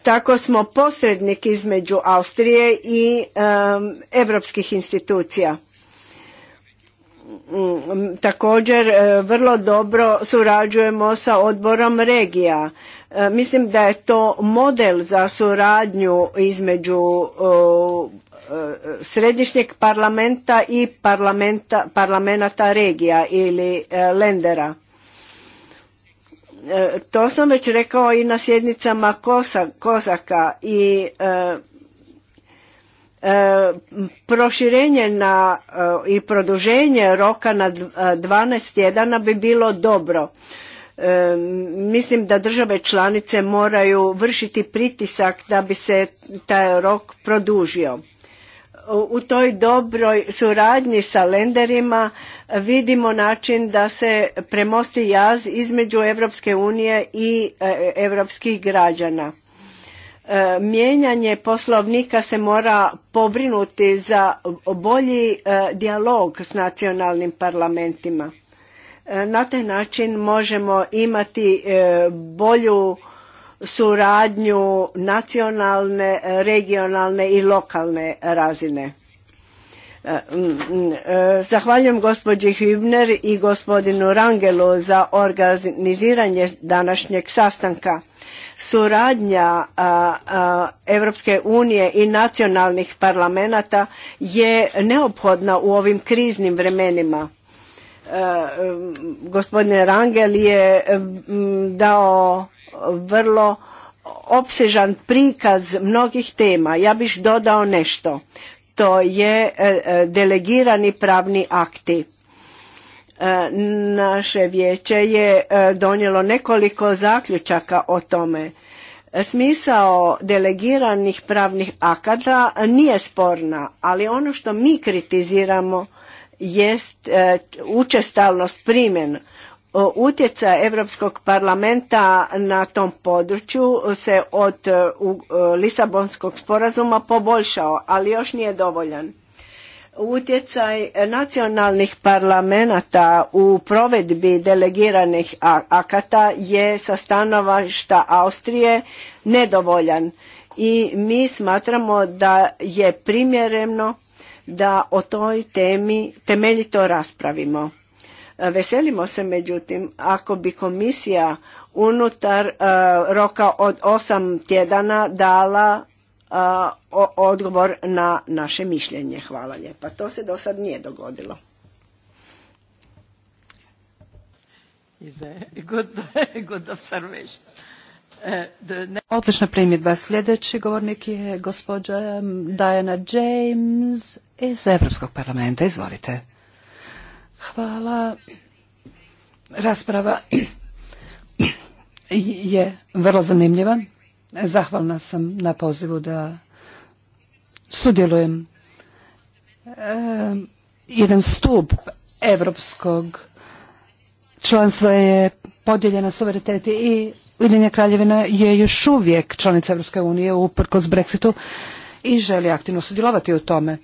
tako smo posrednik između Austrije i europskih institucija. Mm, također e, vrlo dobro surađujemo sa odborom regija. E, mislim da je to model za suradnju između središnjeg parlamenta i parlamenta, regija ili e, lendera. E, to sam već rekao i na sjednicama Kozaka i e, proširenje i produženje roka na 12 tjedana bi bilo dobro. mislim da države članice moraju vršiti pritisak da bi se taj rok produžio u toj dobroj suradnji sa lenderima vidimo način da se premosti jaz između Europske unije i europskih građana. E, mijenjanje poslovnika se mora pobrinuti za bolji e, dijalog s nacionalnim parlamentima. E, na taj način možemo imati bolju suradnju nacionalne, regionalne i lokalne razine. E, e, zahvaljujem gospođi Hübner i gospodinu Rangelu za organiziranje današnjeg sastanka. Suradnja Europske unije i nacionalnih parlamenta je neophodna u ovim kriznim vremenima. gospodin e, gospodine Rangel je dao vrlo opsežan prikaz mnogih tema. Ja bih dodao nešto. To je e, e, delegirani pravni akti. E, naše vijeće je donijelo nekoliko zaključaka o tome. Smisao delegiranih pravnih akata nije sporna, ali ono što mi kritiziramo jest učestalnost primjena Utjecaj Europskog parlamenta na tom području se od e, e, Lisabonskog sporazuma poboljšao, ali još nije dovoljan. Utjecaj nacionalnih parlamenta u provedbi delegiranih akata je sa stanovašta Austrije nedovoljan i mi smatramo da je primjereno da o toj temi temeljito raspravimo E, veselimo se međutim ako bi komisija unutar e, roka od osam tjedana dala e, odgovor na naše mišljenje. Hvala lijepa. To se do sad nije dogodilo. <laughs> Odlična primjedba. Sljedeći govornik je gospođa Diana James iz Europskog parlamenta. Izvolite. Hvala. Rasprava je vrlo zanimljiva. Zahvalna sam na pozivu da sudjelujem. E, jedan stup evropskog članstva je podijeljena suvereniteti i Ujedinjena kraljevina je još uvijek članica Evropske unije uprkos Brexitu i želi aktivno sudjelovati u tome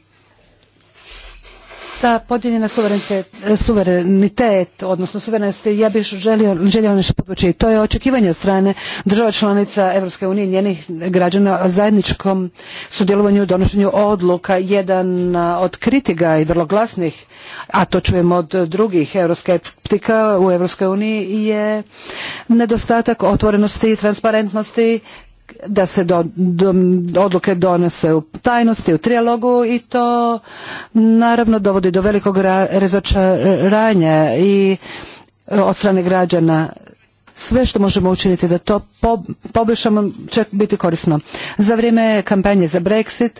ta podijeljena suverenitet, odnosno suverenost ja bih želio, želio nešto podvući to je očekivanje od strane država članica Europske unije i njenih građana o zajedničkom sudjelovanju u donošenju odluka jedan od kritika i vrlo glasnih a to čujemo od drugih euroskeptika u Europskoj uniji je nedostatak otvorenosti i transparentnosti da se odluke donose u tajnosti, u trijalogu i to naravno dovodi do velikog razočaranja i e, od strane građana sve što možemo učiniti da to poboljšamo će biti korisno. Za vrijeme kampanje za Brexit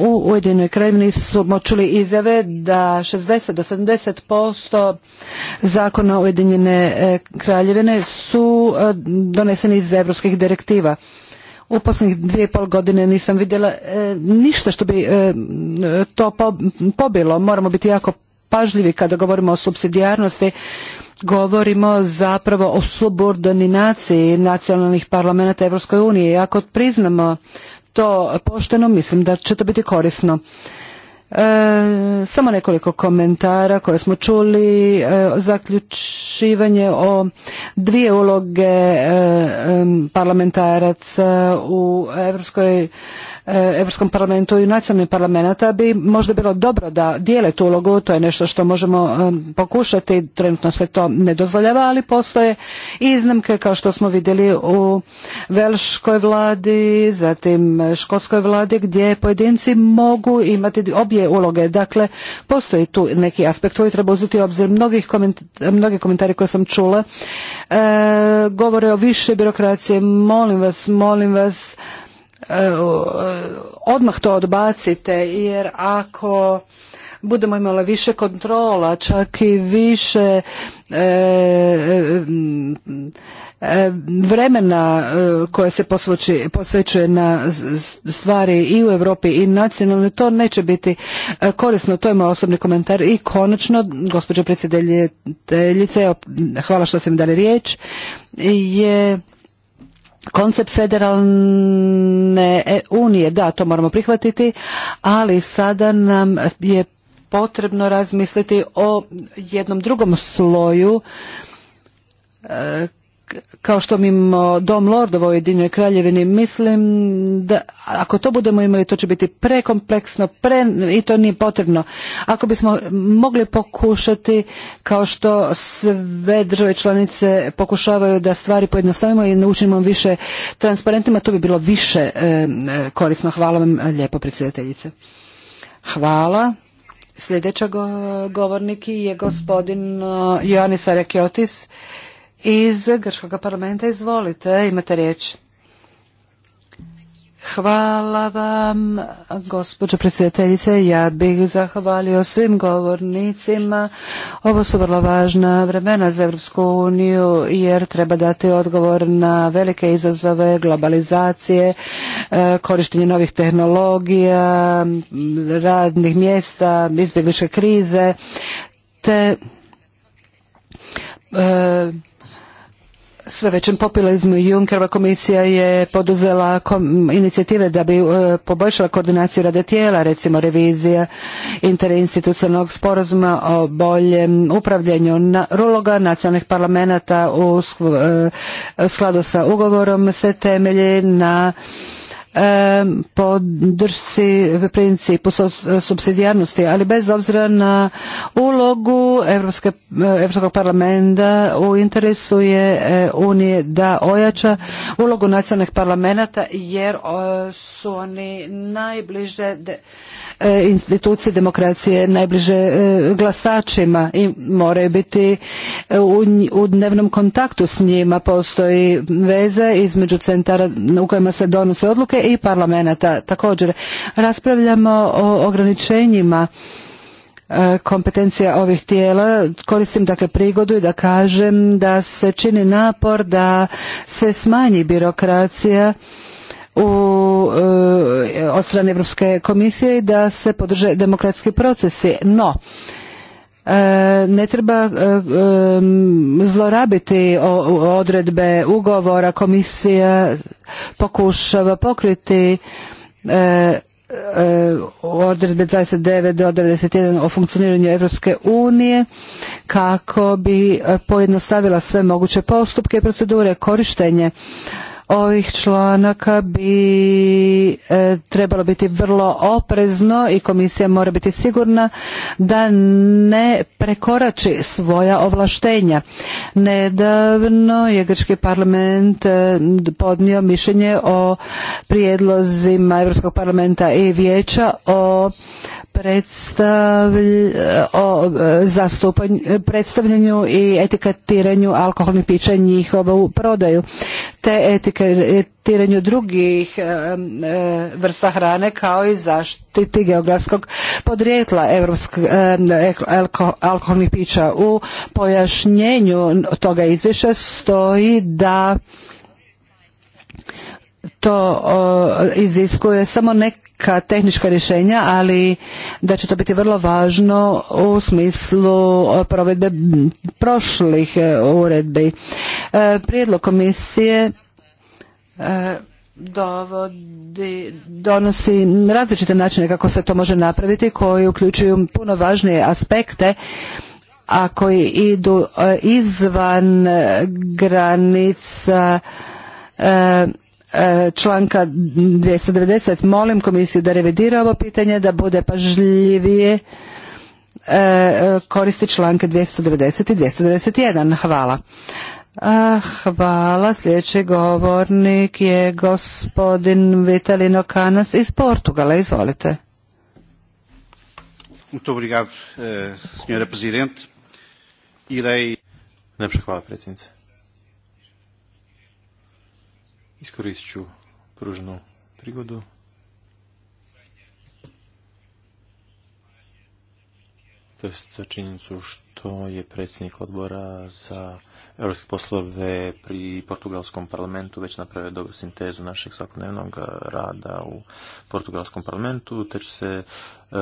u Ujedinoj krajini smo čuli izjave da 60 do 70% zakona Ujedinjene e, kraljevine su e, doneseni iz evropskih direktiva. U posljednjih dvije i pol godine nisam vidjela e, ništa što bi to pobilo. Moramo biti jako pažljivi kada govorimo o subsidijarnosti govorimo zapravo o subordinaciji nacionalnih parlamenta Evropskoj uniji. Ako priznamo to pošteno, mislim da će to biti korisno. E, samo nekoliko komentara koje smo čuli, e, zaključivanje o dvije uloge e, parlamentaraca u Evropskoj, Evropskom parlamentu i nacionalnih nacionalnim parlamenta bi možda bilo dobro da dijele tu ulogu, to je nešto što možemo pokušati, trenutno se to ne dozvoljava, ali postoje iznimke kao što smo vidjeli u Velškoj vladi, zatim Škotskoj vladi gdje pojedinci mogu imati obje je uloge. Dakle, postoji tu neki aspekt koji treba uzeti u obzir. mnogi komentari koje sam čula e, govore o više birokracije. Molim vas, molim vas, e, e, odmah to odbacite, jer ako budemo imali više kontrola, čak i više E, vremena e, koje se posvećuje na stvari i u Europi i nacionalno, to neće biti e, korisno. To je moj osobni komentar. I konačno, gospođo predsjedeljice, hvala što ste mi dali riječ, je koncept federalne unije, da, to moramo prihvatiti, ali sada nam je potrebno razmisliti o jednom drugom sloju kao što imamo Dom Lordova u jedinoj Kraljevini, mislim da ako to budemo imali, to će biti prekompleksno pre, i to nije potrebno. Ako bismo mogli pokušati, kao što sve države članice pokušavaju da stvari pojednostavimo i naučimo više transparentima, to bi bilo više e, korisno. Hvala vam lijepo, predsjedateljice. Hvala. Sljedeća govornik je gospodin Joannis e, Arekiotis iz Grškog parlamenta. Izvolite, imate riječ. Hvala vam, gospođo predsjedateljice. Ja bih zahvalio svim govornicima. Ovo su vrlo važna vremena za Europsku uniju jer treba dati odgovor na velike izazove globalizacije, e, korištenje novih tehnologija, radnih mjesta, izbjegličke krize te e, sve većem populizmu Junkerova komisija je poduzela inicijative da bi e, poboljšala koordinaciju rada tijela, recimo revizija interinstitucionalnog sporazuma o boljem upravljanju ruloga nacionalnih parlamenta u, u e, skladu sa ugovorom se temelji na podršci principu subsidijarnosti, ali bez obzira na ulogu Europskog parlamenta u interesu je e, Unije da ojača ulogu nacionalnih parlamenta jer su oni najbliže e, instituciji demokracije, najbliže e, glasačima i moraju biti u dnevnom kontaktu s njima. Postoji veze između centara u kojima se donose odluke i parlamenta također. Raspravljamo o ograničenjima e, kompetencija ovih tijela. Koristim dakle prigodu i da kažem da se čini napor da se smanji birokracija u, e, od strane Europske komisije i da se podrže demokratski procesi. No, E, ne treba e, zlorabiti odredbe ugovora komisija pokušava pokriti e, odredbe 29 do 91 o funkcioniranju Europske unije kako bi pojednostavila sve moguće postupke i procedure korištenje ovih članaka bi e, trebalo biti vrlo oprezno i komisija mora biti sigurna da ne prekorači svoja ovlaštenja. Nedavno je Grčki parlament e, podnio mišljenje o prijedlozima Europskog parlamenta i vijeća o predstavlj, o predstavljanju i etiketiranju alkoholnih pića i njihovu prodaju, te etiketiranju drugih e, e, vrsta hrane kao i zaštiti geografskog podrijetla e, alkoholnih pića. U pojašnjenju toga izvješća stoji da to iziskuje samo neke neka tehnička rješenja, ali da će to biti vrlo važno u smislu e, provedbe prošlih e, uredbi. E, prijedlog komisije dovodi, donosi različite načine kako se to može napraviti koji uključuju puno važnije aspekte a koji idu izvan granica E, članka 290. Molim komisiju da revidira ovo pitanje, da bude pažljivije e, koristi članke 290 i 291. Hvala. Hvala. Sljedeći govornik je gospodin Vitalino Kanas iz Portugala. Izvolite. Muito obrigado, eh, senhora presidente. Irei... Najprej hvala, predsjednice. Iskoristit ću pružnu prigodu. To je činjenicu što je predsjednik odbora za europske poslove pri portugalskom parlamentu već napravio dobru sintezu našeg svakodnevnog rada u portugalskom parlamentu, te će se e,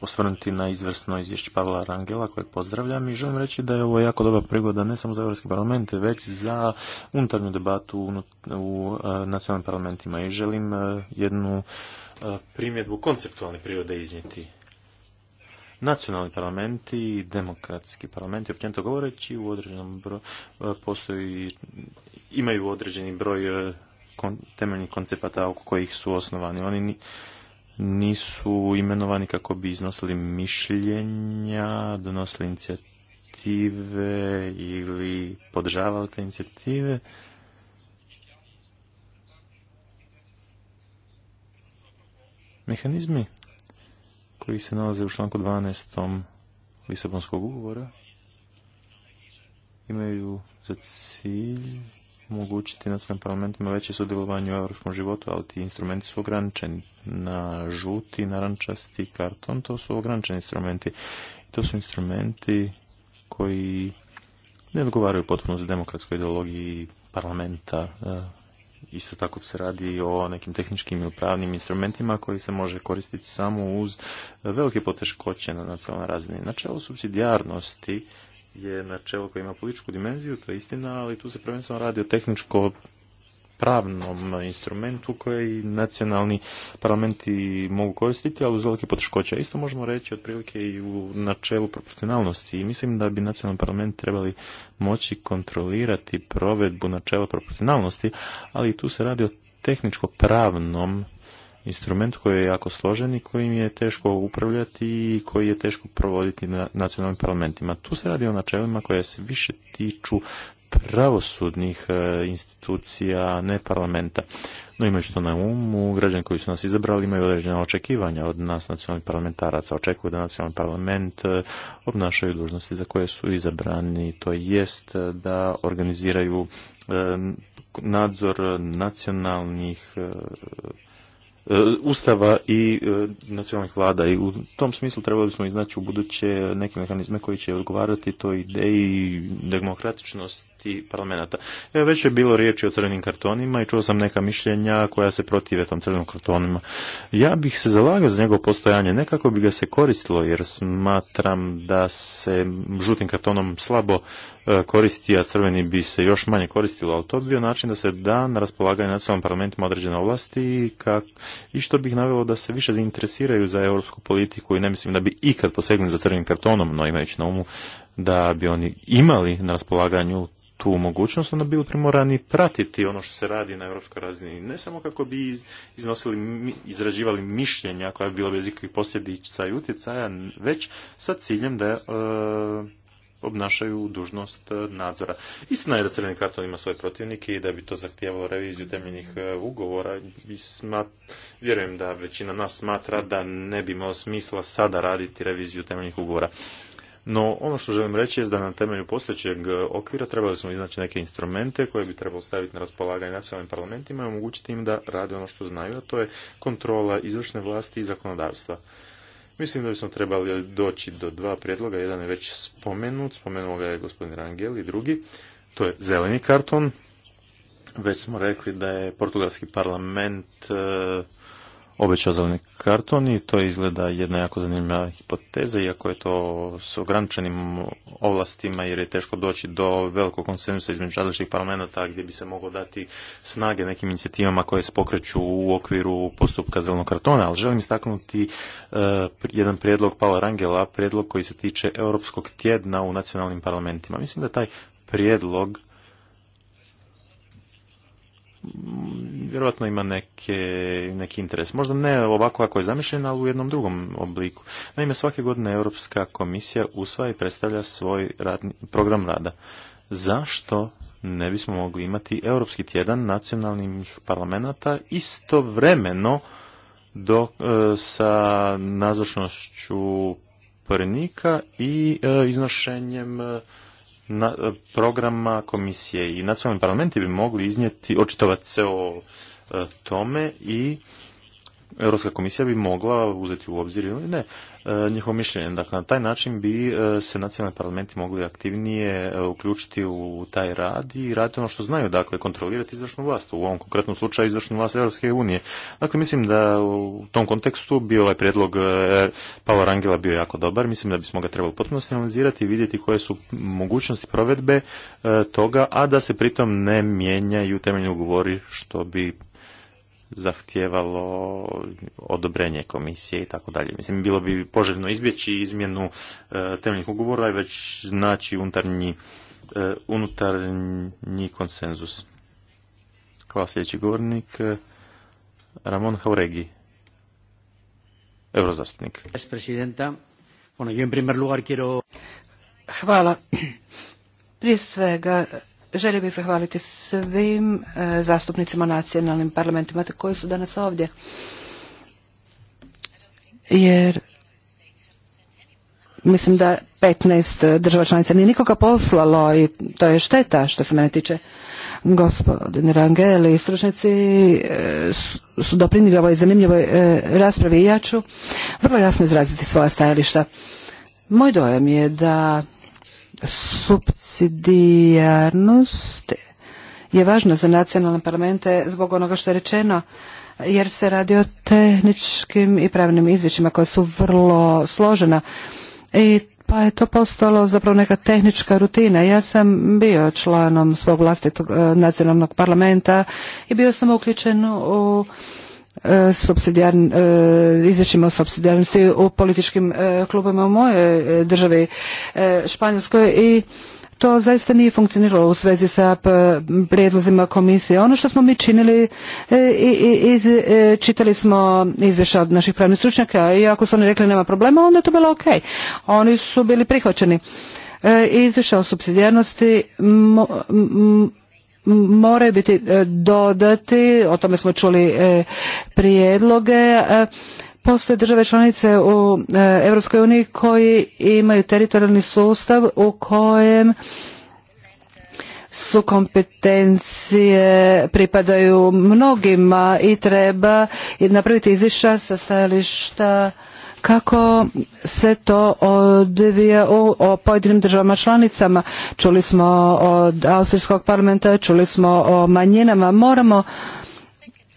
osvrnuti na izvrsno izvješće Pavla Rangela kojeg pozdravljam i želim reći da je ovo jako dobra prigoda ne samo za Europski parlament već za unutarnju debatu u e, nacionalnim parlamentima i želim e, jednu e, primjedbu konceptualne prirode iznijeti. Nacionalni parlamenti i demokratski parlamenti, općenito govoreći, u određenom broju postoji, imaju određeni broj temeljnih koncepata oko kojih su osnovani. Oni nisu imenovani kako bi iznosili mišljenja, donosili inicijative ili podržavali te inicijative. Mehanizmi koji se nalaze u članku 12. Lisabonskog ugovora imaju za cilj omogućiti nacionalnim parlamentima veće sudjelovanje u europskom životu, ali ti instrumenti su ograničeni na žuti, narančasti karton, to su ograničeni instrumenti. To su instrumenti koji ne odgovaraju potpuno za demokratskoj ideologiji parlamenta. E, isto tako se radi o nekim tehničkim i pravnim instrumentima koji se može koristiti samo uz velike poteškoće na nacionalnoj razini. Načelo subsidijarnosti je načelo koje ima političku dimenziju, to je istina, ali tu se prvenstveno radi o tehničko pravnom instrumentu koji nacionalni parlamenti mogu koristiti, ali uz velike poteškoće. Isto možemo reći otprilike i u načelu proporcionalnosti i mislim da bi nacionalni parlament trebali moći kontrolirati provedbu načela proporcionalnosti, ali tu se radi o tehničko-pravnom instrument koji je jako složen i kojim je teško upravljati i koji je teško provoditi na nacionalnim parlamentima. Tu se radi o načelima koje se više tiču pravosudnih e, institucija, ne parlamenta. No imajući to na umu, građani koji su nas izabrali imaju određena očekivanja od nas nacionalnih parlamentaraca. Očekuju da nacionalni parlament e, obnašaju dužnosti za koje su izabrani, to jest e, da organiziraju nadzor nacionalnih E, ustava i e, nacionalnih vlada i u tom smislu trebali bismo iznaći u buduće neke mehanizme koji će odgovarati toj ideji demokratičnost i parlamenta. Evo već je bilo riječi o crvenim kartonima i čuo sam neka mišljenja koja se protive tom crvenim kartonima. Ja bih se zalagao za njegovo postojanje, nekako bi ga se koristilo jer smatram da se žutim kartonom slabo e, koristi, a crveni bi se još manje koristilo, ali to bi bio način da se da na raspolaganje nacionalnim parlamentima određene ovlasti i, kak... i što bih navelo da se više zainteresiraju za europsku politiku i ne mislim da bi ikad posegnuli za crvenim kartonom, no imajući na umu da bi oni imali na raspolaganju tu mogućnost, onda bili primorani pratiti ono što se radi na europskoj razini. Ne samo kako bi iznosili, izrađivali mišljenja koja bi bila bez ikakvih posljedica i utjecaja, već sa ciljem da e, obnašaju dužnost e, nadzora. Istina je da crveni karton ima svoje protivnike i da bi to zahtijevalo reviziju temeljnih e, ugovora. vjerujem da većina nas smatra da ne bi imao smisla sada raditi reviziju temeljnih ugovora. No, ono što želim reći je da na temelju postojećeg e, okvira trebali smo iznaći neke instrumente koje bi trebalo staviti na raspolaganje nacionalnim parlamentima i omogućiti im da rade ono što znaju, a to je kontrola izvršne vlasti i zakonodavstva. Mislim da bismo trebali doći do dva prijedloga, jedan je već spomenut, spomenuo ga je gospodin Rangel i drugi, to je zeleni karton. Već smo rekli da je portugalski parlament e, obećao zeleni karton i to izgleda jedna jako zanimljiva hipoteza, iako je to s ograničenim ovlastima jer je teško doći do velikog konsenzusa između različitih parlamenta gdje bi se moglo dati snage nekim inicijativama koje se pokreću u okviru postupka zelenog kartona, ali želim istaknuti e, jedan prijedlog Paula Rangela, prijedlog koji se tiče europskog tjedna u nacionalnim parlamentima. Mislim da taj prijedlog vjerojatno ima neke, neki interes. Možda ne ovako ako je zamišljena, ali u jednom drugom obliku. Naime, svake godine Europska komisija usvaja i predstavlja svoj radni, program rada. Zašto ne bismo mogli imati Europski tjedan nacionalnih parlamenta istovremeno do, e, sa nazočnošću prnika i e, iznošenjem e, na, programa komisije i nacionalni parlamenti bi mogli iznijeti, očitovati se o e, tome i Europska komisija bi mogla uzeti u obzir ili ne e, njihovo mišljenje. Dakle, na taj način bi e, se nacionalni parlamenti mogli aktivnije e, uključiti u taj rad i raditi ono što znaju, dakle, kontrolirati izvršnu vlast, u ovom konkretnom slučaju izvršnu vlast Europske unije. Dakle, mislim da u tom kontekstu bi ovaj prijedlog Paola Rangela bio jako dobar. Mislim da bismo ga trebali potpuno analizirati i vidjeti koje su mogućnosti provedbe toga, a da se pritom ne mijenjaju temeljni ugovori, što bi zahtijevalo odobrenje komisije i tako dalje. Mislim, bilo bi poželjno izbjeći izmjenu e, temeljnih ugovora i već znači unutarnji, e, unutarnji konsenzus. Hvala sljedeći govornik, e, Ramon Hauregi, eurozastupnik. Hvala. Prije svega Želio bih zahvaliti svim e, zastupnicima nacionalnim parlamentima koji su danas ovdje. Jer mislim da 15 država članica nije nikoga poslalo i to je šteta što se mene tiče. Gospodin Rangel i stručnjaci e, su doprinili ovoj zanimljivoj e, raspravi i ja ću vrlo jasno izraziti svoja stajališta. Moj dojem je da subsidijarnost je važna za nacionalne parlamente zbog onoga što je rečeno jer se radi o tehničkim i pravnim izvješćima koja su vrlo složena i pa je to postalo zapravo neka tehnička rutina. Ja sam bio članom svog vlastitog eh, nacionalnog parlamenta i bio sam uključen u E, e, izvješćima o subsidijarnosti u političkim e, klubima u mojoj državi Španjolskoj i to zaista nije funkcioniralo u svezi sa prijedlozima komisije. Ono što smo mi činili, čitali smo izvješća od naših pravnih stručnjaka i ako su oni rekli nema problema, onda je to bilo ok. Oni su bili prihvaćeni. Izvješća o subsidijarnosti moraju biti e, dodati, o tome smo čuli e, prijedloge, e, postoje države članice u EU koji imaju teritorijalni sustav u kojem su kompetencije pripadaju mnogima i treba napraviti izviša sa stajališta kako se to odvija u o pojedinim državama članicama. Čuli smo od Austrijskog parlamenta, čuli smo o manjinama. Moramo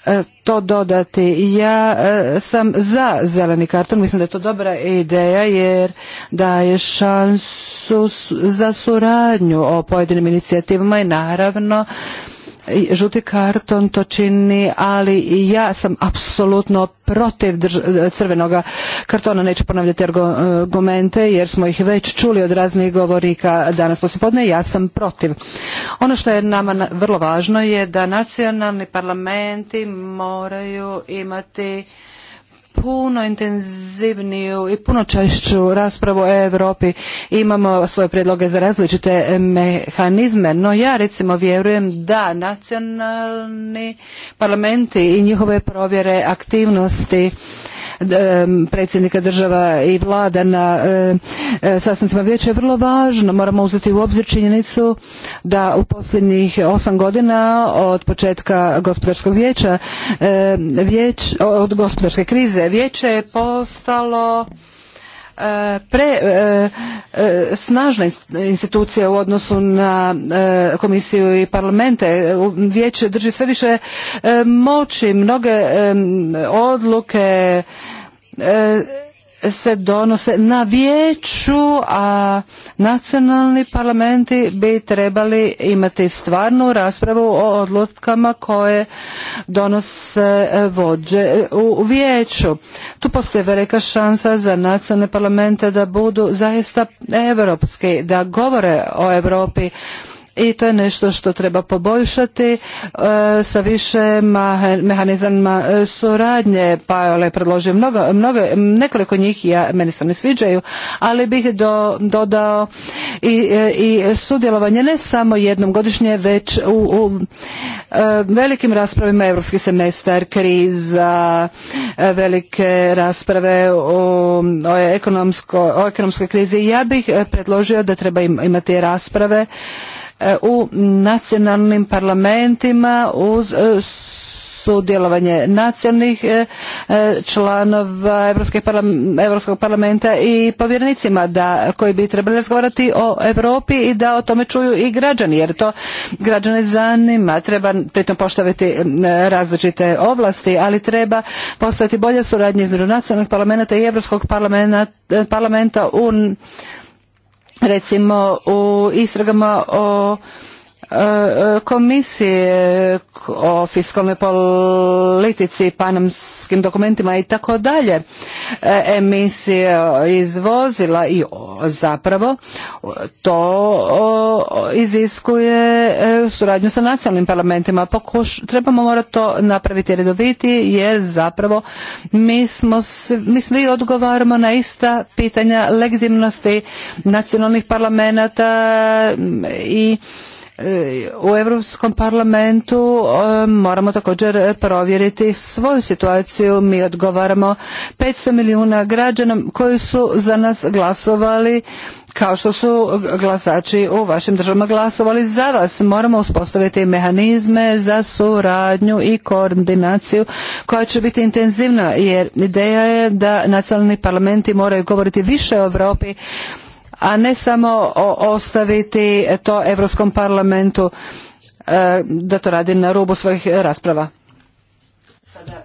e, to dodati. Ja e, sam za zeleni karton, mislim da je to dobra ideja jer daje šansu za suradnju o pojedinim inicijativama i naravno žuti karton to čini, ali ja sam apsolutno protiv crvenoga kartona. Neću ponavljati argumente jer smo ih već čuli od raznih govornika danas poslijepodne. Ja sam protiv. Ono što je nama vrlo važno je da nacionalni parlamenti moraju imati puno intenzivniju i puno češću raspravu u Europi. Imamo svoje predloge za različite mehanizme, no ja recimo vjerujem da nacionalni parlamenti i njihove provjere aktivnosti predsjednika država i vlada na e, sastancima vijeća je vrlo važno. Moramo uzeti u obzir činjenicu da u posljednjih osam godina od početka gospodarskog vijeća, od gospodarske krize, vijeće je postalo E, pre e, e, snažna institucija u odnosu na komisiju i parlamente. Vijeće drži sve više moći, mnoge odluke se donose na vijeću, a nacionalni parlamenti bi trebali imati stvarnu raspravu o odlukama koje donose e, vođe e, u vijeću. Tu postoji velika šansa za nacionalne parlamente da budu zaista europski, da govore o Europi i to je nešto što treba poboljšati e, sa više mehanizama e, suradnje. pa je predložio mnogo, mnogo, nekoliko njih, ja, meni se ne sviđaju, ali bih dodao e, i, sudjelovanje ne samo jednom godišnje, već u, velikim raspravima Europski semestar, kriza, velike rasprave o, o ekonomskoj krizi. Ja bih predložio da treba imati rasprave E, u nacionalnim parlamentima uz e, sudjelovanje nacionalnih e, članova Evropskog parlamenta, i povjernicima da, koji bi trebali razgovarati o Europi i da o tome čuju i građani jer to građane zanima. Treba pritom poštaviti različite ovlasti, ali treba postaviti bolja suradnja između nacionalnih parlamenta i Europskog parlamenta, parlamenta u recimo u istragama o komisije o fiskalnoj politici, panamskim dokumentima i tako dalje, e, emisije izvozila i zapravo to iziskuje e, suradnju sa nacionalnim parlamentima. trebamo morati to napraviti redoviti jer zapravo mi, smo, mi svi odgovaramo na ista pitanja legitimnosti nacionalnih parlamenta i u Europskom parlamentu e, moramo također provjeriti svoju situaciju. Mi odgovaramo 500 milijuna građana koji su za nas glasovali kao što su glasači u vašim državama glasovali za vas. Moramo uspostaviti mehanizme za suradnju i koordinaciju koja će biti intenzivna jer ideja je da nacionalni parlamenti moraju govoriti više o Europi a ne samo ostaviti to Evropskom parlamentu e, da to radi na rubu svojih rasprava. Sada,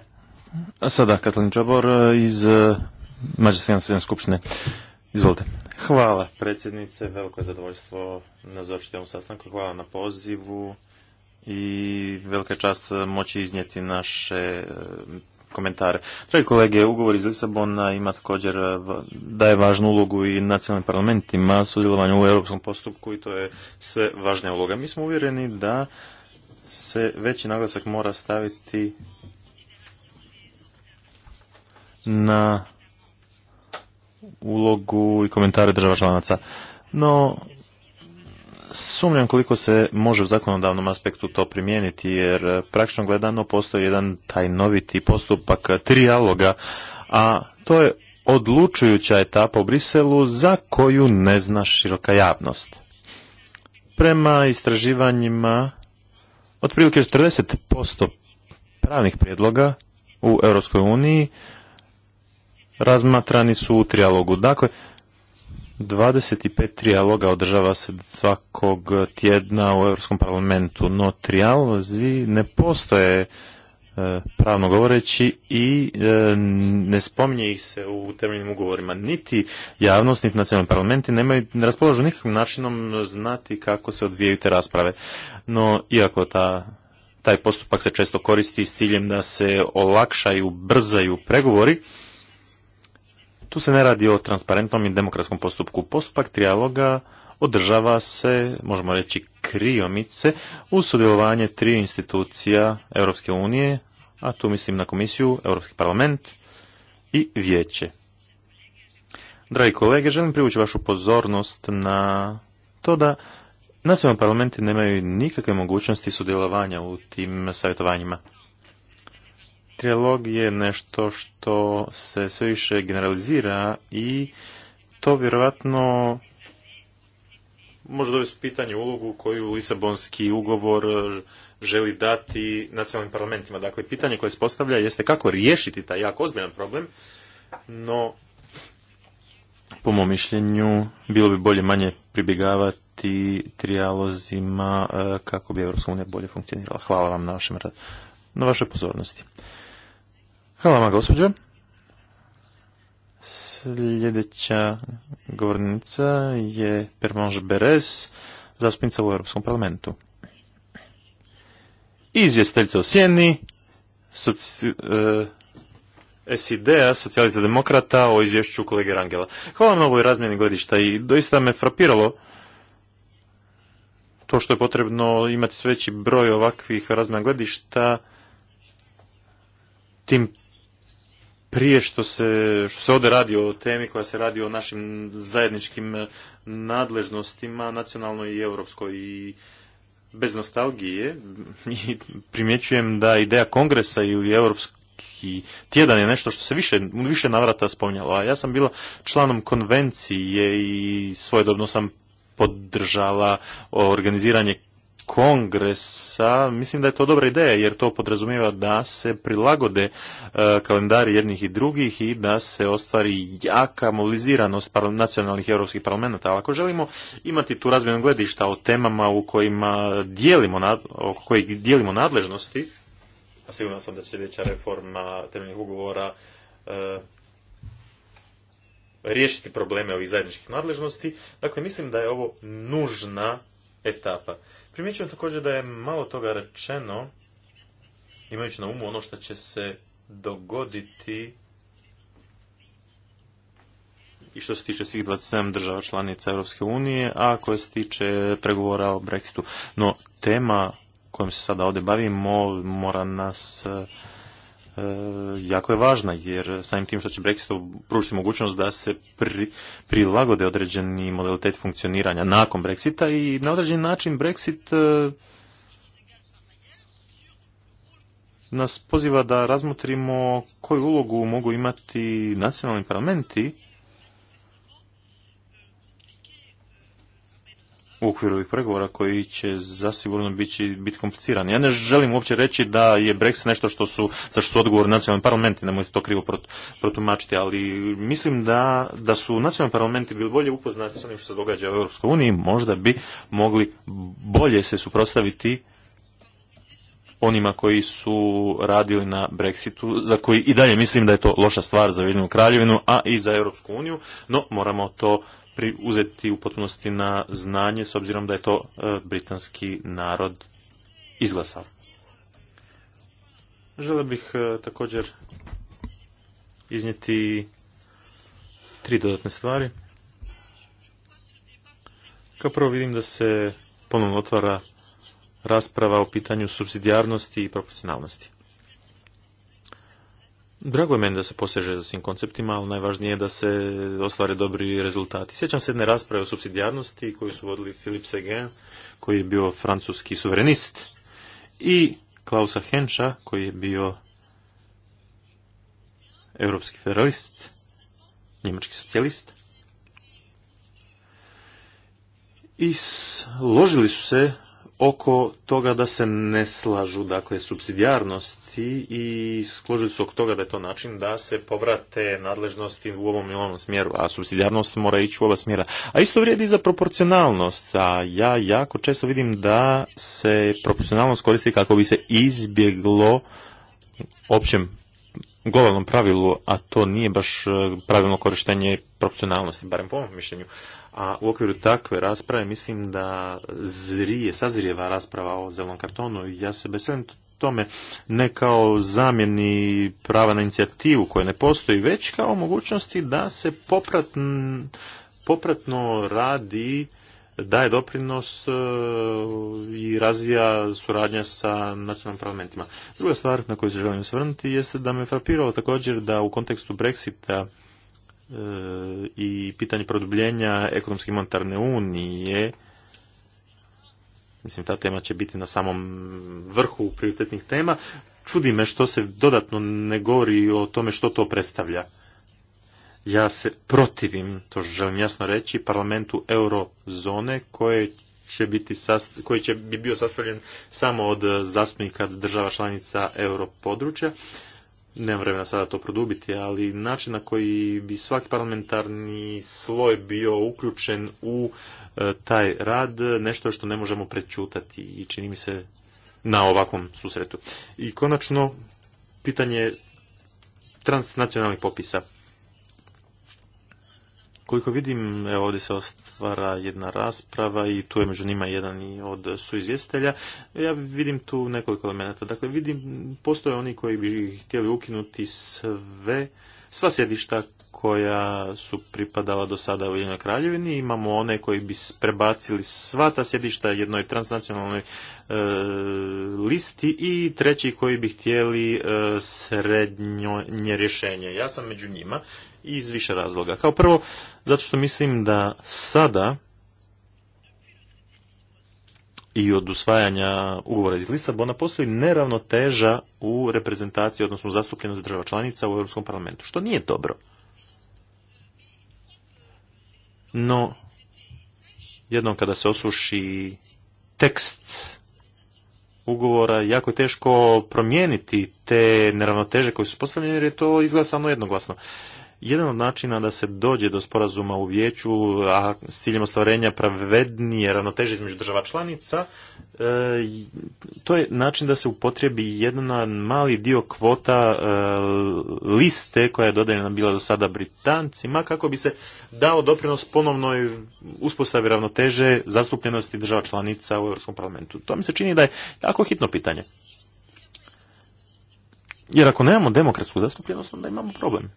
sada Katalin Čabor e, iz e, Mađarske skupštine. Izvolite. Hvala predsjednice, veliko je zadovoljstvo nazočiti ovom sastanku, hvala na pozivu i velika čast moći iznijeti naše komentare. Dragi kolege, ugovor iz Lisabona ima također eh, daje važnu ulogu i nacionalnim parlamentima, sudjelovanju u europskom postupku i to je sve važna uloga. Mi smo uvjereni da se veći naglasak mora staviti na ulogu i komentare država članaca. No, sumnjam koliko se može u zakonodavnom aspektu to primijeniti, jer eh, praktično gledano postoji jedan taj noviti postupak trijaloga, a to je odlučujuća etapa u Briselu za koju ne zna široka javnost. Prema istraživanjima, otprilike 40% pravnih prijedloga u EU razmatrani su u trijalogu. Dakle, 25 trijaloga održava se svakog tjedna u Europskom parlamentu, no trijalozi ne postoje e, pravno govoreći i e, ne spominje ih se u temeljnim ugovorima. Niti javnost, niti nacionalni parlamenti nemaju, ne raspoložu nikakvim načinom znati kako se odvijaju te rasprave. No, iako taj postupak se često koristi s ciljem da se olakšaju, brzaju pregovori, tu se ne radi o transparentnom i demokratskom postupku. Postupak trijaloga održava se, možemo reći, kriomice u sudjelovanje tri institucija Europske unije, a tu mislim na komisiju, Europski parlament i vijeće. Dragi kolege, želim privući vašu pozornost na to da nacionalni parlamenti nemaju nikakve mogućnosti sudjelovanja u tim savjetovanjima. Trijalog je nešto što se sve više generalizira i to vjerojatno može dovesti u pitanje ulogu koju Lisabonski ugovor želi dati nacionalnim parlamentima. Dakle, pitanje koje se postavlja jeste kako riješiti taj jako ozbiljan problem, no po mom mišljenju bilo bi bolje manje pribjegavati trijalozima eh, kako bi EU bolje funkcionirala. Hvala vam na, vašem, na vašoj pozornosti. Hvala vam, gospođo. Sljedeća govornica je Permanž Beres, zastupnica u Europskom parlamentu. Izvjestiteljica u Sjeni, SID-a, e, socijalista demokrata, o izvješću kolege Rangela. Hvala vam na ovoj razmjeni gledišta i doista me frapiralo to što je potrebno imati sve veći broj ovakvih razmjena gledišta, tim prije što se, što se ovdje radi o temi koja se radi o našim zajedničkim eh, nadležnostima, nacionalnoj i europskoj i bez nostalgije <laughs> primjećujem da ideja kongresa ili europski tjedan je nešto što se više, više navrata spominjalo. A ja sam bila članom konvencije i svojedobno sam podržala organiziranje kongresa, mislim da je to dobra ideja jer to podrazumijeva da se prilagode e, kalendari jednih i drugih i da se ostvari jaka mobiliziranost nacionalnih europskih parlamenta. ako želimo imati tu razmjenu gledišta o temama u kojima dijelimo, o dijelimo nadležnosti, a siguran sam da će sljedeća reforma temeljnih ugovora e, riješiti probleme ovih zajedničkih nadležnosti. Dakle, mislim da je ovo nužna etapa. Primjećujem također da je malo toga rečeno, imajući na umu ono što će se dogoditi i što se tiče svih 27 država članica Europske unije, a koje se tiče pregovora o Brexitu. No, tema kojom se sada ovdje bavimo mora nas E, jako je važna jer samim tim što će brexit pružiti mogućnost da se pri, prilagode određeni modalitet funkcioniranja nakon Brexita i na određeni način Brexit e, nas poziva da razmotrimo koju ulogu mogu imati nacionalni parlamenti u okviru ovih pregovora koji će zasigurno biti, biti komplicirani. Ja ne želim uopće reći da je Brexit nešto što su, za što su odgovorni nacionalni parlamenti, nemojte to krivo protumačiti, ali mislim da, da su nacionalni parlamenti bili bolje upoznati s onim što se događa u EU, možda bi mogli bolje se suprotstaviti onima koji su radili na Brexitu, za koji i dalje mislim da je to loša stvar za Ujedinjenu kraljevinu, a i za Europsku uniju, no moramo to uzeti u potpunosti na znanje s obzirom da je to e, britanski narod izglasao. Žele bih e, također iznijeti tri dodatne stvari. Kao prvo vidim da se ponovno otvara rasprava o pitanju subsidijarnosti i proporcionalnosti. Drago je meni da se poseže za svim konceptima, ali najvažnije je da se ostvare dobri rezultati. Sjećam se jedne rasprave o subsidijarnosti koju su vodili Filip Seguin, koji je bio francuski suverenist, i Klausa Henša, koji je bio europski federalist, njemački socijalist. I složili su se oko toga da se ne slažu dakle subsidijarnosti i složili su oko toga da je to način da se povrate nadležnosti u ovom ili ovom smjeru, a subsidijarnost mora ići u oba smjera. A isto vrijedi i za proporcionalnost, a ja jako često vidim da se proporcionalnost koristi kako bi se izbjeglo općem globalnom pravilu, a to nije baš eh, pravilno korištenje proporcionalnosti, barem po ovom mišljenju a u okviru takve rasprave mislim da zrije, sazrijeva rasprava o zelenom kartonu. Ja se veselim tome ne kao zamjeni prava na inicijativu koja ne postoji, već kao mogućnosti da se popratno radi daje doprinos e, i razvija suradnja sa nacionalnim parlamentima. Druga stvar na koju se želim svrnuti jeste da me frapiralo također da u kontekstu Brexita i pitanje produbljenja ekonomske monetarne unije, mislim ta tema će biti na samom vrhu prioritetnih tema, čudi me što se dodatno ne govori o tome što to predstavlja. Ja se protivim, to želim jasno reći, parlamentu eurozone koje će biti koji će bi bio sastavljen samo od zastupnika država članica europodručja. područja Nemam vremena sada to produbiti, ali način na koji bi svaki parlamentarni sloj bio uključen u e, taj rad, nešto što ne možemo prečutati i čini mi se na ovakvom susretu. I konačno, pitanje transnacionalnih popisa. Koliko vidim, evo ovdje se ostvara jedna rasprava i tu je među njima jedan i od suizvjestitelja. Ja vidim tu nekoliko elemenata. Dakle, vidim, postoje oni koji bi htjeli ukinuti sve, sva sjedišta koja su pripadala do sada u Ujedinjenoj kraljevini. Imamo one koji bi prebacili sva ta sjedišta jednoj transnacionalnoj e, listi i treći koji bi htjeli e, srednje rješenje. Ja sam među njima iz više razloga. Kao prvo, zato što mislim da sada i od usvajanja ugovora iz Lisabona postoji neravnoteža u reprezentaciji, odnosno zastupljenost država članica u Europskom parlamentu, što nije dobro. No, jednom kada se osuši tekst ugovora, jako je teško promijeniti te neravnoteže koje su postavljene, jer je to izglasano jednoglasno jedan od načina da se dođe do sporazuma u vijeću, a s ciljem ostvarenja pravednije ravnoteže između država članica, e, to je način da se upotrijebi jedan mali dio kvota e, liste koja je dodajena bila do sada Britancima, kako bi se dao doprinos ponovnoj uspostavi ravnoteže zastupljenosti država članica u Europskom parlamentu. To mi se čini da je jako hitno pitanje. Jer ako nemamo demokratsku zastupljenost, onda imamo problem.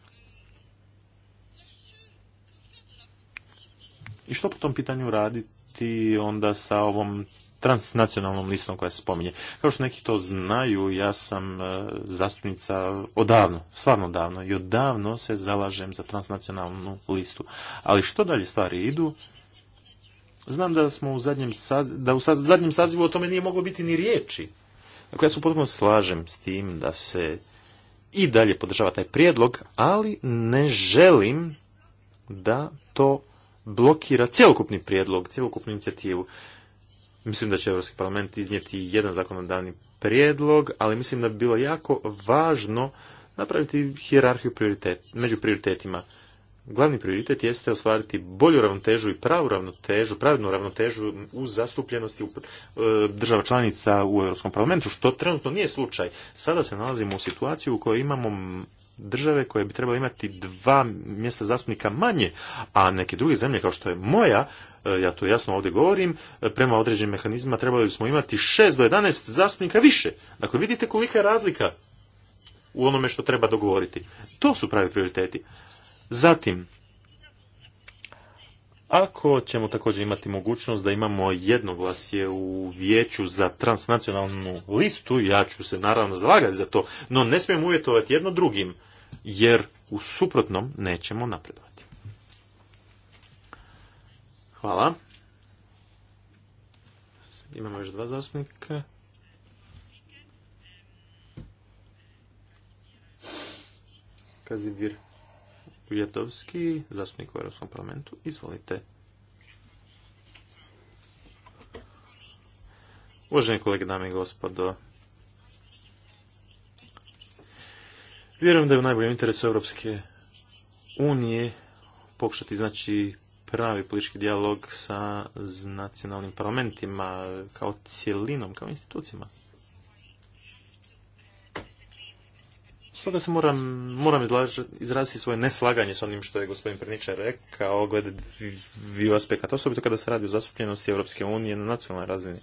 I što po tom pitanju raditi onda sa ovom transnacionalnom listom koja se spominje? Kao što neki to znaju, ja sam e, zastupnica odavno, stvarno odavno, i odavno se zalažem za transnacionalnu listu. Ali što dalje stvari idu, Znam da smo u zadnjem, da u zadnjem sazivu o tome nije moglo biti ni riječi. Dakle, ja se potpuno slažem s tim da se i dalje podržava taj prijedlog, ali ne želim da to blokira cjelokupni prijedlog, cjelokupnu inicijativu. Mislim da će Europski parlament iznijeti jedan zakonodavni prijedlog, ali mislim da bi bilo jako važno napraviti hjerarhiju prioritet, među prioritetima. Glavni prioritet jeste ostvariti bolju ravnotežu i pravu ravnotežu, pravednu ravnotežu u zastupljenosti e, država članica u Europskom parlamentu, što trenutno nije slučaj. Sada se nalazimo u situaciju u kojoj imamo države koje bi trebale imati dva mjesta zastupnika manje, a neke druge zemlje kao što je moja, e, ja to jasno ovdje govorim, e, prema određenim mehanizmima trebali smo imati šest do 11 zastupnika više. Dakle, vidite kolika je razlika u onome što treba dogovoriti. To su pravi prioriteti. Zatim, ako ćemo također imati mogućnost da imamo jednoglasje u vijeću za transnacionalnu listu, ja ću se naravno zalagati za to, no ne smijem uvjetovati jedno drugim jer u suprotnom nećemo napredovati. Hvala. Imamo još dva zastupnika. Kazimir Vjetovski, zastupnik u Europskom parlamentu. Izvolite. Uvaženi kolege, dame i gospodo, Vjerujem da je u najboljem interesu Europske unije pokušati znači pravi politički dijalog sa nacionalnim parlamentima kao cjelinom, kao institucijama. Stoga se moram, moram izraziti svoje neslaganje s onim što je gospodin Prničar rekao glede dviju aspekata, osobito kada se radi o zastupljenosti Europske unije na nacionalnoj razini.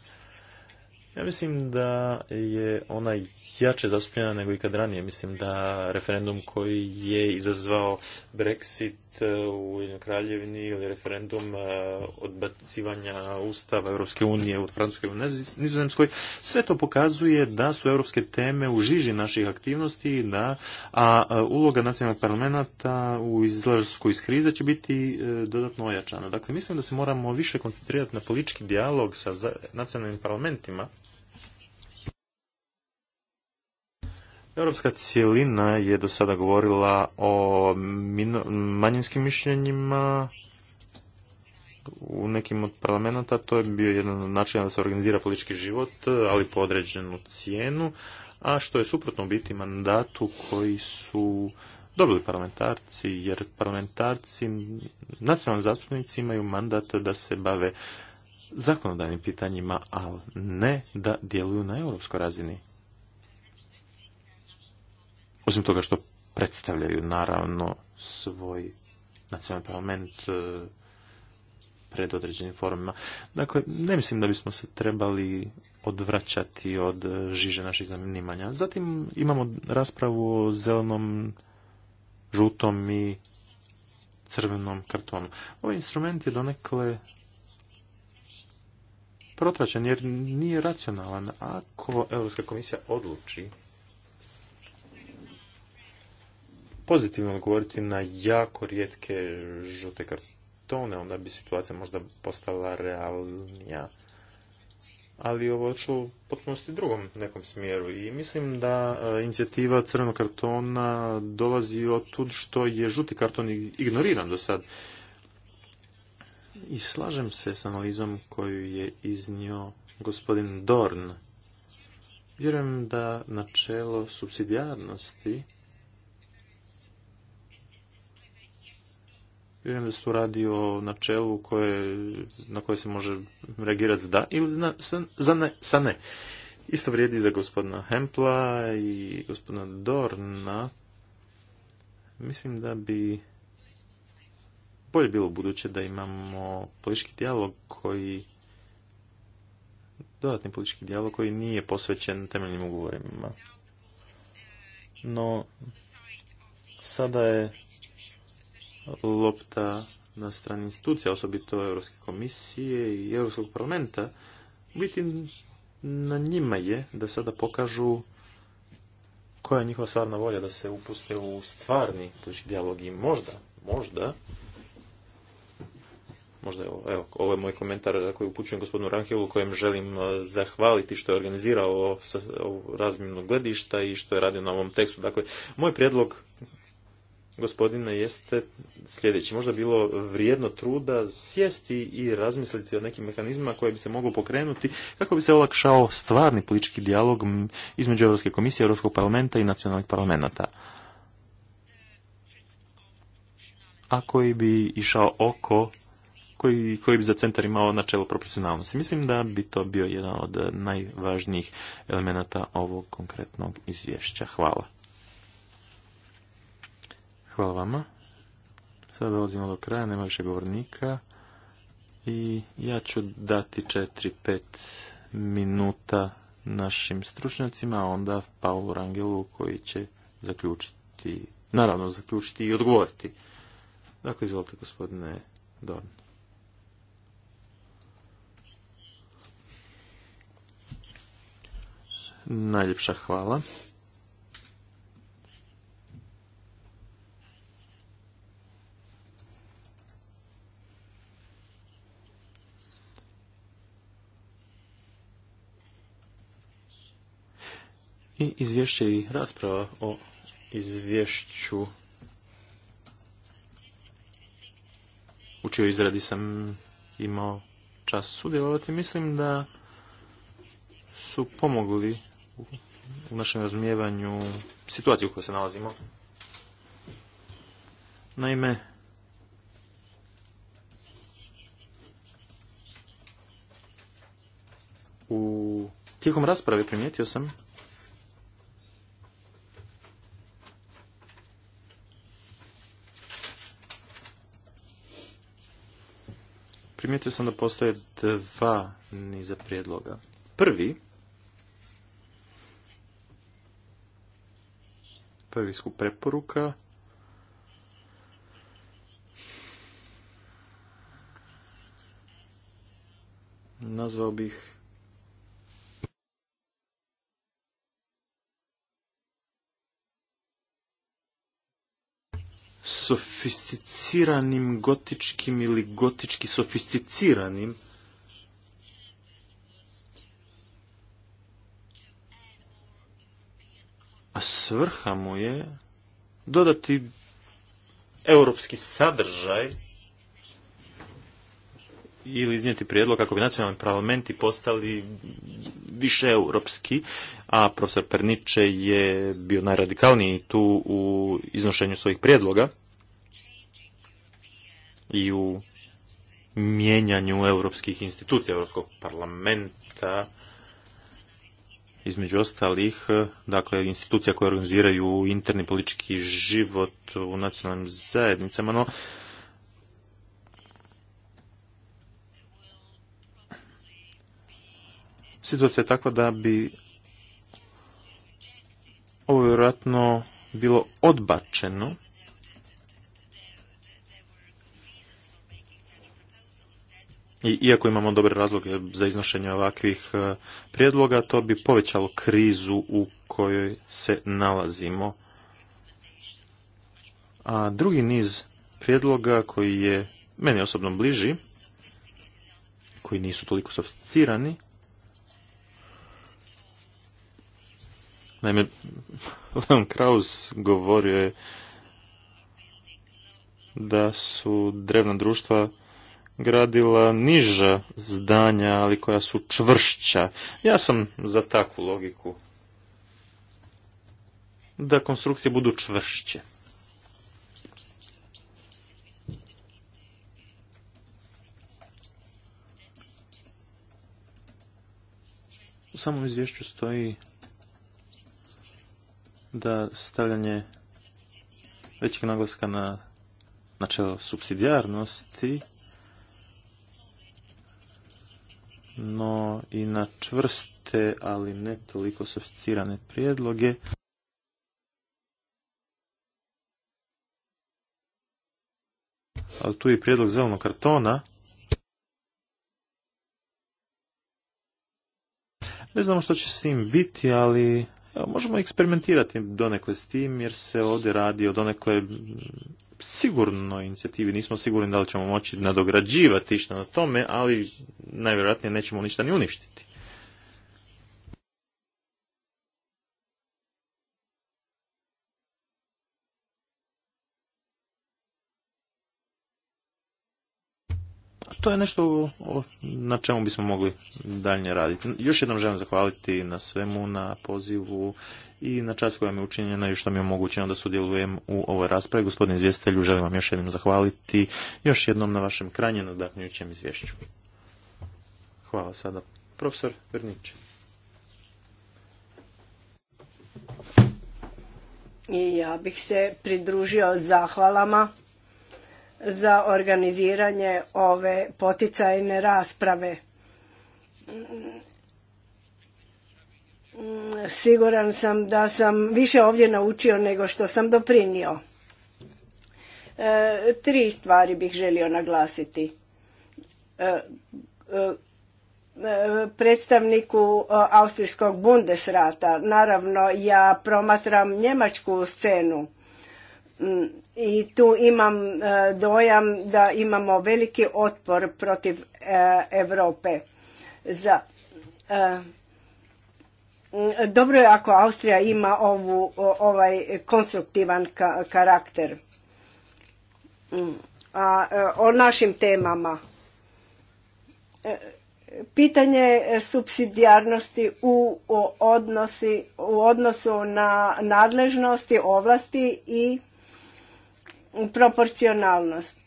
Ja mislim da je onaj jače zastupljena nego ikad ranije. Mislim da referendum koji je izazvao Brexit e, u Ujedinjenoj kraljevini ili referendum e, odbacivanja Ustava Europske unije u Francuskoj i Nizozemskoj, sve to pokazuje da su europske teme u žiži naših aktivnosti, da, a uloga nacionalnog parlamenta u izlazku iz krize će biti e, dodatno ojačana. Dakle, mislim da se moramo više koncentrirati na politički dijalog sa nacionalnim parlamentima, Europska cijelina je do sada govorila o manjinskim mišljenjima u nekim od parlamenta. To je bio jedan način da se organizira politički život, ali po određenu cijenu, a što je suprotno u biti mandatu koji su dobili parlamentarci, jer parlamentarci, nacionalni zastupnici imaju mandat da se bave zakonodavnim pitanjima, ali ne da djeluju na europskoj razini osim toga što predstavljaju naravno svoj nacionalni parlament e, pred određenim formama. Dakle, ne mislim da bismo se trebali odvraćati od e, žiže naših zanimanja. Zatim imamo raspravu o zelenom, žutom i crvenom kartonu. Ovaj instrument je donekle protračen jer nije racionalan. Ako Europska komisija odluči pozitivno odgovoriti na jako rijetke žute kartone, onda bi situacija možda postala realnija. Ali ovo ću potpunosti drugom nekom smjeru i mislim da e, inicijativa crvenog kartona dolazi od tud što je žuti karton ignoriran do sad. I slažem se s analizom koju je iznio gospodin Dorn. Vjerujem da načelo subsidijarnosti vjerujem da se tu radi o načelu na koje se može reagirati za da ili sa, za ne, sa ne. Isto vrijedi za gospodina Hempla i gospodina Dorna. Mislim da bi bolje bilo buduće da imamo politički dijalog koji dodatni politički dijalog koji nije posvećen temeljnim ugovorima. No, sada je lopta na strani institucija, osobito Europske komisije i Europskog parlamenta, biti na njima je da sada pokažu koja je njihova stvarna volja da se upuste u stvarni politički dijalog i možda, možda, možda evo, evo, ovo je moj komentar koji upućujem gospodinu Rankelu kojem želim e, zahvaliti što je organizirao razmjenu gledišta i što je radio na ovom tekstu. Dakle, moj prijedlog gospodine jeste sljedeći. Možda bilo vrijedno truda sjesti i razmisliti o nekim mehanizmima koje bi se moglo pokrenuti kako bi se olakšao stvarni politički dijalog između Europske komisije, Europskog parlamenta i nacionalnih parlamenta. A koji bi išao oko koji, koji bi za centar imao načelo proporcionalnosti. Mislim da bi to bio jedan od najvažnijih elemenata ovog konkretnog izvješća. Hvala. Hvala vama. Sada dolazimo do kraja, nema više govornika. I ja ću dati 4-5 minuta našim stručnjacima, a onda Paulu Rangelu koji će zaključiti, naravno zaključiti i odgovoriti. Dakle, izvolite gospodine Dorn. Najljepša hvala. I izvješće i rasprava o izvješću u čijoj izradi sam imao čas sudjelovati. Mislim da su pomogli u našem razumijevanju situaciju u kojoj se nalazimo. Naime, u tijekom rasprave primijetio sam primijetio sam da postoje dva niza prijedloga. Prvi, prvi skup preporuka, nazvao bih sofisticiranim gotičkim ili gotički sofisticiranim a svrha mu je dodati europski sadržaj ili iznijeti prijedlog kako bi nacionalni parlamenti postali više europski, a profesor Perniče je bio najradikalniji tu u iznošenju svojih prijedloga i u mijenjanju europskih institucija, europskog parlamenta, između ostalih, dakle, institucija koje organiziraju interni politički život u nacionalnim zajednicama, no situacija je takva da bi ovo vjerojatno bilo odbačeno i iako imamo dobre razloge za iznošenje ovakvih e, prijedloga, to bi povećalo krizu u kojoj se nalazimo. A drugi niz prijedloga koji je meni osobno bliži, koji nisu toliko sofisticirani, naime, <laughs> Leon Kraus govorio je da su drevna društva gradila niža zdanja, ali koja su čvršća. Ja sam za takvu logiku. Da konstrukcije budu čvršće. U samom izvješću stoji da stavljanje većeg naglaska na načelo subsidijarnosti no i na čvrste, ali ne toliko sofisticirane prijedloge. Ali tu je prijedlog zelenog kartona. Ne znamo što će s tim biti, ali Možemo eksperimentirati donekle s tim jer se ovdje radi o donekle sigurnoj inicijativi. Nismo sigurni da li ćemo moći nadograđivati išta na tome, ali najvjerojatnije nećemo ništa ni uništiti. to je nešto na čemu bismo mogli dalje raditi. Još jednom želim zahvaliti na svemu, na pozivu i na čast koja mi je učinjena i što mi je omogućeno da sudjelujem u ovoj raspravi. Gospodin izvjestitelju, želim vam još jednom zahvaliti, još jednom na vašem krajnje nadahnjućem izvješću. Hvala sada. Profesor Vrnić. I ja bih se pridružio zahvalama za organiziranje ove poticajne rasprave. Siguran sam da sam više ovdje naučio nego što sam doprinio. E, tri stvari bih želio naglasiti. E, e, predstavniku Austrijskog Bundesrata. Naravno, ja promatram njemačku scenu. Mm, i tu imam e, dojam da imamo veliki otpor protiv e, Europe. Za e, dobro je ako Austrija ima ovaj konstruktivan karakter. Mm, a o našim temama. Pitanje subsidijarnosti u, u odnosu na nadležnosti, ovlasti i proporcionalnost.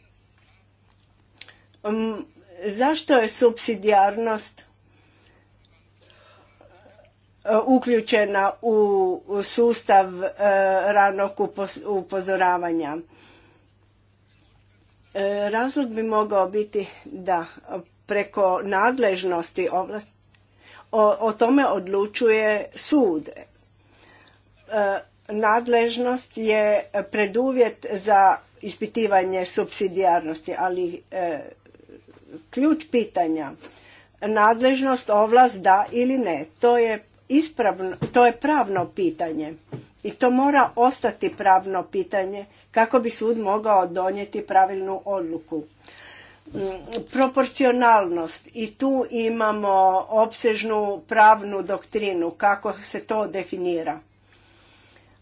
Um, zašto je subsidijarnost uh, uključena u sustav uh, ranog upozoravanja? Uh, razlog bi mogao biti da preko nadležnosti ovlasti o, tome odlučuje sud nadležnost je preduvjet za ispitivanje subsidijarnosti, ali e, ključ pitanja nadležnost, ovlast da ili ne, to je ispravno, to je pravno pitanje i to mora ostati pravno pitanje kako bi sud mogao donijeti pravilnu odluku. Mm, proporcionalnost i tu imamo opsežnu pravnu doktrinu kako se to definira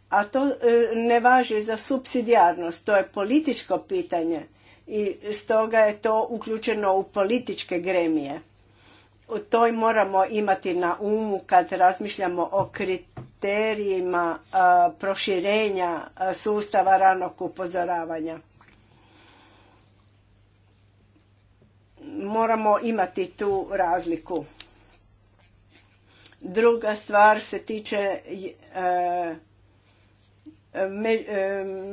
a to e, ne važi za subsidijarnost, to je političko pitanje i stoga je to uključeno u političke gremije. To i moramo imati na umu kad razmišljamo o kriterijima proširenja sustava ranog upozoravanja. Moramo imati tu razliku. Druga stvar se tiče e, E,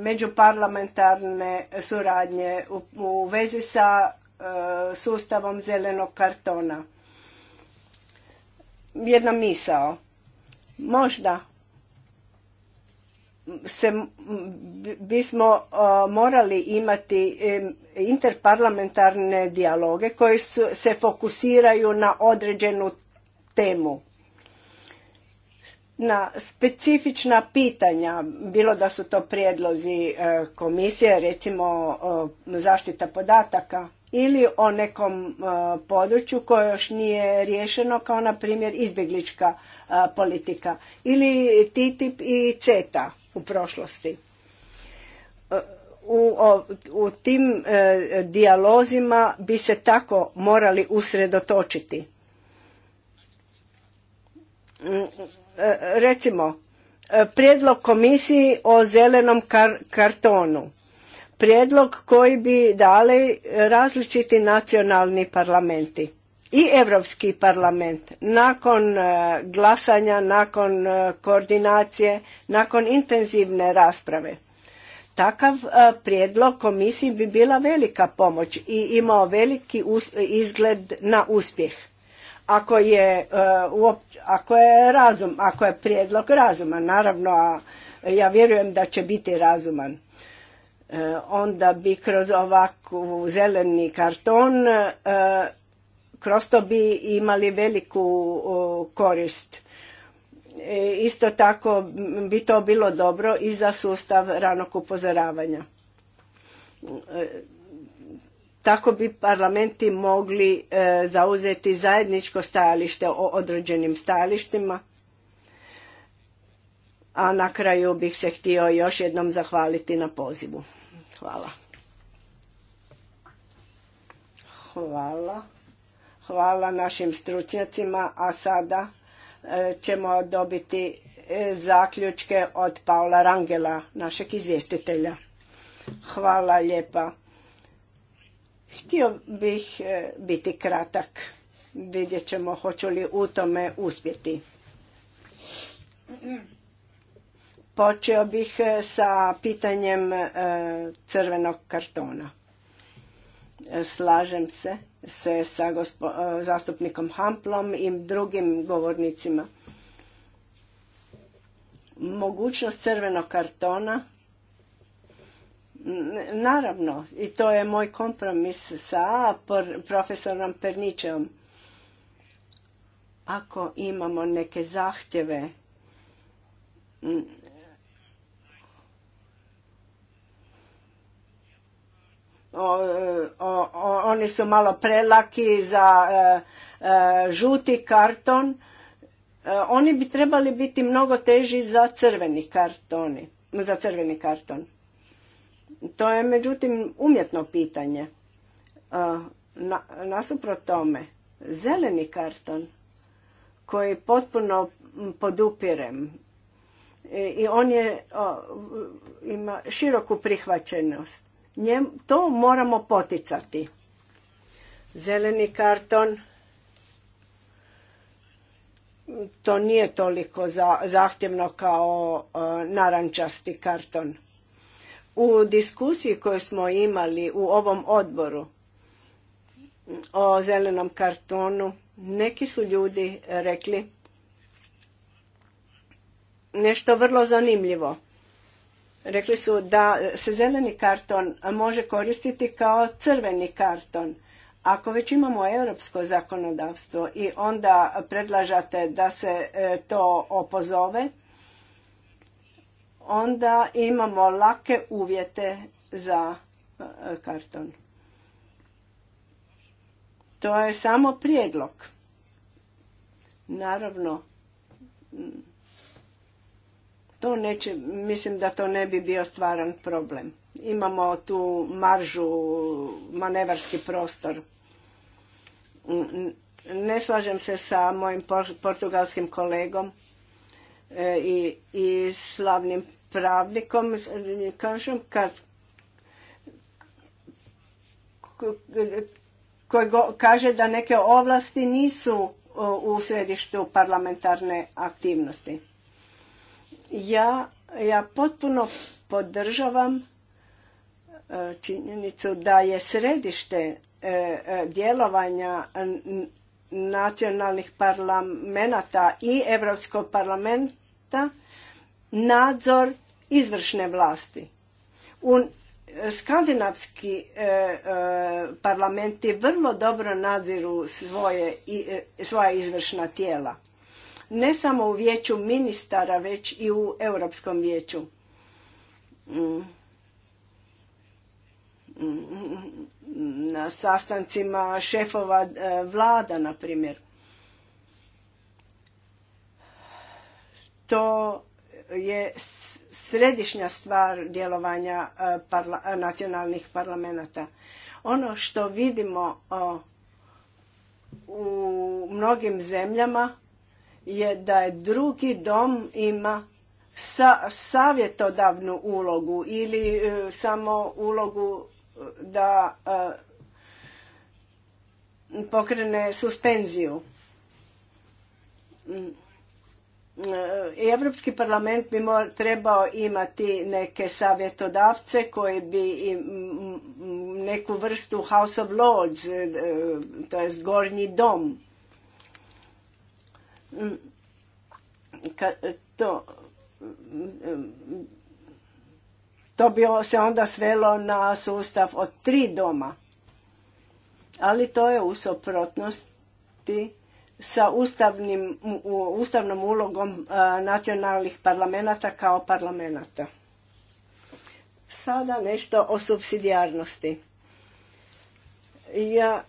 međuparlamentarne suradnje u vezi sa e, sustavom zelenog kartona. Jedna misao. Možda se bismo e, morali imati interparlamentarne dijaloge koji se fokusiraju na određenu temu na specifična pitanja, bilo da su to prijedlozi e, komisije, recimo zaštita podataka ili o nekom e, području koje još nije riješeno kao na primjer izbjeglička e, politika ili TTIP i CETA u prošlosti. U, u tim dijalozima bi se tako morali usredotočiti E, recimo e, prijedlog komisiji o zelenom kartonu prijedlog koji bi dali različiti nacionalni parlamenti i europski parlament nakon e, glasanja nakon koordinacije nakon intenzivne rasprave takav prijedlog komisiji bi bila velika pomoć i imao veliki izgled na uspjeh ako je, e, ako je razum, ako je prijedlog razuman, naravno, a ja vjerujem da će biti razuman. E, onda bi kroz ovakvu zeleni karton, e, kroz to bi imali veliku korist. Isto tako bi to bilo dobro i za sustav ranog upozoravanja tako bi parlamenti mogli e, zauzeti zajedničko stajalište o određenim stajalištima. A na kraju bih se htio još jednom zahvaliti na pozivu. Hvala. Hvala. Hvala našim stručnjacima, a sada e, ćemo dobiti e, zaključke od Paula Rangela, našeg izvjestitelja. Hvala lijepa. Htio bih e, biti kratak. Vidjet ćemo hoću li u tome uspjeti. Počeo bih e, sa pitanjem e, crvenog kartona. Slažem se, sa zastupnikom Hamplom i drugim govornicima. Mogućnost crvenog kartona Naravno, i to je moj kompromis sa profesorom Perničevom. Ako imamo neke zahtjeve oni su malo prelaki za e, e, žuti karton. E, oni bi trebali biti mnogo teži za crveni kartoni, za crveni karton. To je međutim umjetno pitanje. E, na, nasuprot tome, zeleni karton koji potpuno podupirem e, i on je, ima široku prihvaćenost. to moramo poticati. Zeleni karton, to nije toliko zahtjevno kao e, narančasti karton. U diskusiji koju smo imali u ovom odboru o zelenom kartonu, neki su ljudi rekli nešto vrlo zanimljivo. Rekli su da se zeleni karton može koristiti kao crveni karton. Ako već imamo europsko zakonodavstvo i onda predlažate da se e, to opozove, onda imamo lake uvjete za e, karton. To je samo prijedlog. Naravno, to neće, mislim da to ne bi bio stvaran problem. Imamo tu maržu, manevarski prostor. Ne slažem se sa mojim portugalskim kolegom e, i, i slavnim pravnikom kažem kad koji kaže da neke ovlasti nisu u središtu parlamentarne aktivnosti. Ja, ja potpuno podržavam e, činjenicu da je središte e, e, djelovanja nacionalnih parlamenta i Europskog parlamenta nadzor izvršne vlasti. U e, skandinavski e, e, parlamenti vrlo dobro nadziru svoje, i, svoja izvršna tijela. Ne samo u vijeću ministara, već i u Europskom vijeću. Mm. Mm. Na sastancima šefova vlada, na primjer. To je središnja stvar djelovanja e, nacionalnih parlamenta. Ono što vidimo u mnogim zemljama je da je drugi dom ima savjetodavnu ulogu ili e, samo ulogu e, da pokrene suspenziju. Europski parlament bi trebao imati neke savjetodavce koji bi neku vrstu House of Lords, e, to jest gornji dom. Mm, e, to, mm, to bi se onda svelo na sustav od tri doma. Ali to je u suprotnosti sa ustavnom ulogom nacionalnih parlamenata kao parlamenata. Sada nešto o subsidijarnosti. Ja,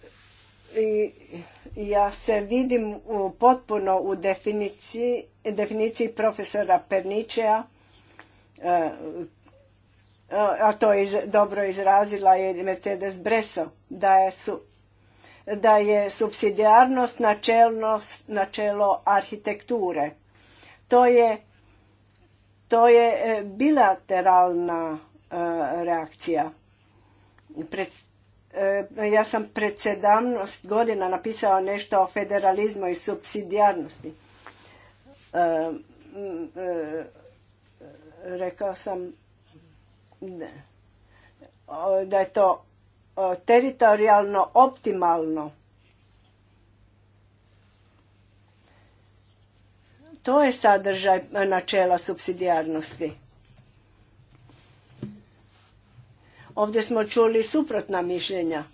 ja se vidim u, potpuno u definiciji, definiciji profesora Perničeja, a to je dobro izrazila je Mercedes Breso, da je su, da je subsidijarnost načelnost, načelo arhitekture. To je, to je e, bilateralna e, reakcija. E, ja sam pred sedamnost godina napisao nešto o federalizmu i subsidijarnosti. rekao sam da je to E, teritorijalno optimalno. To je sadržaj e, načela subsidijarnosti. Ovdje smo čuli suprotna mišljenja.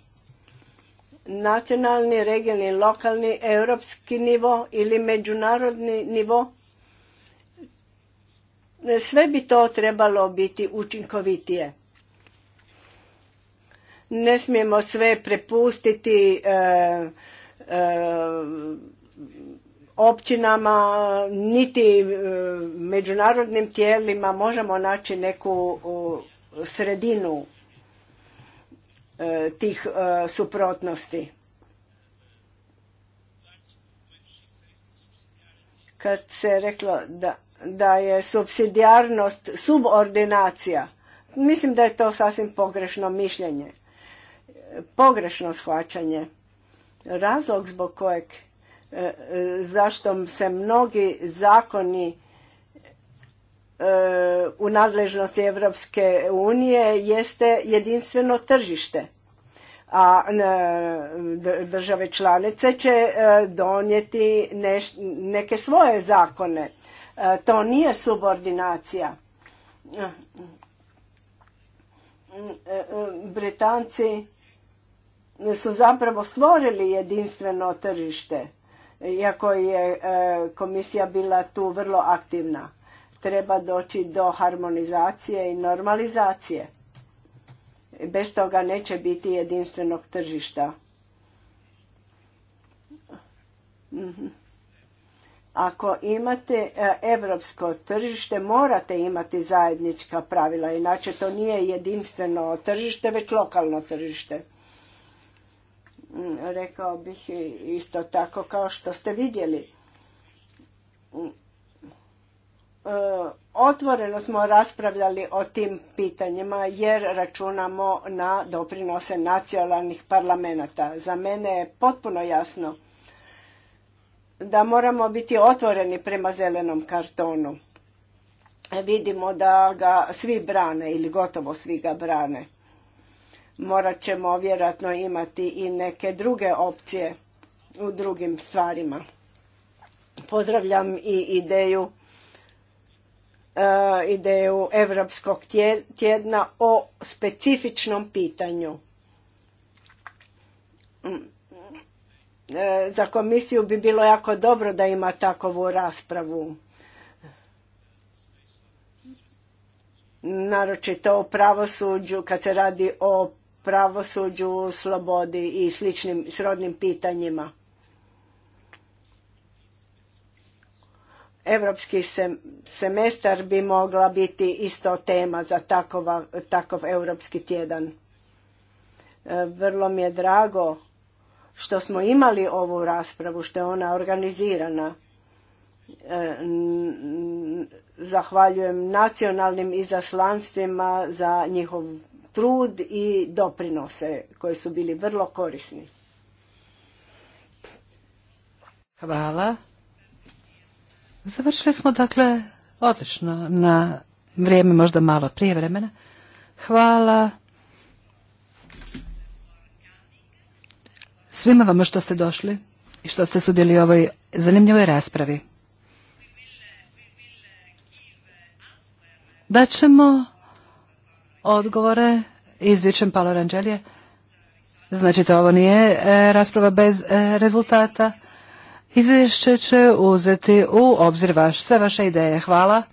Nacionalni, regionalni, lokalni, europski nivo ili međunarodni nivo. E, sve bi to trebalo biti učinkovitije. Ne smijemo sve prepustiti e, e općinama, niti e, međunarodnim tijelima. Možemo naći neku sredinu e, tih suprotnosti. Kad se reklo da, da je subsidijarnost subordinacija, mislim da je to sasvim pogrešno mišljenje pogrešno shvaćanje. Razlog zbog kojeg e, zašto se mnogi zakoni e, u nadležnosti Evropske unije jeste jedinstveno tržište. A države članice će e, donijeti neke svoje zakone. To nije subordinacija. Britanci su zapravo stvorili jedinstveno tržište, iako je e, komisija bila tu vrlo aktivna. Treba doći do harmonizacije i normalizacije. Bez toga neće biti jedinstvenog tržišta. Mhm. Ako imate europsko tržište, morate imati zajednička pravila, inače to nije jedinstveno tržište, već lokalno tržište. Mm, rekao bih isto tako kao što ste vidjeli. Mm, e, otvoreno smo raspravljali o tim pitanjima jer računamo na doprinose nacionalnih parlamenta. Za mene je potpuno jasno da moramo biti otvoreni prema zelenom kartonu. E, vidimo da ga svi brane ili gotovo svi ga brane morat ćemo vjerojatno imati i neke druge opcije u drugim stvarima. Pozdravljam i ideju e, ideju Evropskog tjedna o specifičnom pitanju. Mm. E, za komisiju bi bilo jako dobro da ima takovu raspravu. Naročito o pravosuđu kad se radi o pravosuđu, slobodi i sličnim srodnim pitanjima. Europski semestar bi mogla biti isto tema za takova, takov evropski tjedan. E, vrlo mi je drago što smo imali ovu raspravu, što je ona organizirana. E, zahvaljujem nacionalnim izaslanstvima za njihov trud i doprinose koji su bili vrlo korisni. Hvala. Završili smo dakle odlično na vrijeme, možda malo prije vremena. Hvala svima vama što ste došli i što ste sudjeli u ovoj zanimljivoj raspravi. Da ćemo odgovore. Izvičem Palo Ranđelje. Znači to ovo nije e, rasprava bez e, rezultata. Izvješće će uzeti u obzir sve vaše ideje. Hvala.